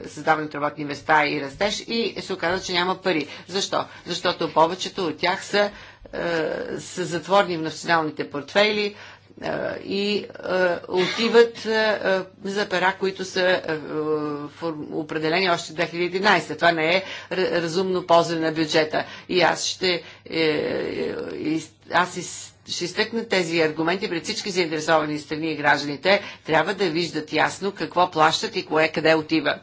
създаването на работни места и растеж и се оказа, че няма пари. Защо? Защото повечето от тях са, е, са затворни в националните портфейли е, и е, отиват за пера, които са определени още 2011. Това не е разумно ползване на бюджета. И аз ще аз из ще изтъкна тези аргументи пред всички заинтересовани страни и гражданите, трябва да виждат ясно какво плащат и кое къде отива.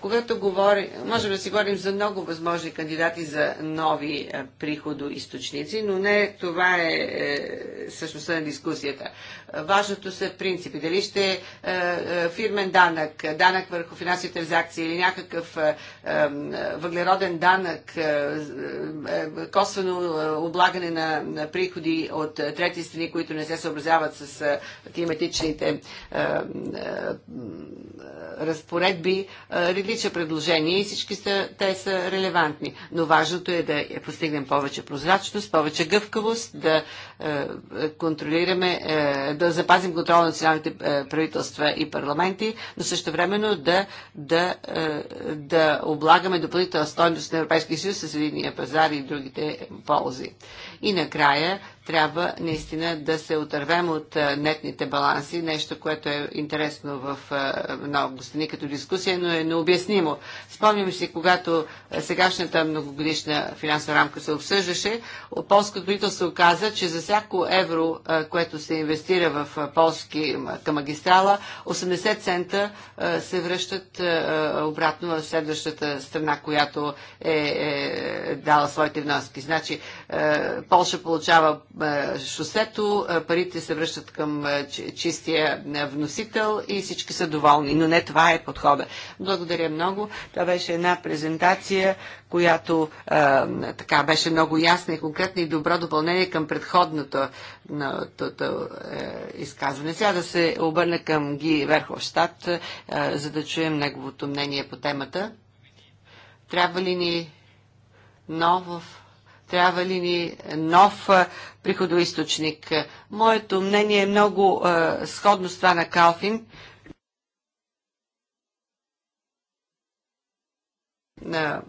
Когато говори, можем да си говорим за много възможни кандидати за нови е, приходоисточници, но не това е, е същността на дискусията важното са принципи. Дали ще е, е фирмен данък, данък върху финансови транзакции или някакъв е, е, въглероден данък, косвено облагане на, приходи от трети страни, които не се съобразяват с климатичните разпоредби, различа предложения и всички са, те са релевантни. Но важното е да постигнем повече прозрачност, повече гъвкавост, да е, контролираме, е, да запазим контрол на националните е, правителства и парламенти, но също времено да, да, да облагаме допълнителна стойност на Европейския съюз с единия пазар и другите ползи. И накрая трябва наистина да се отървем от нетните баланси, нещо, което е интересно в много страни като дискусия, но е необяснимо. Спомням си, когато сегашната многогодишна финансова рамка се обсъждаше, полското правителство каза, че за всяко евро, което се инвестира в полски към магистрала, 80 цента се връщат обратно в следващата страна, която е, е дала своите вноски. Значи, Польша получава е, шосето, е, парите се връщат към е, чистия вносител и всички са доволни. Но не това е подхода. Благодаря много. Това беше една презентация, която така беше много ясна и конкретна и добро допълнение към предходното на, тото, изказване. Сега да се обърна към Ги Верховщад, за да чуем неговото мнение по темата. Трябва ли ни нов трябва ли ни нов приходоисточник? Моето мнение е много е, сходно с това на Калфин. На,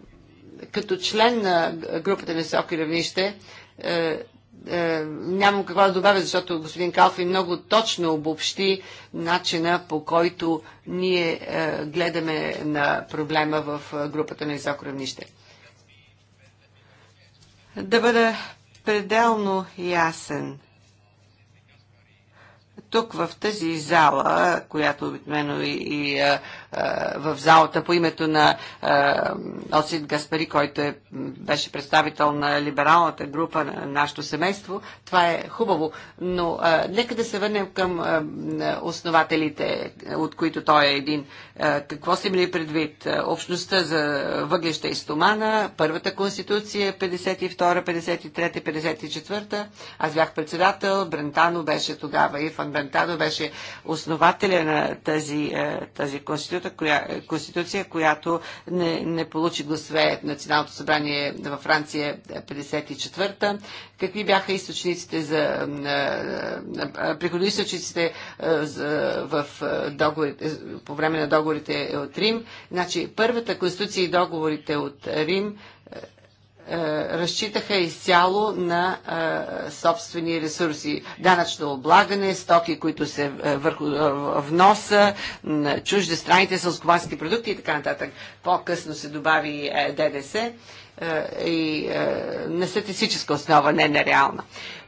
като член на групата на високи равнище, е, е, нямам какво да добавя, защото господин Калфин много точно обобщи начина по който ние е, гледаме на проблема в групата на високо равнище да бъда пределно ясен. Тук в тази зала, която обикновено и, и а, е, в залата по името на е, Осит Гаспари, който е, беше представител на либералната група на нашето семейство. Това е хубаво, но е, нека да се върнем към основателите, от които той е един. Какво си мили предвид? Общността за въглища и стомана, първата конституция, 52, 53, 54. Аз бях председател, Брентано беше тогава, Ифан Брентано беше основателя на тази, тази конституция конституция, коя, конституция която не, не получи гласове в Националното събрание във Франция 54-та. Какви бяха източниците за приходоисточниците в договорите, по време на договорите от Рим? Значи, първата конституция и договорите от Рим е, разчитаха изцяло на е, собствени ресурси. Данъчно облагане, стоки, които се е, върху вноса, чужди страните, сълскомански продукти и така нататък. По-късно се добави ДДС и на статистическа основа, не нереална. реална.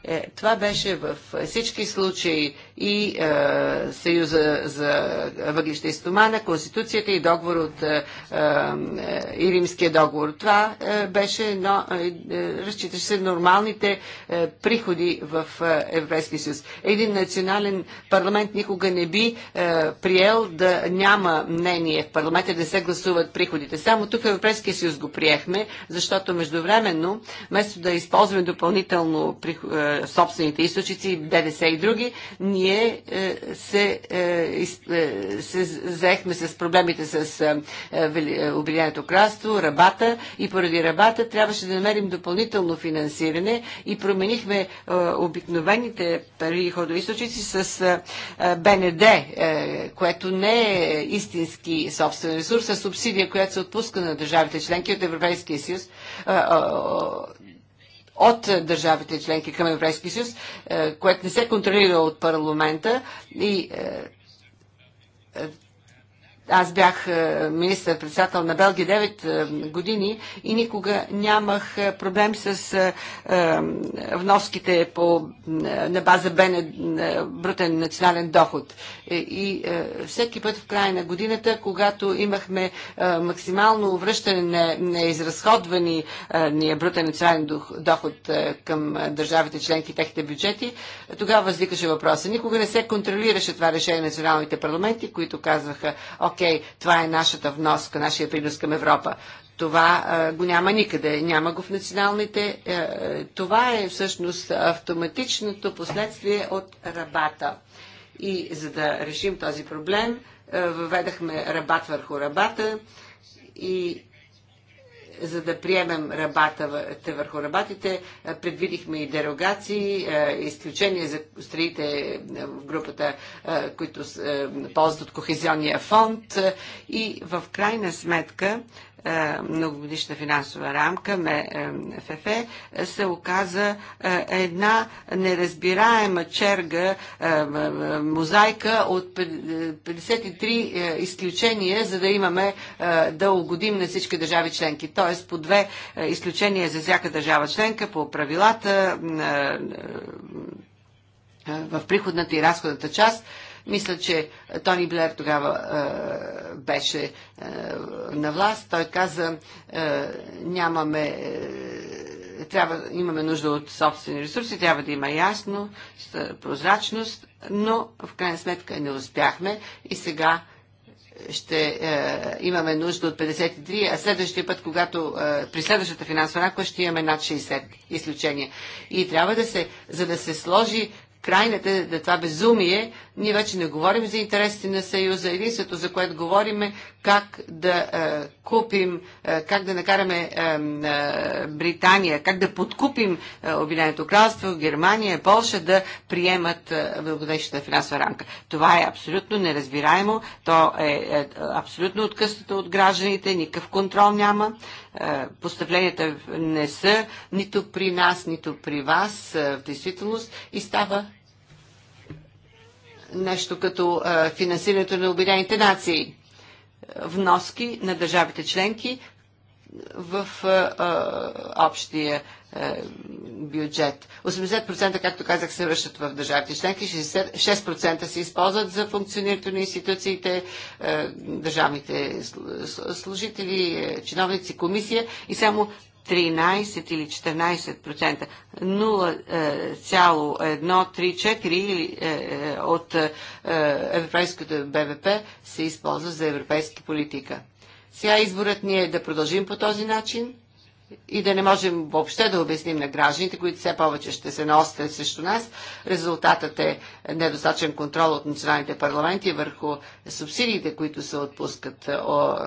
Е, това беше в всички случаи и е, Съюза за въглища и стомана, Конституцията и договор от е, е и Римския договор. Това е, беше, но, е, е, разчиташе се нормалните е, приходи в е, Европейския съюз. Един национален парламент никога не би е, приел да няма мнение в парламента, да се гласуват приходите. Само тук Европейския съюз го приехме, защото междувременно, вместо да използваме допълнително е, собствените източници, ДДС и други, ние е, се, е, е, се заехме с проблемите с Обединеното кралство, рабата и поради рабата трябваше да намерим допълнително финансиране и променихме обикновените пари и ходоисточници с БНД, което не е истински собствен ресурс, а субсидия, която се отпуска на държавите членки от Европейския съюз от държавите членки към Европейски съюз, е, което не се контролира от парламента и е, е, аз бях е, министър-председател на Белгия 9 е, години и никога нямах е, проблем с вноските по, на база БН, брутен национален доход. И всеки път в края на годината, когато имахме максимално връщане на, неизразходвани изразходвани ния брутен национален доход към държавите членки и техните бюджети, тогава възникаше въпроса. Никога не се контролираше това решение на националните парламенти, които казваха, окей, окей, това е нашата вноска, нашия принос към Европа. Това а, го няма никъде, няма го в националните. А, е, е, това е всъщност автоматичното последствие от рабата. И за да решим този проблем, а, е, въведахме рабат върху рабата и за да приемем рабатите върху рабатите. Е, предвидихме и дерогации, е, изключения за страните е, в групата, които ползват кохезионния фонд и в крайна сметка е, многогодишна финансова рамка, е, МФФ, се оказа е, една неразбираема черга, мозайка от 53 изключения, за да имаме да угодим на всички държави членки. Тоест по две изключения за всяка държава членка по правилата в приходната и разходната част мисля, че Тони Блер тогава е, беше е, на власт. Той каза, е, нямаме. Е, трябва, имаме нужда от собствени ресурси, трябва да има ясно, прозрачност, но в крайна сметка не успяхме и сега ще е, имаме нужда от 53, а следващия път, когато е, при следващата финансова рамка ще имаме над 60 изключения. И трябва да се, за да се сложи крайната да това безумие, ние вече не говорим за интересите на Съюза. Единството, за което говорим е как да е, купим, е, как да накараме е, е, Британия, как да подкупим е, Обединеното кралство, Германия, Полша да приемат е, благодещата финансова рамка. Това е абсолютно неразбираемо. То е, е абсолютно откъснато от гражданите. Никакъв контрол няма. Е, поставленията не са нито при нас, нито при вас е, в действителност и става нещо като финансирането на Обединените нации. Вноски на държавите членки в общия бюджет. 80%, както казах, се връщат в държавите членки, 6% се използват за функционирането на институциите, държавните служители, е, чиновници, комисия и само 13 или 14%, 0,134 е, е, е, от европейското БВП се използва за европейска политика. Сега изборът ни е да продължим по този начин и да не можем въобще да обясним на гражданите, които все повече ще се наострят срещу нас. Резултатът е недостатъчен контрол от националните парламенти върху субсидиите, които се отпускат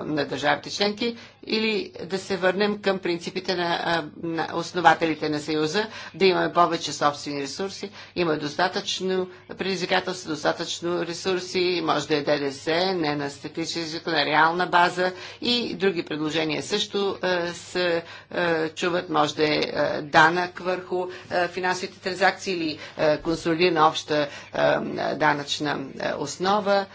на държавите членки или да се върнем към принципите на, на основателите на Съюза, да имаме повече собствени ресурси, има достатъчно предизвикателства, достатъчно ресурси, може да е ДДС, не на статичен език, на реална база и други предложения също е, се е, чуват, може да е данък върху е, финансовите транзакции или е, консолидирана обща е, данъчна основа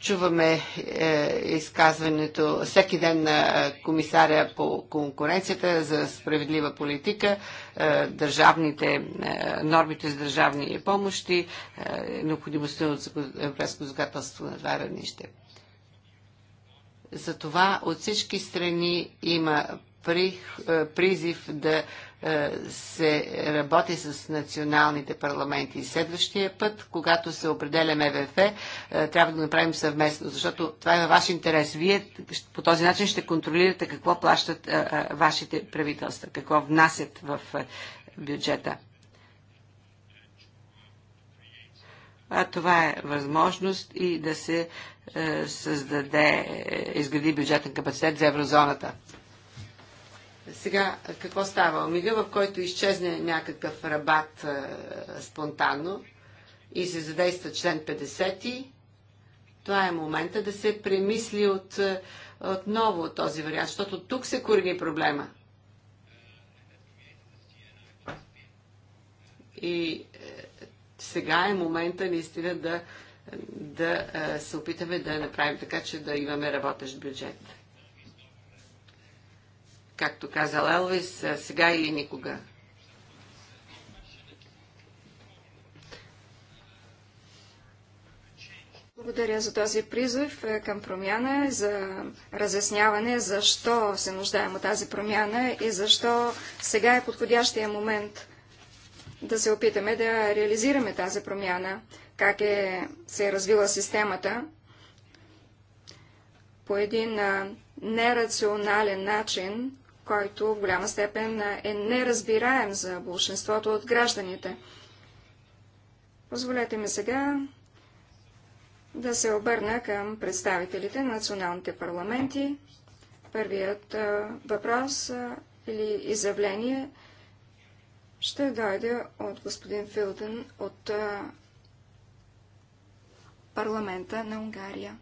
Чуваме е, изказването всеки ден на е, комисаря по конкуренцията за справедлива политика, е, държавните, е, нормите за държавни помощи, е, необходимостта от европейско законодателство на два равнище. Затова от всички страни има при, е, призив да е, се работи с националните парламенти. следващия път, когато се определя МВФ, е, трябва да го направим съвместно, защото това е във ваш интерес. Вие по този начин ще контролирате какво плащат е, вашите правителства, какво внасят в бюджета. А това е възможност и да се създаде, изгради бюджетен капацитет за еврозоната. Сега, какво става? Мига, в който изчезне някакъв рабат а, спонтанно и се задейства член 50, това е момента да се премисли от, отново този вариант, защото тук се корени проблема. И е, сега е момента наистина да, да е, се опитаме да направим така, че да имаме работещ бюджет както казал Елвис, сега или никога. Благодаря за този призив е, към промяна, за разясняване защо се нуждаем от тази промяна и защо сега е подходящия момент да се опитаме да реализираме тази промяна, как е, се е развила системата по един нерационален начин, който в голяма степен е неразбираем за большинството от гражданите. Позволете ми сега да се обърна към представителите на националните парламенти. Първият въпрос или изявление ще дойде от господин Филден от парламента на Унгария.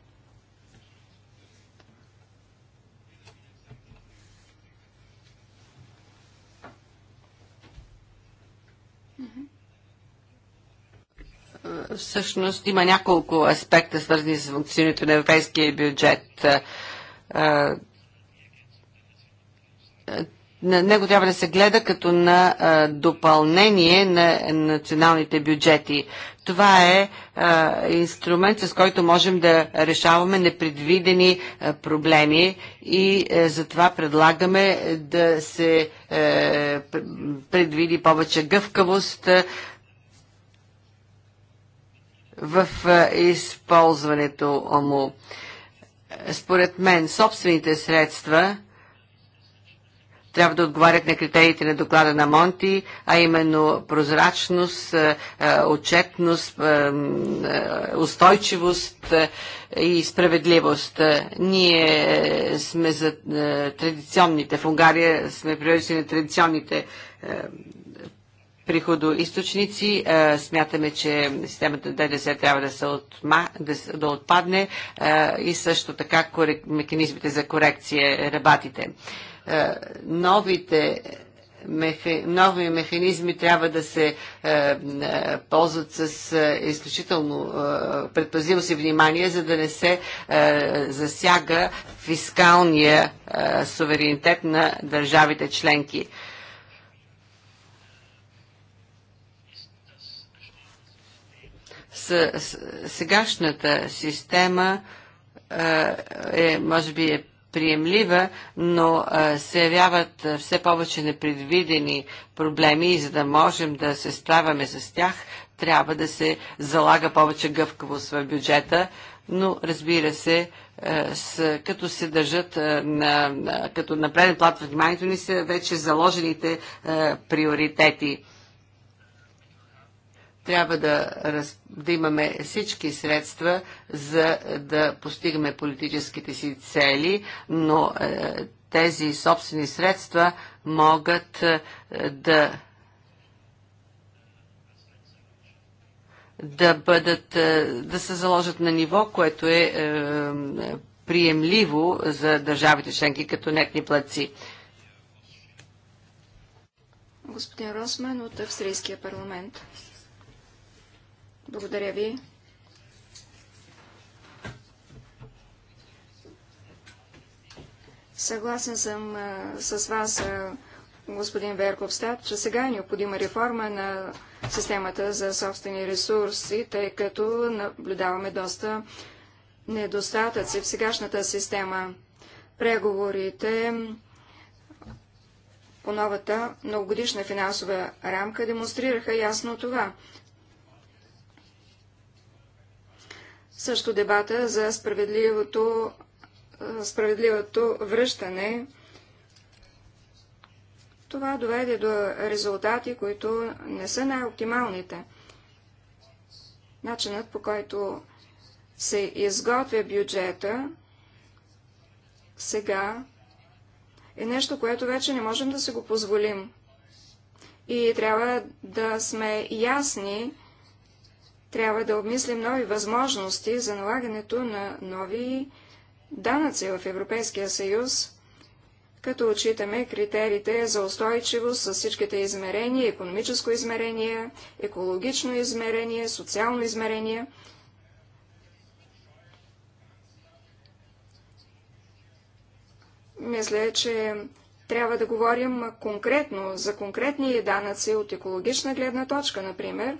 Е, всъщност има няколко аспекта, свързани с функционирането на европейския бюджет. Е, е, на него трябва да се гледа като на допълнение на националните бюджети. Това е инструмент, с който можем да решаваме непредвидени проблеми и затова предлагаме да се предвиди повече гъвкавост в използването му. Според мен, собствените средства трябва да отговарят на критериите на доклада на Монти, а именно прозрачност, отчетност, устойчивост и справедливост. Ние е, сме за е, традиционните, в Унгария сме привържени на традиционните е, приходоисточници. Е, смятаме, че системата ДДС трябва да, се отма, да, да отпадне е, и също така корек, механизмите за корекция, ребатите. Е, новите нови механизми трябва да се е, е, ползват с е, изключително предпазливо си внимание, за да не се засяга фискалния суверенитет на държавите членки. сегашната система е, е, може би е приемлива, но е, се явяват е, все повече непредвидени проблеми и за да можем да се справяме с тях, трябва да се залага повече гъвкавост в бюджета, но разбира се, с, като се държат на, като на преден плат вниманието ни са вече заложените а, приоритети трябва да, раз, да имаме всички средства за да постигаме политическите си цели, но е, тези собствени средства могат е, да да бъдат, е, да се заложат на ниво, което е, е приемливо за държавите членки като нетни платци. Господин Росман от Австрийския парламент. Благодаря ви. Съгласен съм а, с вас, а, господин Верковстат, че сега е необходима реформа на системата за собствени ресурси, тъй като наблюдаваме доста недостатъци в сегашната система. Преговорите по новата многогодишна финансова рамка демонстрираха ясно това. Също дебата за справедливото, справедливото връщане. Това доведе до резултати, които не са най-оптималните. Начинът по който се изготвя бюджета сега е нещо, което вече не можем да си го позволим. И трябва да сме ясни трябва да обмислим нови възможности за налагането на нови данъци в Европейския съюз, като отчитаме критериите за устойчивост с всичките измерения, економическо измерение, екологично измерение, социално измерение. Мисля, че трябва да говорим конкретно за конкретни данъци от екологична гледна точка, например,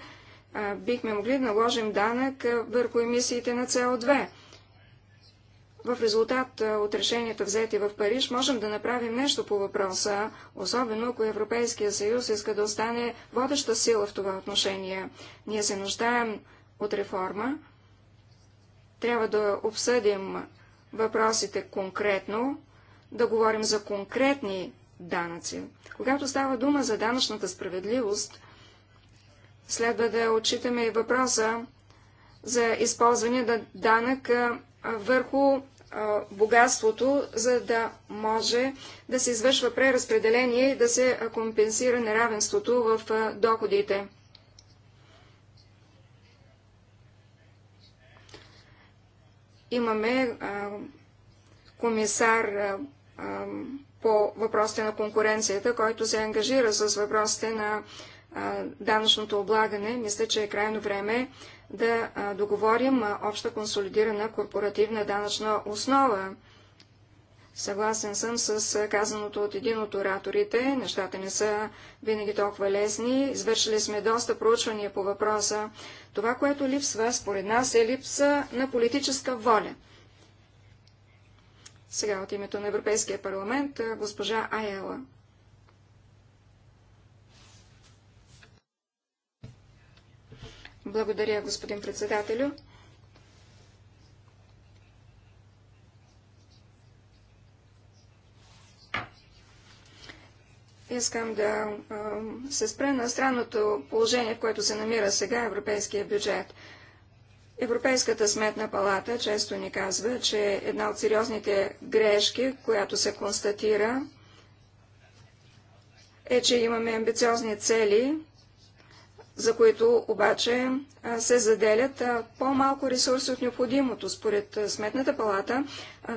бихме могли да наложим данък върху емисиите на СО2. В резултат от решенията взети в Париж можем да направим нещо по въпроса, особено ако Европейския съюз иска да остане водеща сила в това отношение. Ние се нуждаем от реформа. Трябва да обсъдим въпросите конкретно, да говорим за конкретни данъци. Когато става дума за данъчната справедливост, Следва да отчитаме и въпроса за използване на данък върху богатството, за да може да се извършва преразпределение и да се компенсира неравенството в доходите. Имаме комисар по въпросите на конкуренцията, който се ангажира с въпросите на данъчното облагане, мисля, че е крайно време да договорим обща консолидирана корпоративна данъчна основа. Съгласен съм с казаното от един от ораторите. Нещата не са винаги толкова лесни. Извършили сме доста проучвания по въпроса. Това, което липсва, според нас, е липса на политическа воля. Сега от името на Европейския парламент госпожа Айела. Благодаря, господин председателю. Искам да се спра на странното положение, в което се намира сега европейския бюджет. Европейската сметна палата често ни казва, че една от сериозните грешки, която се констатира, е, че имаме амбициозни цели, за които обаче се заделят по-малко ресурси от необходимото. Според Сметната палата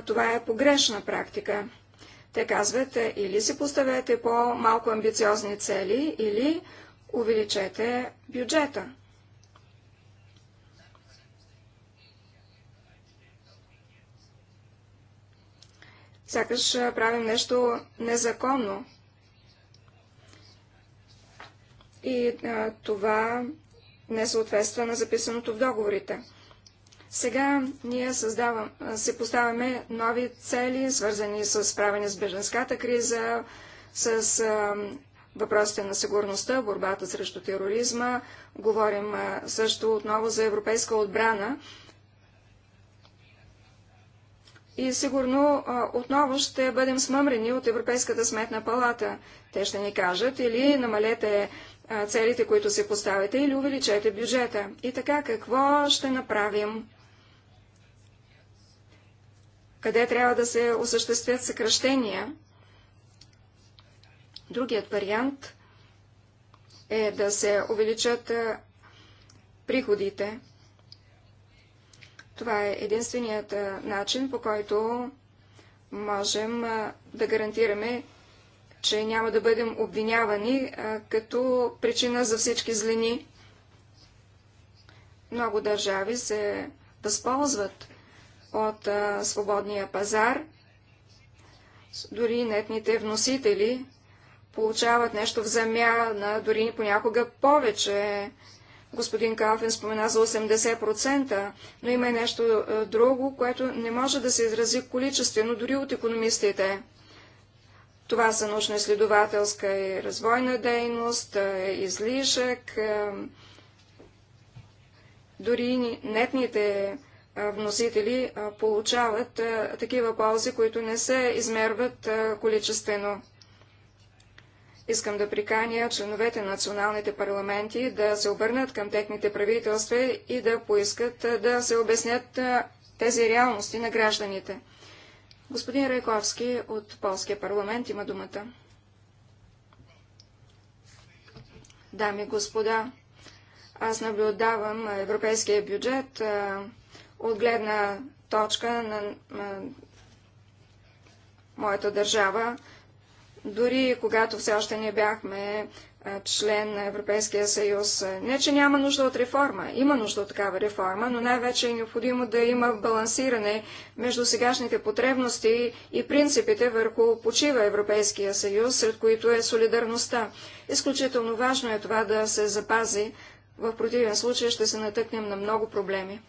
това е погрешна практика. Те казват или си поставете по-малко амбициозни цели, или увеличете бюджета. Сякаш правим нещо незаконно, и а, това не съответства на записаното в договорите. Сега ние създавам, се поставяме нови цели, свързани с справяне с беженската криза, с а, въпросите на сигурността, борбата срещу тероризма. Говорим а, също отново за европейска отбрана. И сигурно а, отново ще бъдем смъмрени от Европейската сметна палата. Те ще ни кажат или намалете целите, които се поставите, или увеличете бюджета. И така, какво ще направим? Къде трябва да се осъществят съкръщения? Другият вариант е да се увеличат приходите. Това е единственият начин, по който можем да гарантираме че няма да бъдем обвинявани а, като причина за всички злини. Много държави се възползват от а, свободния пазар. Дори нетните вносители получават нещо в замяна, дори понякога повече. Господин Калфин спомена за 80%, но има и нещо друго, което не може да се изрази количествено дори от економистите. Това са научно-изследователска и развойна дейност, излишък, дори нетните вносители получават такива ползи, които не се измерват количествено. Искам да приканя членовете на националните парламенти да се обърнат към техните правителства и да поискат да се обяснят тези реалности на гражданите. Господин Райковски от Полския парламент има думата. Дами и господа, аз наблюдавам европейския бюджет от гледна точка на моята държава, дори когато все още не бяхме член на Европейския съюз. Не, че няма нужда от реформа. Има нужда от такава реформа, но най-вече е необходимо да има балансиране между сегашните потребности и принципите, върху почива Европейския съюз, сред които е солидарността. Изключително важно е това да се запази. В противен случай ще се натъкнем на много проблеми.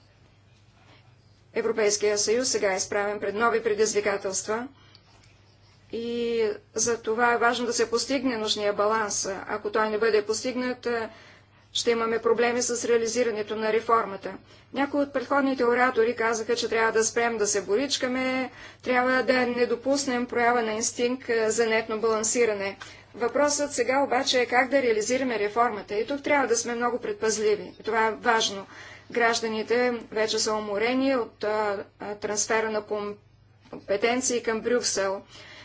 Европейския съюз сега е изправен пред нови предизвикателства – и за това е важно да се постигне нужния баланс. Ако той не бъде постигнат, е, ще имаме проблеми с реализирането на реформата. Някои от предходните оратори казаха, че трябва да спрем да се боричкаме, трябва да не допуснем проява на инстинкт е, за нетно балансиране. Въпросът сега обаче е как да реализираме реформата и тук трябва да сме много предпазливи. Това е важно. Гражданите вече са уморени от а, е, а, трансфера на компетенции към Брюксел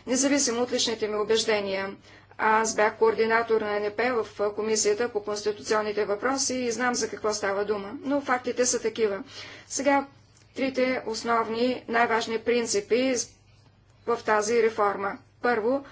независимо от личните ми убеждения. Аз бях координатор на НП в Комисията по конституционните въпроси и знам за какво става дума, но фактите са такива. Сега трите основни, най-важни принципи в тази реформа. Първо,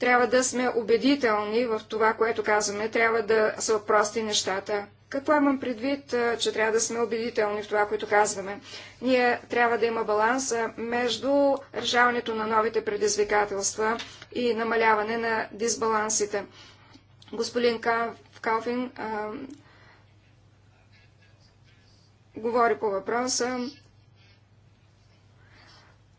трябва да сме убедителни в това, което казваме, трябва да са прости нещата. Какво имам предвид, че трябва да сме убедителни в това, което казваме? Ние трябва да има баланс между решаването на новите предизвикателства и намаляване на дисбалансите. Господин Калфин а, говори по въпроса.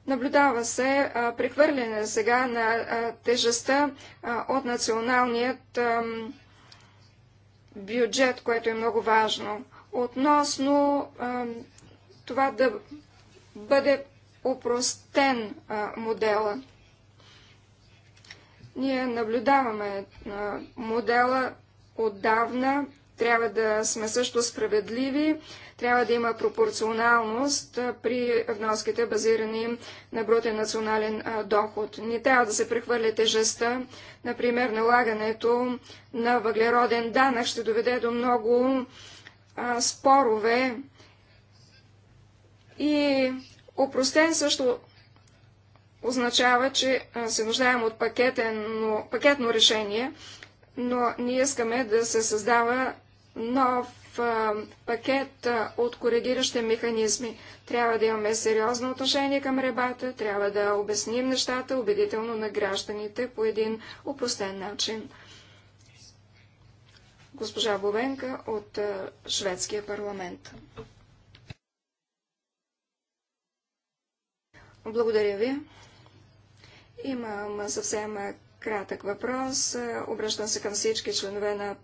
Наблюдава се прехвърляне сега на а, тежестта а, от националният а, бюджет, което е много важно, относно а, това да бъде упростен а, модела. Ние наблюдаваме а, модела отдавна, трябва да сме също справедливи, трябва да има пропорционалност при вноските, базирани на брутен национален доход. Не трябва да се прехвърля тежестта. Например, налагането на въглероден данък ще доведе до много спорове и Опростен също означава, че се нуждаем от пакетно, пакетно решение, но ние искаме да се създава нов пакет от коригиращи механизми. Трябва да имаме сериозно отношение към ребата, трябва да обясним нещата убедително на гражданите по един упростен начин. Госпожа Бовенка от Шведския парламент. Благодаря ви. Имам съвсем кратък въпрос. Обръщам се към всички членове на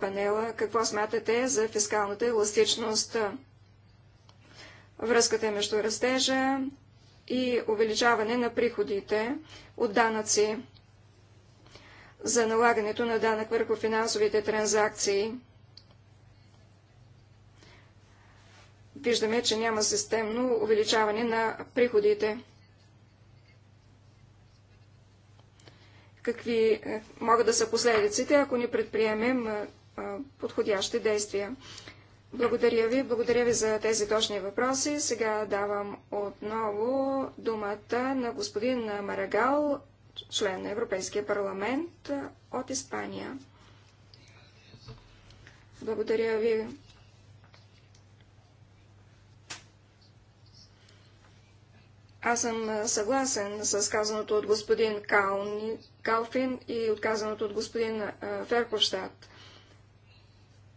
панела какво смятате за фискалната еластичност. Връзката е между растежа и увеличаване на приходите от данъци за налагането на данък върху финансовите транзакции. Виждаме, че няма системно увеличаване на приходите. какви е, могат да са последиците, ако не предприемем е, е, подходящи действия. Благодаря ви, благодаря ви за тези точни въпроси. Сега давам отново думата на господин Марагал, член на Европейския парламент от Испания. Благодаря ви. Аз съм съгласен с казаното от господин Кални, Калфин и отказаното от господин Ферховщад.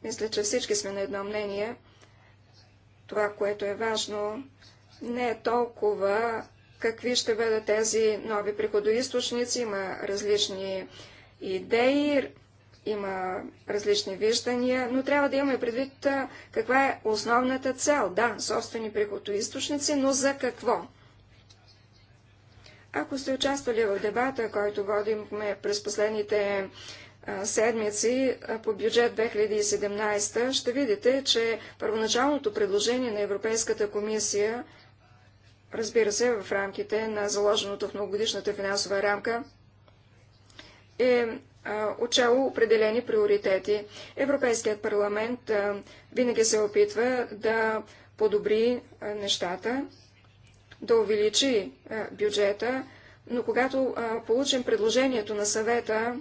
Мисля, че всички сме на едно мнение. Това, което е важно, не е толкова какви ще бъдат тези нови приходоисточници. Има различни идеи, има различни виждания, но трябва да имаме предвид каква е основната цел. Да, собствени приходоисточници, но за какво? Ако сте участвали в дебата, който водихме през последните седмици по бюджет 2017, ще видите, че първоначалното предложение на Европейската комисия, разбира се, в рамките на заложеното в многогодишната финансова рамка, е отчело определени приоритети. Европейският парламент винаги се опитва да подобри нещата да увеличи е, бюджета, но когато е, получим предложението на съвета,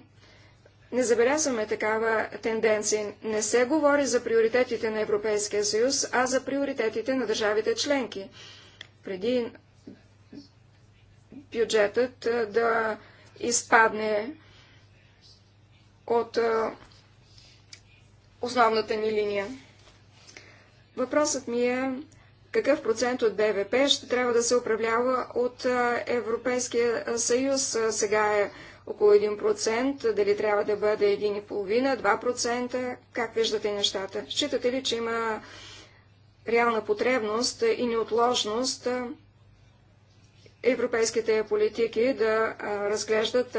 не забелязваме такава тенденция. Не се говори за приоритетите на Европейския съюз, а за приоритетите на държавите членки. Преди бюджетът е, да изпадне от основната ни линия. Въпросът ми е какъв процент от БВП ще трябва да се управлява от Европейския съюз. Сега е около 1%, дали трябва да бъде 1,5, 2%, как виждате нещата? Считате ли, че има реална потребност и неотложност европейските политики да разглеждат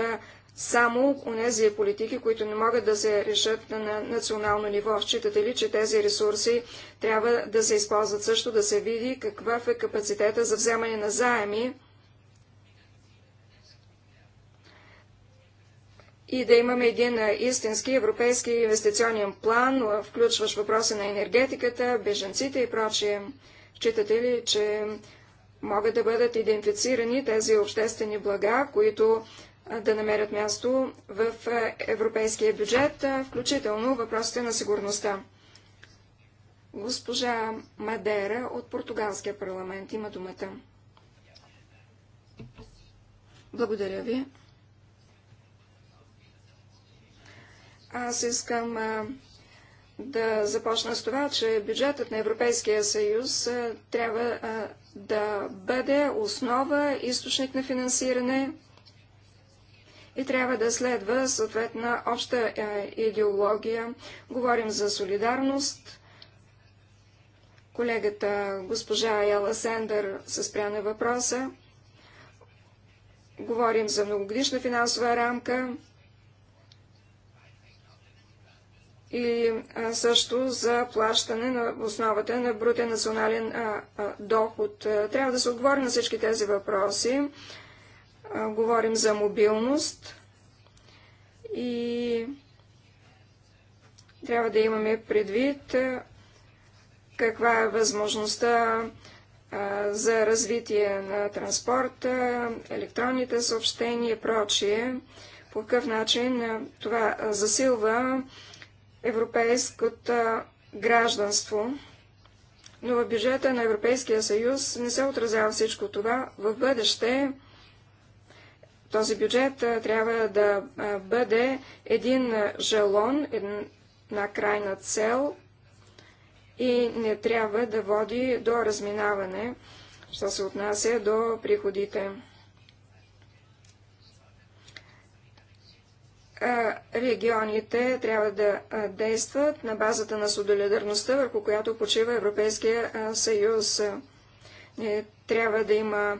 само онези политики, които не могат да се решат на национално ниво. Считате ли, че тези ресурси трябва да се използват също, да се види какъв е капацитета за вземане на заеми и да имаме един истински европейски инвестиционен план, включващ въпроса на енергетиката, беженците и прочие. Считате ли, че могат да бъдат идентифицирани тези обществени блага, които да намерят място в европейския бюджет, включително въпросите на сигурността. Госпожа Мадера от португалския парламент има думата. Благодаря ви. Аз искам да започна с това, че бюджетът на Европейския съюз трябва да бъде основа, източник на финансиране и трябва да следва съответна обща е, идеология. Говорим за солидарност. Колегата госпожа Яла Сендър се спря на въпроса. Говорим за многогодишна финансова рамка и също за плащане на основата на брутен национален доход. Трябва да се отговори на всички тези въпроси говорим за мобилност и трябва да имаме предвид каква е възможността за развитие на транспорта, електронните съобщения и прочие. По какъв начин това засилва европейското гражданство. Но в бюджета на Европейския съюз не се отразява всичко това. В бъдеще този бюджет трябва да бъде един жалон, една крайна цел и не трябва да води до разминаване, що се отнася до приходите. регионите трябва да действат на базата на солидарността, върху която почива Европейския съюз. трябва да има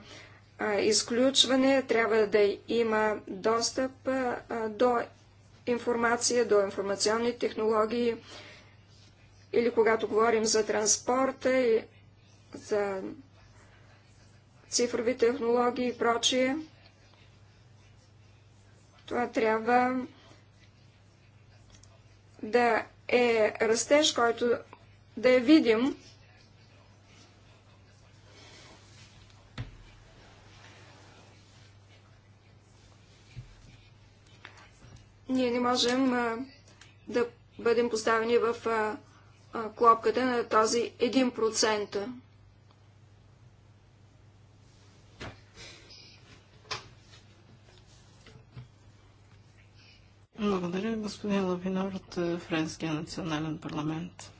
изключване, трябва да има достъп до информация, до информационни технологии или когато говорим за транспорта и за цифрови технологии и прочие. Това трябва да е растеж, който да е видим ние не можем а, да бъдем поставени в а, а, клопката на този 1%. Благодаря, господин Лавинор от е, Френския национален парламент.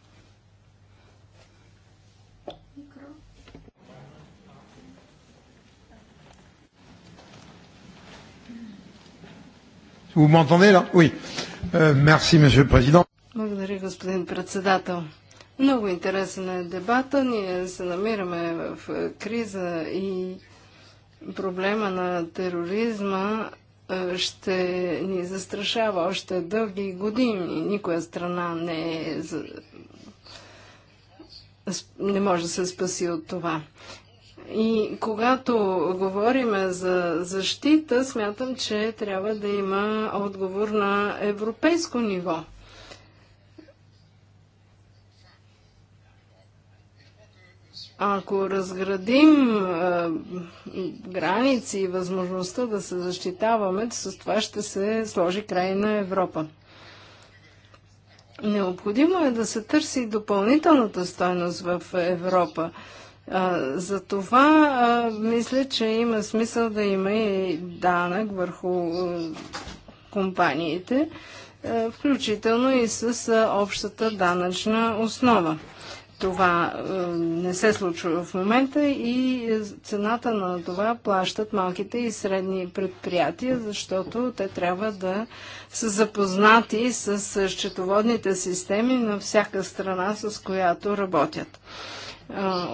Vous m'entendez là Oui. Euh, merci, monsieur le président. Благодаря, господин председател. Много интересен е дебата. Ние се намираме в е, криза и проблема на тероризма е, ще ни застрашава още дълги години. Никоя страна не, е, не може да се спаси от това. И когато говорим за защита, смятам, че трябва да има отговор на европейско ниво. Ако разградим е, граници и възможността да се защитаваме, с това ще се сложи край на Европа. Необходимо е да се търси допълнителната стойност в Европа. Е, за това мисля, че има смисъл да има и данък върху компаниите, включително и с общата данъчна основа. Това не се случва в момента и цената на това плащат малките и средни предприятия, защото те трябва да са запознати с счетоводните системи на всяка страна, с която работят.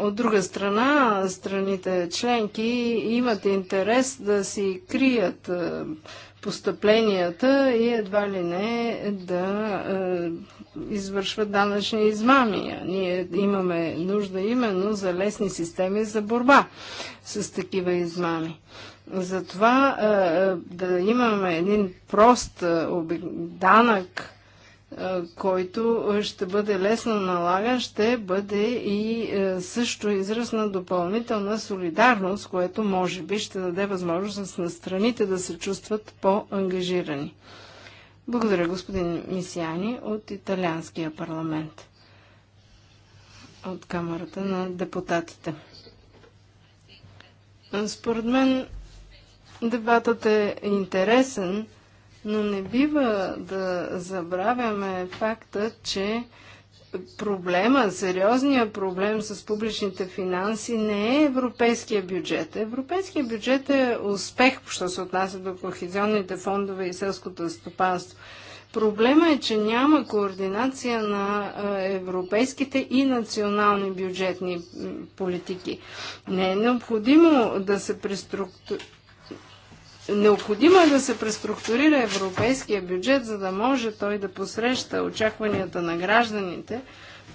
От друга страна, страните членки имат интерес да си крият постъпленията и едва ли не да извършват данъчни измами. Ние имаме нужда именно за лесни системи за борба с такива измами. Затова да имаме един прост данък, който ще бъде лесно налаган, ще бъде и е, също израз на допълнителна солидарност, което може би ще даде възможност на страните да се чувстват по-ангажирани. Благодаря, господин Мисяни от Италианския парламент, от Камерата на депутатите. Според мен дебатът е интересен но не бива да забравяме факта, че проблема, сериозният проблем с публичните финанси не е европейския бюджет. Европейския бюджет е успех, що се отнася до кохезионните фондове и селското стопанство. Проблема е, че няма координация на европейските и национални бюджетни политики. Не е необходимо да се преструктурират Необходимо е да се преструктурира европейския бюджет, за да може той да посреща очакванията на гражданите,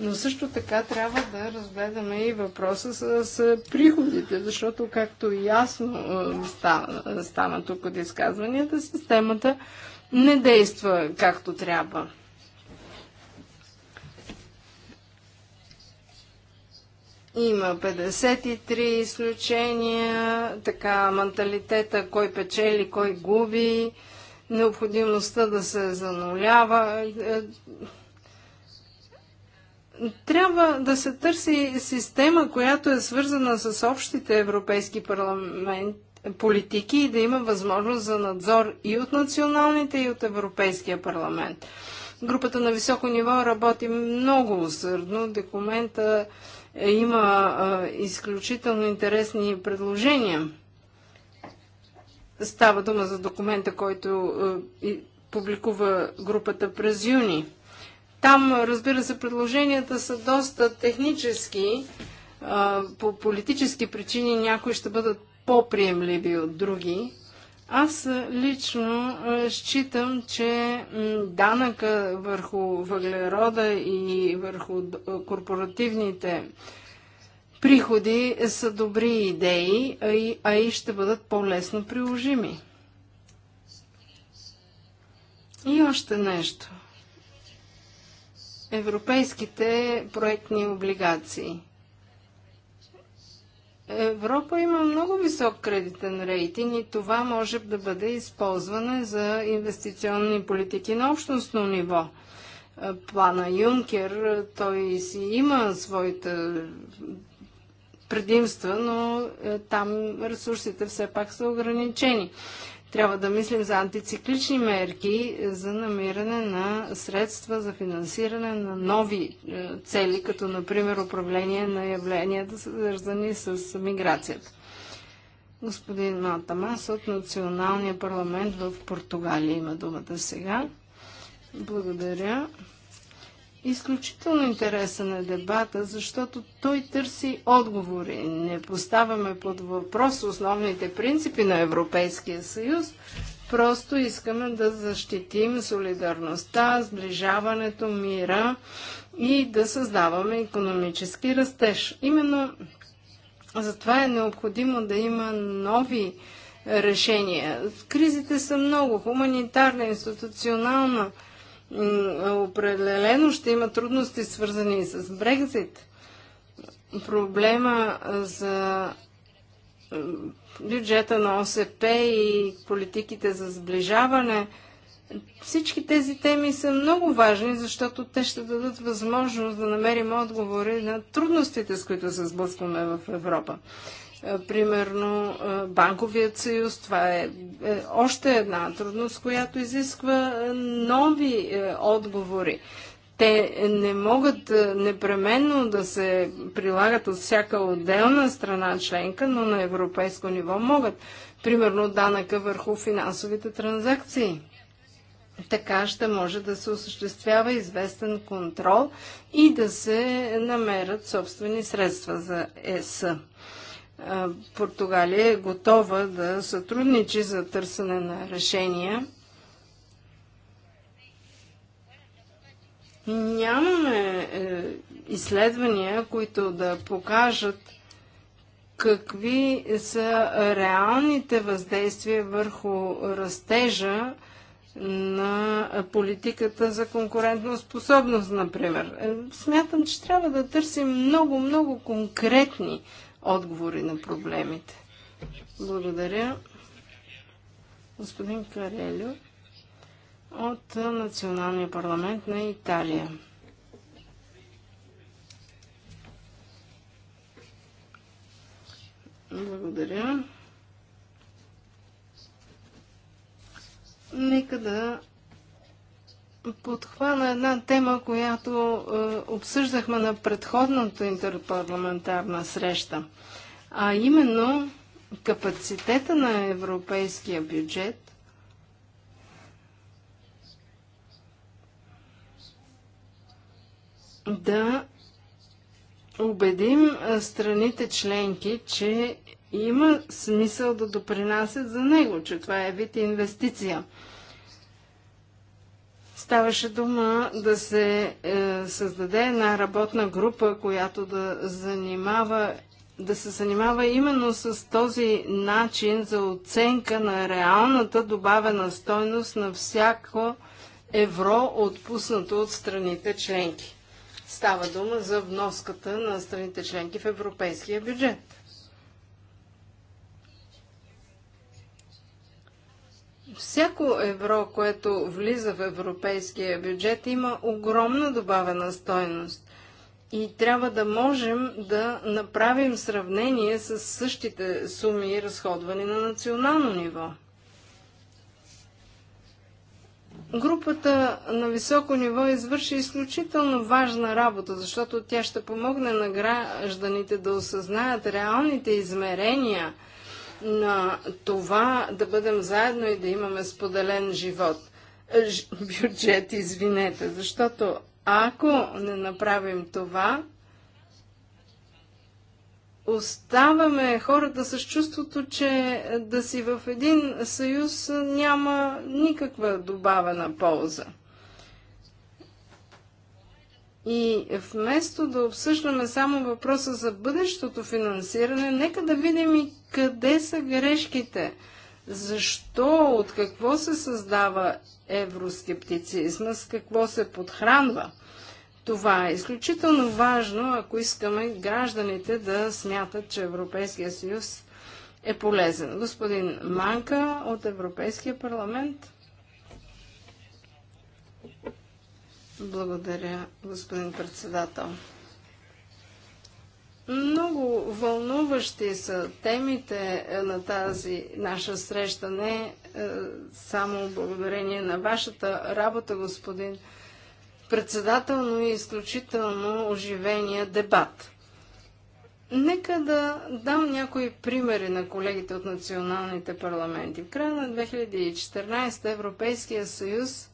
но също така трябва да разгледаме и въпроса с, с приходите, защото както ясно е, стана, стана тук от изказванията, системата не действа както трябва. Има 53 изключения, така менталитета кой печели, кой губи, необходимостта да се занулява. Трябва да се търси система, която е свързана с общите европейски парламент, политики и да има възможност за надзор и от националните, и от Европейския парламент. Групата на високо ниво работи много усърдно. Документа е, има изключително интересни предложения. Става дума за документа, който публикува групата през юни. Там, разбира се, предложенията са доста технически. По политически причини някои ще бъдат по-приемливи от други. Аз лично считам, че данъка върху въглерода и върху корпоративните приходи са добри идеи, а и ще бъдат по-лесно приложими. И още нещо. Европейските проектни облигации – Европа има много висок кредитен рейтинг и това може да бъде използване за инвестиционни политики на общностно ниво. Плана Юнкер, той си има своите предимства, но там ресурсите все пак са ограничени. Трябва да мислим за антициклични мерки за намиране на средства за финансиране на нови е, цели, като например управление на явленията, свързани с миграцията. Господин Матамас от Националния парламент в Португалия има думата сега. Благодаря изключително интересен е дебата, защото той търси отговори. Не поставяме под въпрос основните принципи на Европейския съюз, просто искаме да защитим солидарността, сближаването, мира и да създаваме економически растеж. Именно затова е необходимо да има нови решения. Кризите са много. Хуманитарна, институционална, определено ще има трудности свързани с Брекзит. Проблема за бюджета на ОСП и политиките за сближаване. Всички тези теми са много важни, защото те ще дадат възможност да намерим отговори на трудностите, с които се сблъскваме в Европа. Е, примерно е, банковият съюз, това е, е още една трудност, която изисква нови отговори. Те не могат непременно да се прилагат от всяка отделна страна членка, но на европейско ниво могат. Примерно данъка върху финансовите транзакции. Така ще може да се осъществява известен контрол и да се намерят собствени средства за ЕС. Португалия е готова да сътрудничи за търсене на решения. Нямаме е, изследвания, които да покажат какви са реалните въздействия върху растежа на политиката за конкурентна способност, например. Е, смятам, че трябва да търсим много, много конкретни отговори на проблемите. Благодаря. Господин Карелю от Националния парламент на Италия. Благодаря. Нека да подхвана една тема, която е, обсъждахме на предходната интерпарламентарна среща, а именно капацитета на европейския бюджет да убедим е, страните членки, че има смисъл да допринасят за него, че това е вид инвестиция – Ставаше дума да се е, създаде една работна група, която да занимава да се занимава именно с този начин за оценка на реалната добавена стойност на всяко евро, отпуснато от страните членки. Става дума за вноската на страните членки в европейския бюджет. Всяко евро, което влиза в европейския бюджет, има огромна добавена стойност. И трябва да можем да направим сравнение с същите суми, разходвани на национално ниво. Групата на високо ниво извърши изключително важна работа, защото тя ще помогне на гражданите да осъзнаят реалните измерения на това да бъдем заедно и да имаме споделен живот. Ж, бюджет, извинете, защото ако не направим това, оставаме хората с чувството, че да си в един съюз няма никаква добавена полза. И вместо да обсъждаме само въпроса за бъдещото финансиране, нека да видим и къде са грешките. Защо, от какво се създава евроскептицизма, с какво се подхранва. Това е изключително важно, ако искаме гражданите да смятат, че Европейския съюз е полезен. Господин Манка от Европейския парламент. Благодаря, господин председател. Много вълнуващи са темите на тази наша среща. Не е, само благодарение на вашата работа, господин председател, но и изключително оживения дебат. Нека да дам някои примери на колегите от националните парламенти. В края на 2014 Европейския съюз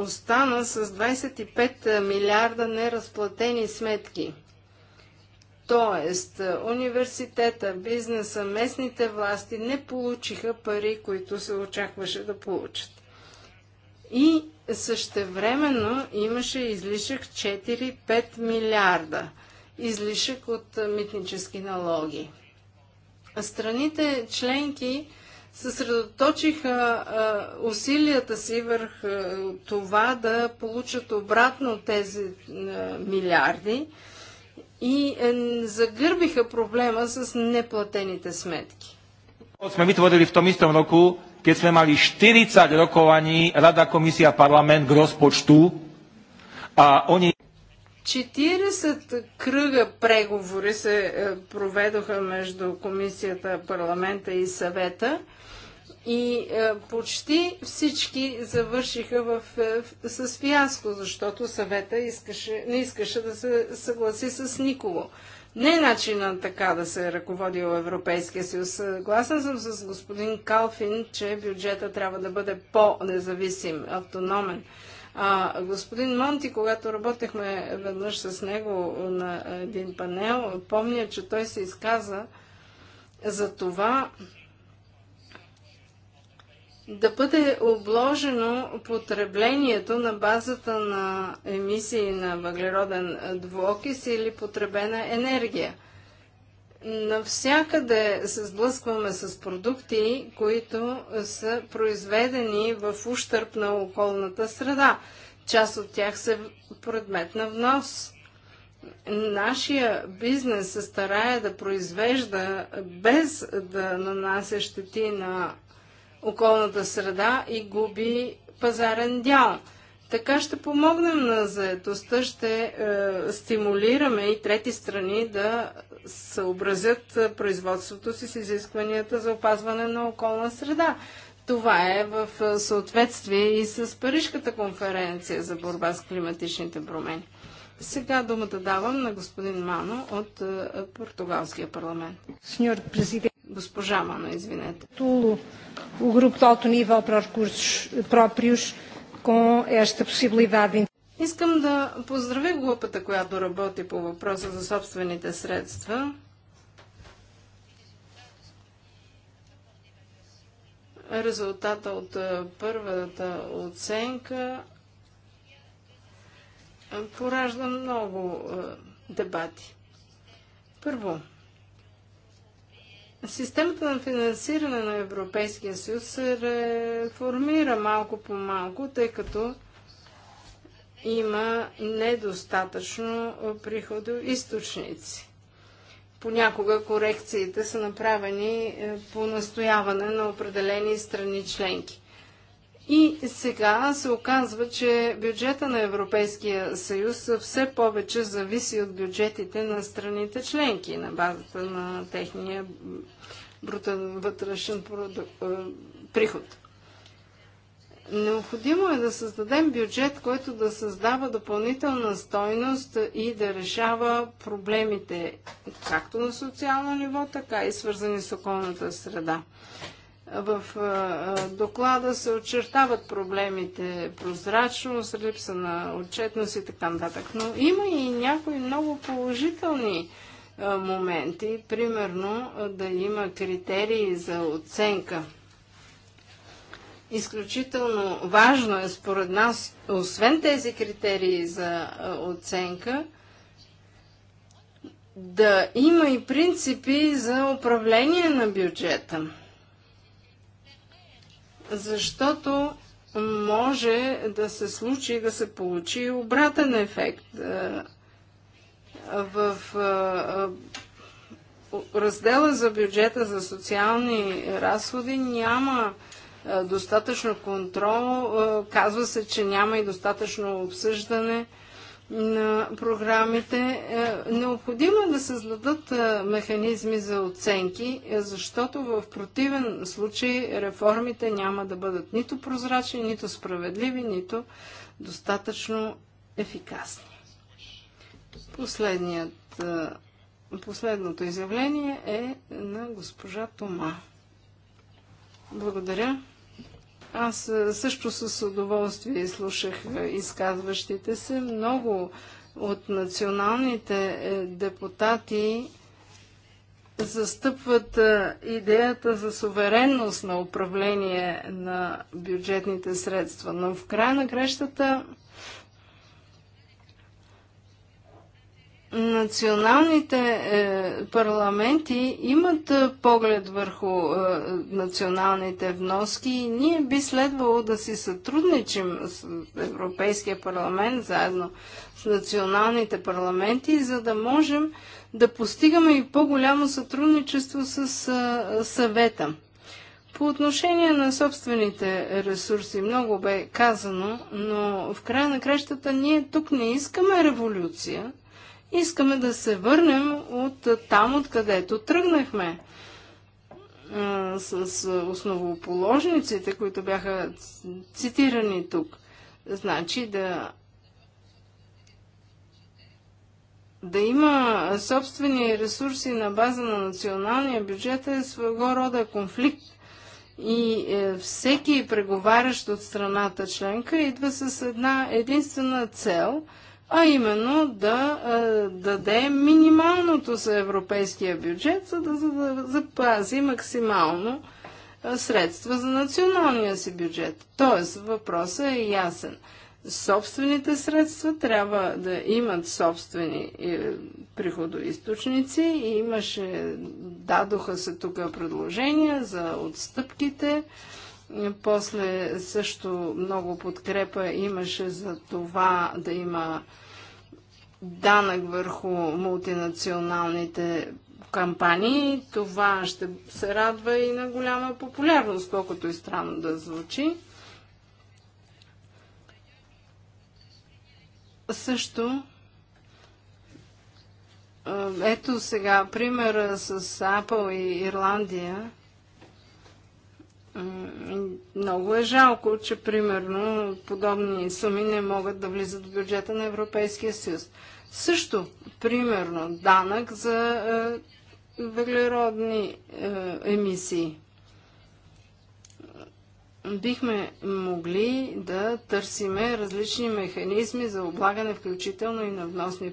остана с 25 милиарда неразплатени сметки. Тоест, университета, бизнеса, местните власти не получиха пари, които се очакваше да получат. И същевременно имаше излишък 4-5 милиарда. Излишък от митнически налоги. Страните членки съсредоточиха усилията си върху това да получат обратно тези милиарди и е, загърбиха проблема с неплатените сметки. Sme vytvorili v tom istom року, keď сме мали 40 rokovaní Rada, Komisia, Parlament k rozpočtu а они 40 кръга преговори се е, проведоха между комисията, парламента и съвета и е, почти всички завършиха е, в, с фиаско, защото съвета искаше, не искаше да се съгласи с никого. Не е начина така да се ръководи в Европейския съюз. Съгласен съм с господин Калфин, че бюджета трябва да бъде по-независим, автономен. А, господин Монти, когато работехме веднъж с него на един панел, помня, че той се изказа за това да бъде обложено потреблението на базата на емисии на въглероден двуокис или потребена енергия – Навсякъде се сблъскваме с продукти, които са произведени в ущърп на околната среда. Част от тях са предмет на внос. Нашия бизнес се старае да произвежда без да нанася щети на околната среда и губи пазарен дял. Така ще помогнем на заедостта, ще е, стимулираме и трети страни да съобразят производството си с изискванията за опазване на околна среда. Това е в съответствие и с Парижката конференция за борба с климатичните промени. Сега думата давам на господин Мано от португалския парламент. Сеньор президент. Госпожа Мано, извинете. Тулу, у групто de alto nível para os recursos com esta possibilidade de Искам да поздравя групата, която работи по въпроса за собствените средства. Резултата от е, първата оценка е, поражда много е, дебати. Първо, Системата на финансиране на Европейския съюз се реформира малко по малко, тъй като има недостатъчно приходоисточници. Понякога корекциите са направени е, по настояване на определени страни членки. И сега се оказва, че бюджета на Европейския съюз все повече зависи от бюджетите на страните членки на базата на техния брутен вътрешен е, приход. Необходимо е да създадем бюджет, който да създава допълнителна стойност и да решава проблемите, както на социално ниво, така и свързани с околната среда. В доклада се очертават проблемите прозрачност, липса на отчетност и така нататък. Но има и някои много положителни моменти, примерно да има критерии за оценка – Изключително важно е според нас, освен тези критерии за оценка, да има и принципи за управление на бюджета. Защото може да се случи, да се получи обратен ефект. В раздела за бюджета за социални разходи няма е, достатъчно контрол. Е, казва се, че няма и достатъчно обсъждане на програмите. Е, необходимо е да създадат механизми за оценки, защото в противен случай реформите няма да бъдат нито прозрачни, нито справедливи, нито достатъчно ефикасни. Последният, последното изявление е на госпожа Тома. Благодаря. Аз е, също с удоволствие слушах е, изказващите се. Много от националните е, депутати застъпват идеята за суверенност на управление на бюджетните средства. Но в края на грещата. националните е, парламенти имат е, поглед върху е, националните вноски и ние би следвало да си сътрудничим с Европейския парламент заедно с националните парламенти, за да можем да постигаме и по-голямо сътрудничество с съвета. По отношение на собствените ресурси, много бе казано, но в края на кращата ние тук не искаме революция, Искаме да се върнем от там, откъдето тръгнахме с основоположниците, които бяха цитирани тук. Значи да да има собствени ресурси на база на националния бюджет е своего рода конфликт. И е, всеки преговарящ от страната членка идва с една единствена цел – а именно да даде минималното за европейския бюджет, за да, да запази максимално средства за националния си бюджет. Тоест, въпросът е ясен. Собствените средства трябва да имат собствени е, приходоисточници и имаше, дадоха се тук предложения за отстъпките. После също много подкрепа имаше за това да има данък върху мултинационалните кампании. Това ще се радва и на голяма популярност, колкото и странно да звучи. Също ето сега примера с Apple и Ирландия много е жалко, че примерно подобни суми не могат да влизат в бюджета на Европейския съюз. Също, примерно, данък за е, въглеродни е, емисии. Бихме могли да търсиме различни механизми за облагане, включително и на вносни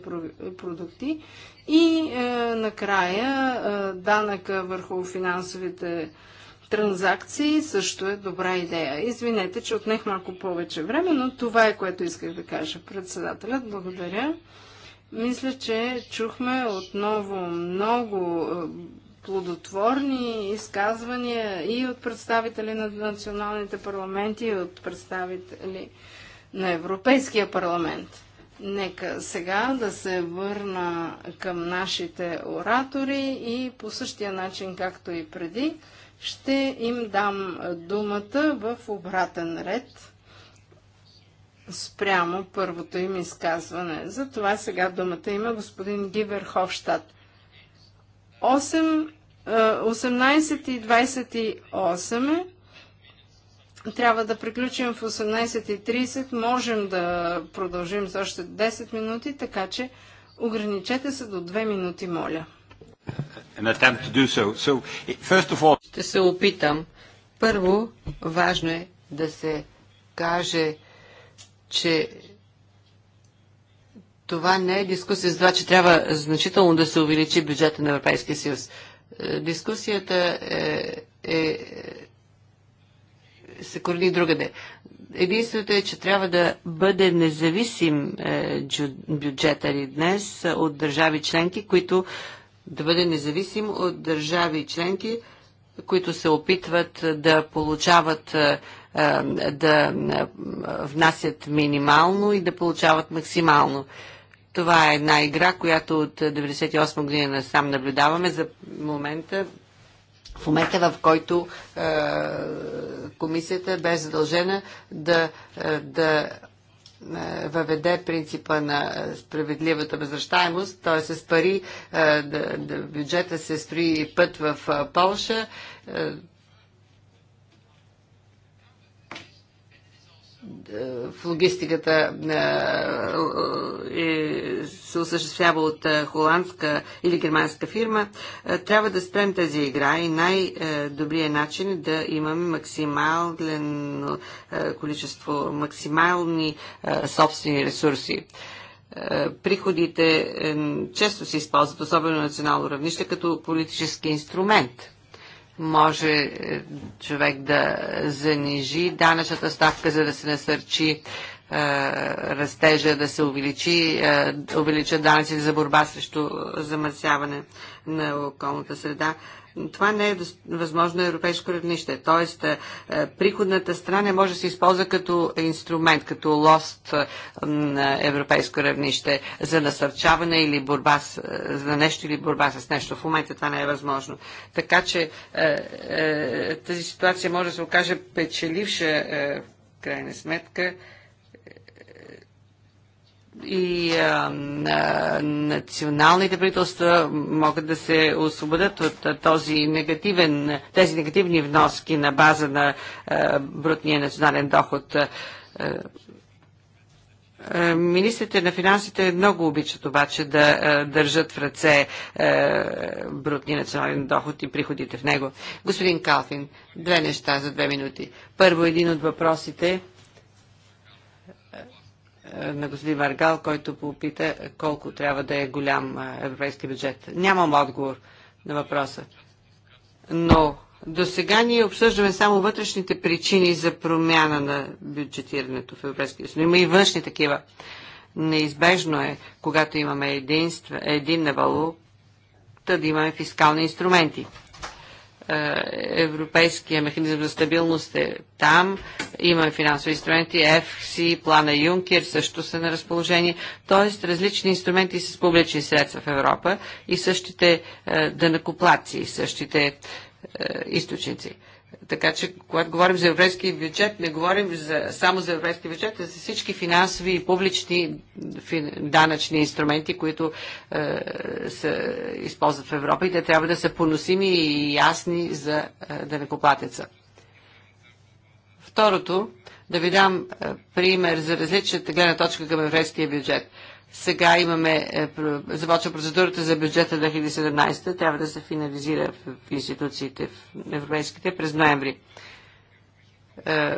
продукти. И е, накрая е, данъка върху финансовите е, транзакции също е добра идея. Извинете, че отнех малко повече време, но това е което исках да кажа. Председателят, благодаря. Мисля, че чухме отново много е, плодотворни изказвания и от представители на националните парламенти, и от представители на Европейския парламент. Нека сега да се върна към нашите оратори и по същия начин, както и преди, ще им дам думата в обратен ред спрямо първото им изказване. Затова сега думата има господин Гивер Ховштадт. 18.28 трябва да приключим в 18.30. Можем да продължим с още 10 минути, така че ограничете се до 2 минути, моля. Ще се опитам. Първо, важно е да се каже, че това не е дискусия за това, че трябва значително да се увеличи бюджета на Европейския съюз. Е, дискусията е, е, се корени другаде. Единственото е, че трябва да бъде независим е, бюджета ни днес от държави членки, които да бъде независим от държави и членки, които се опитват да получават, да внасят минимално и да получават максимално. Това е една игра, която от 1998 година насам наблюдаваме за момента, в момента в който е, комисията бе задължена да, да е, въведе принципа на справедливата възвръщаемост, т.е. с пари е, бюджета се строи път в е, Полша в логистиката е, се осъществява от холандска или германска фирма. Трябва да спрем тази игра и най-добрият начин е да имаме максимално количество, максимални собствени ресурси приходите е, често се използват, особено на национално равнище, като политически инструмент може е, човек да занижи данъчната ставка, за да се насърчи е, растежа да се увеличи, е, увеличат данъци за борба срещу замърсяване на околната среда. Това не е възможно европейско равнище. Тоест, е, е, приходната страна може да се използва като инструмент, като лост е, на европейско равнище за насърчаване или борба с, за нещо или борба с нещо. В момента това не е възможно. Така че тази ситуация може да се окаже печеливша в крайна сметка и а, а, националните правителства могат да се освободят от а, този негативен, тези негативни вноски на база на а, брутния национален доход. А, Министрите на финансите много обичат обаче да държат в ръце брутния национален доход и приходите в него. Господин Калфин, две неща за две минути. Първо, един от въпросите на господин Варгал, който попита колко трябва да е голям европейски бюджет. Нямам отговор на въпроса. Но до сега ние обсъждаме само вътрешните причини за промяна на бюджетирането в Европейския съюз. Има и външни такива. Неизбежно е, когато имаме единство, единна валута, да имаме фискални инструменти. Е, Европейския механизъм за стабилност е там. Имаме финансови инструменти, ЕФСИ, плана Юнкер също са на разположение. Тоест различни инструменти с публични средства в Европа и същите е, дънакоплаци, същите е, източници. Така че, когато говорим за европейски бюджет, не говорим за, само за еврейския бюджет, а за всички финансови и публични фин, данъчни инструменти, които е, се използват в Европа и те трябва да са поносими и ясни за е, данъкоплатеца. Второто, да ви дам е, пример за различната гледна точка към еврейския бюджет. Е, сега имаме, е, започва процедурата за бюджета 2017. Трябва да се финализира в институциите, в европейските, през ноември е,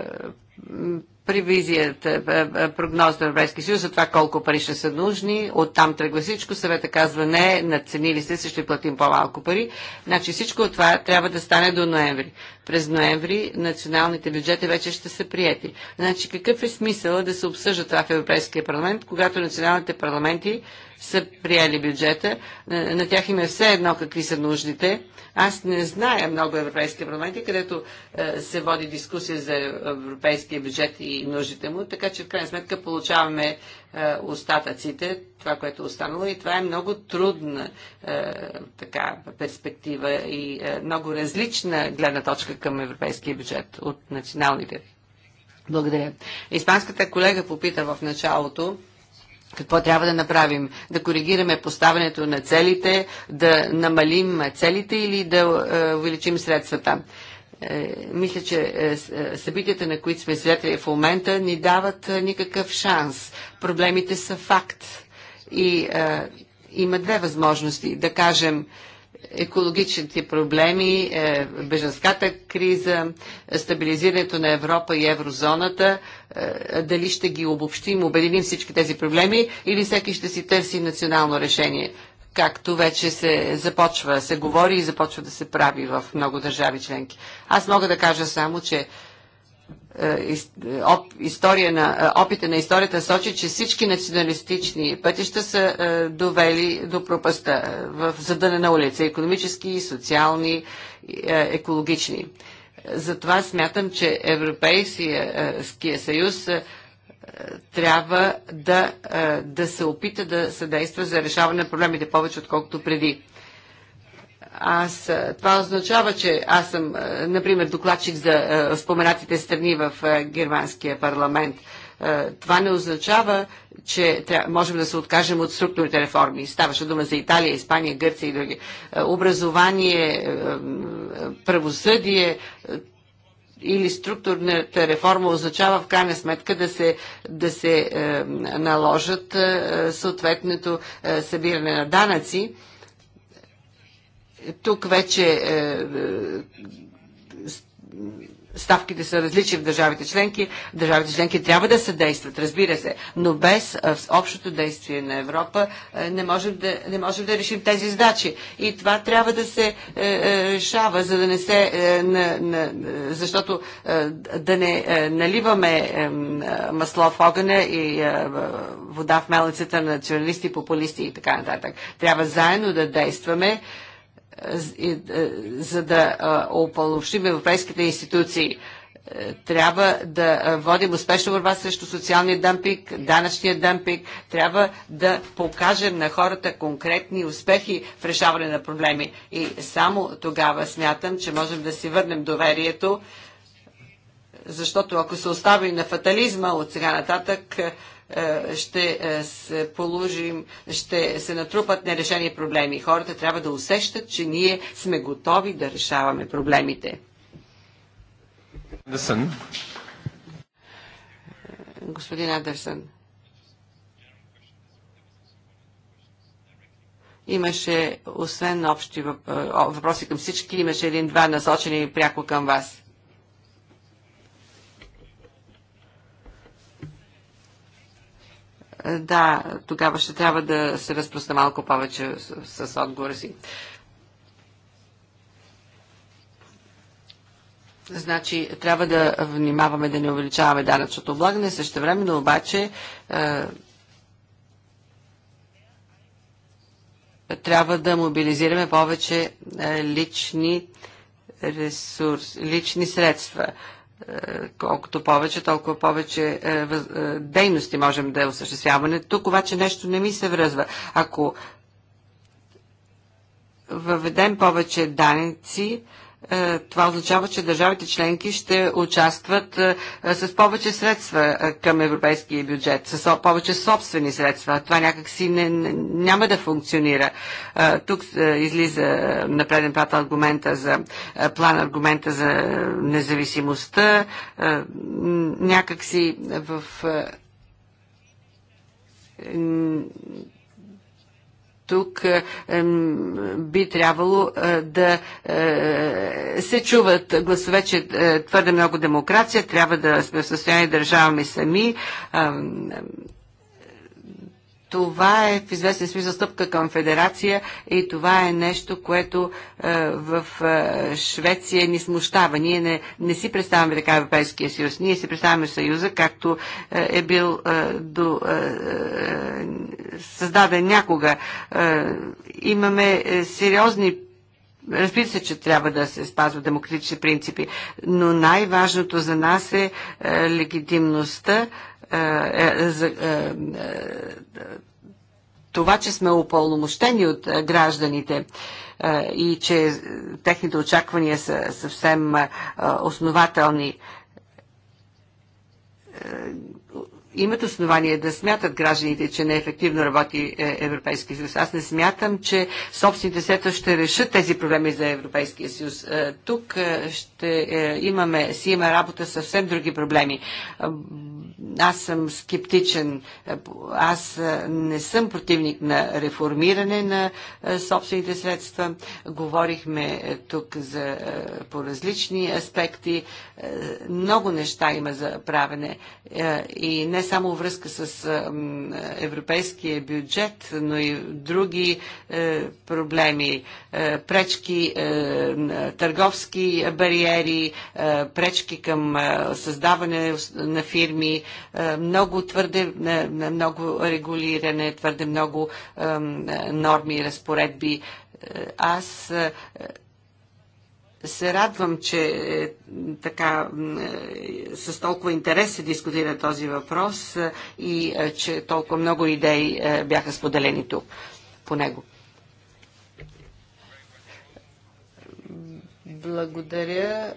привизията, е, е, прогнозата на Европейския съюз за това колко пари ще са нужни. Оттам тръгва всичко. Съвета казва не, надценили се, ще платим по-малко пари. Значи всичко това трябва да стане до ноември. През ноември националните бюджети вече ще са приети. Значи какъв е смисъл да се обсъжда това в Европейския парламент, когато националните парламенти са приели бюджета. На, тях им е все едно какви са нуждите. Аз не зная много европейски парламенти, където е, се води дискусия за европейския бюджет и нуждите му, така че в крайна сметка получаваме е, остатъците, това, което е останало и това е много трудна е, така, перспектива и много различна гледна точка към европейския бюджет от националните. Благодаря. Испанската колега попита в началото какво трябва да направим? Да коригираме поставянето на целите, да намалим целите или да е, увеличим средствата? Е, мисля, че е, събитията, на които сме свидетели в момента, ни дават никакъв шанс. Проблемите са факт. И а, има две възможности. Да кажем, а, екологичните проблеми, е, беженската криза, стабилизирането на Европа и еврозоната, е, дали ще ги обобщим, обединим всички тези проблеми или всеки ще си търси национално решение, както вече се започва, се говори и започва да се прави в много държави членки. Аз мога да кажа само, че е, история на, е, опита на историята сочи, че всички националистични пътища са е, довели до пропаста в задънена улица, економически, социални, екологични. Затова смятам, че Европейския съюз трябва да, да се опита да съдейства за решаване на проблемите повече, отколкото преди. Аз, това означава, че аз съм, например, докладчик за споменатите страни в германския парламент. Това не означава, че можем да се откажем от структурните реформи. Ставаше дума за Италия, Испания, Гърция и други. Образование, правосъдие, или структурната реформа означава в крайна сметка да се, да се наложат съответното събиране на данъци. Тук вече е, е, ставките са различни в държавите членки. Държавите членки трябва да се действат, разбира се, но без е, общото действие на Европа не можем да, не можем да решим тези задачи. И това трябва да се решава, за да не се. На, на, защото да не наливаме масло в огъня и вода в мелницата на националисти, популисти и така нататък. Трябва заедно да действаме е, за да опълномощим е, европейските институции. Е, трябва да водим успешна борба срещу социалния дъмпинг, данъчния дъмпинг. Трябва да покажем на хората конкретни успехи в решаване на проблеми. И само тогава смятам, че можем да си върнем доверието, защото ако се остави на фатализма от сега нататък, е, ще е, се положим, ще се натрупат нерешени проблеми. Хората трябва да усещат, че ние сме готови да решаваме проблемите. Андерсън. Господин Андерсън. Имаше, освен общи въпроси към всички, имаше един-два насочени пряко към вас. Е, да, тогава ще трябва да се разпросна малко повече с, с отговора си. Значи, трябва да внимаваме да не увеличаваме данъчното облагане, също времено обаче е, трябва да мобилизираме повече е, лични ресурси, лични средства. Е, колкото повече, толкова повече е, е, дейности можем да осъществяваме. Тук обаче нещо не ми се връзва. Ако въведем повече данници, е, това означава, че държавите членки ще участват е, е, с повече средства към европейския бюджет, с повече собствени средства. Това някакси не, няма да функционира. Тук излиза на преден плат аргумента за план, аргумента за независимостта. Някакси в тук е, би трябвало е, да е, се чуват гласове, че твърде много демокрация, трябва да сме в състояние да държаваме сами това е в известен смисъл стъпка към федерация и това е нещо, което е, в е, Швеция ни смущава. Ние не, не си представяме така Европейския съюз. Ние си представяме съюза, както е, е бил е, до, е, е, създаден някога. Е, имаме е, сериозни Разбира се, че трябва да се спазват демократични принципи, но най-важното за нас е, е легитимността е, е, е, това, че сме упълномощени от гражданите и че техните очаквания са съвсем основателни имат основание да смятат гражданите, че неефективно работи е, Европейския съюз. Аз не смятам, че собствените сета ще решат тези проблеми за Европейския съюз. Е, тук е, ще имаме, си има работа с съвсем други проблеми. Аз съм скептичен. Аз не съм противник на реформиране на собствените средства. Говорихме тук за, по различни аспекти. Много неща има за правене и не не само връзка с европейския бюджет, но и други е, проблеми, е, пречки, е, търговски бариери, пречки към създаване на фирми, много твърде, много регулиране, твърде много норми разпоредби. Аз се радвам, че е, така е, с толкова интерес се дискутира този въпрос е, и че толкова много идеи бяха споделени тук по него. Благодаря.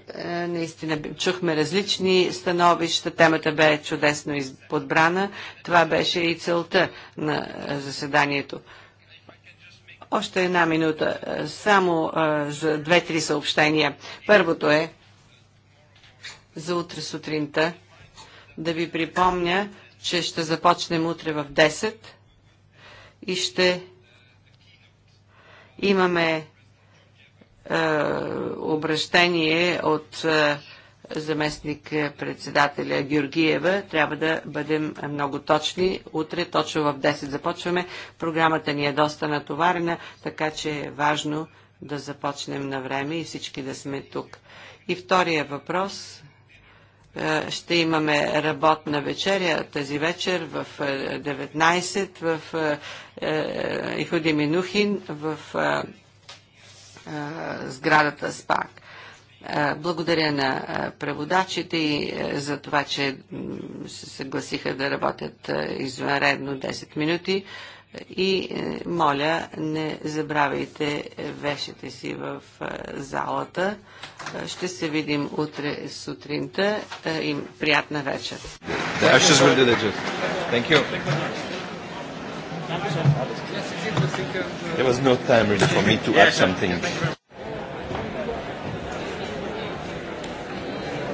Наистина чухме различни становища. Темата бе чудесно подбрана. Това беше и целта на заседанието. Още една минута, е, само е, за две-три съобщения. Първото е за утре сутринта да ви припомня, че ще започнем утре в 10 и ще имаме е, обращение от е, заместник е, председателя Георгиева. Трябва да бъдем много точни. Утре точно в 10 започваме. Програмата ни е доста натоварена, така че е важно да започнем на време и всички да сме тук. И втория въпрос. Е, ще имаме работна вечеря тази вечер в 19 е, в Иходи Минухин в сградата СПАК. Благодаря на преводачите и за това, че се съгласиха да работят извънредно 10 минути. И е, моля, не забравяйте вещите си в залата. Ще се видим утре сутринта и приятна вечер. There was no time really for me to add something.